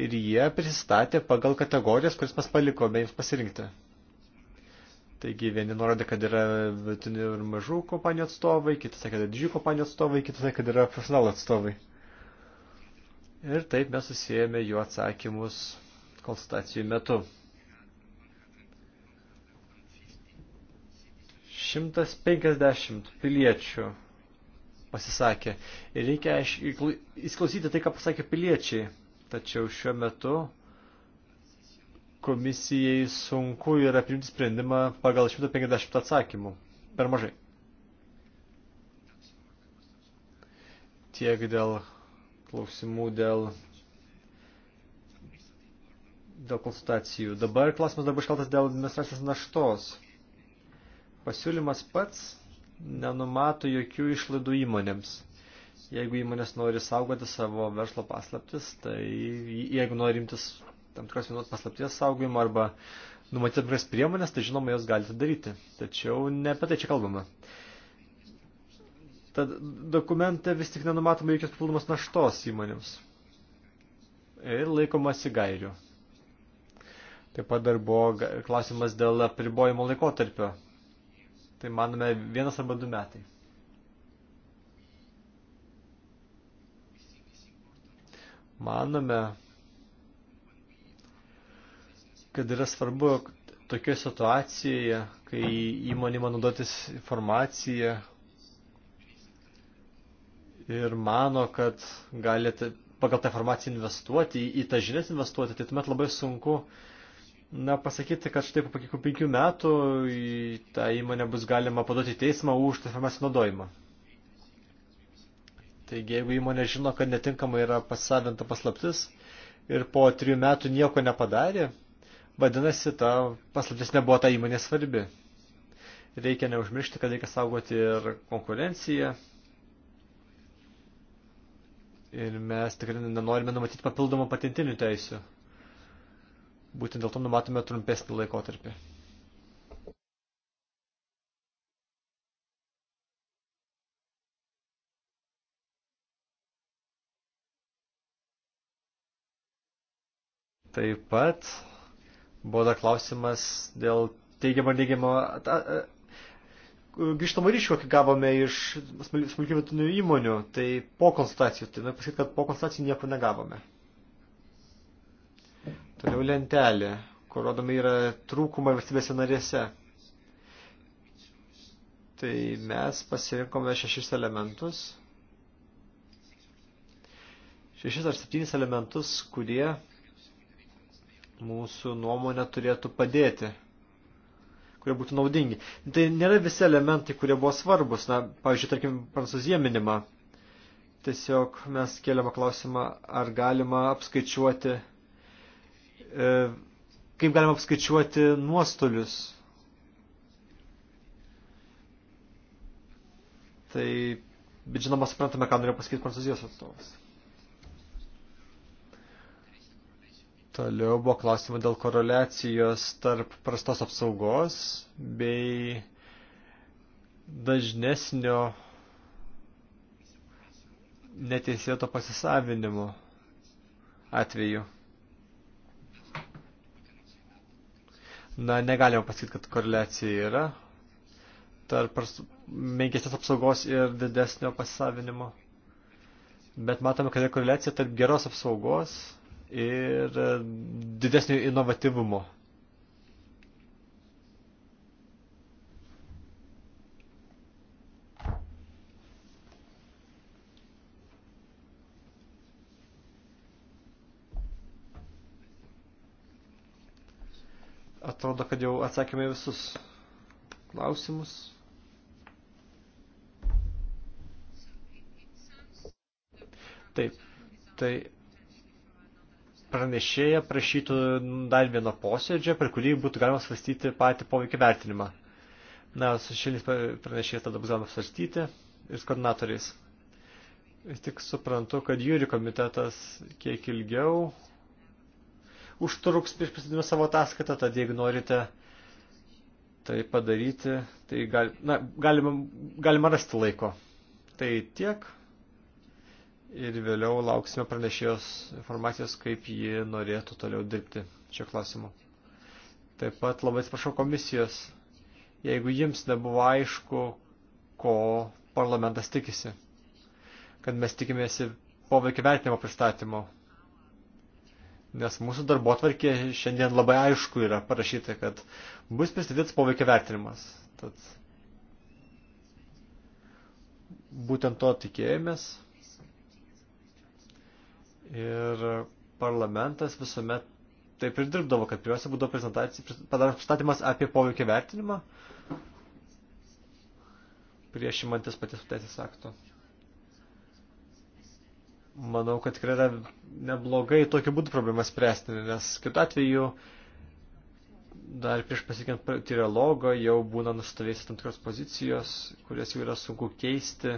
Ir jie pristatė pagal kategorijas, kuris mes palikome jums pasirinkti. Taigi vieni nurodė, kad yra vidutinių ir mažų kompanijų atstovai, kiti sakė, kad yra didžių kompanijų atstovai, kiti sakė, kad yra profesionalų atstovai. Ir taip mes susijėmė jų atsakymus konsultacijų metu. 150 piliečių pasisakė ir reikia išklausyti tai, ką pasakė piliečiai. Tačiau šiuo metu komisijai sunku yra priimti sprendimą pagal 150 atsakymų. Per mažai. Tiek dėl klausimų, dėl, dėl konsultacijų. Dabar klausimas dabar iškaltas dėl administracijos naštos. Pasiūlymas pats nenumato jokių išlaidų įmonėms. Jeigu įmonės nori saugoti savo verslo paslaptis, tai jeigu nori imtis tam tikros vienos paslapties saugojimo arba numatyti tam tikras priemonės, tai žinoma, jos galite daryti. Tačiau ne apie tai čia kalbama. Tad dokumente vis tik nenumatoma jokios papildomos naštos įmonėms. Ir laikomasi gairių. Taip pat dar buvo klausimas dėl apribojimo laikotarpio. Tai manome vienas arba du metai. Manome, kad yra svarbu tokioje situacijoje, kai įmonė man naudotis informaciją ir mano, kad galite pagal tą informaciją investuoti, į tą žinias investuoti, tai tuomet labai sunku na, pasakyti, kad štai po kokių penkių metų į tą įmonę bus galima paduoti teismą už tą informacijos naudojimą. Taigi, jeigu įmonė žino, kad netinkamai yra pasavinta paslaptis ir po trijų metų nieko nepadarė, Vadinasi, ta paslaptis nebuvo ta įmonė svarbi. Reikia neužmiršti, kad reikia saugoti ir konkurenciją. Ir mes tikrai nenorime numatyti papildomų patentinių teisių. Būtent dėl to numatome trumpesnį laikotarpį. Taip pat Buvo dar klausimas dėl teigiamo ir neigiamo grįžtamą ryšį, kokį gavome iš smulkių vietinių įmonių, tai po konsultacijų, tai noriu pasakyti, kad po konsultacijų nieko negavome. Toliau lentelė, kur rodomi yra trūkumai valstybėse narėse. Tai mes pasirinkome šešis elementus. Šešis ar septynis elementus, kurie mūsų nuomonė turėtų padėti, kurie būtų naudingi. Tai nėra visi elementai, kurie buvo svarbus. Na, pavyzdžiui, tarkim, Prancūzija minima. Tiesiog mes keliamą klausimą, ar galima apskaičiuoti, e, kaip galima apskaičiuoti nuostolius. Tai, bet žinoma, suprantame, ką norėjo pasakyti Prancūzijos atstovas. Toliau buvo klausimų dėl koreliacijos tarp prastos apsaugos bei dažnesnio neteisėto pasisavinimo atveju. Na, negalima pasakyti, kad koreliacija yra tarp menkesnės apsaugos ir didesnio pasisavinimo. Bet matome, kad yra koreliacija tarp geros apsaugos ir e, didesnio inovatyvumo. Atrodo, kad jau atsakėme visus klausimus. Taip, tai pranešėja prašytų dar vieno posėdžio, per kurį būtų galima svarstyti patį poveikį vertinimą. Na, su šešėlinis pranešėjas tada bus galima svarstyti ir su koordinatoriais. Vis tik suprantu, kad jūri komitetas kiek ilgiau užtruks prieš pristatymą savo ataskaitą, tad jeigu norite tai padaryti, tai gal, na, galima, galima rasti laiko. Tai tiek ir vėliau lauksime pranešėjos informacijos, kaip ji norėtų toliau dirbti šio klausimu. Taip pat labai atsiprašau komisijos, jeigu jums nebuvo aišku, ko parlamentas tikisi, kad mes tikimėsi poveikio vertinimo pristatymo. Nes mūsų darbo atvarkė šiandien labai aišku yra parašyta, kad bus pristatytas poveikio vertinimas. Tad būtent to tikėjomės. Ir parlamentas visuomet taip ir dirbdavo, kad pirmiausia būdavo pristatymas apie poveikį vertinimą prieš imantis paties teisės akto. Manau, kad tikrai yra neblogai tokiu būdu problemą spręsti, nes kitu atveju dar prieš pasiekiant trialogą jau būna nustovėjusi tam tikros pozicijos, kurias jau yra sunku keisti.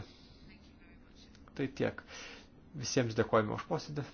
Tai tiek. Visiems dėkojame už posėdį.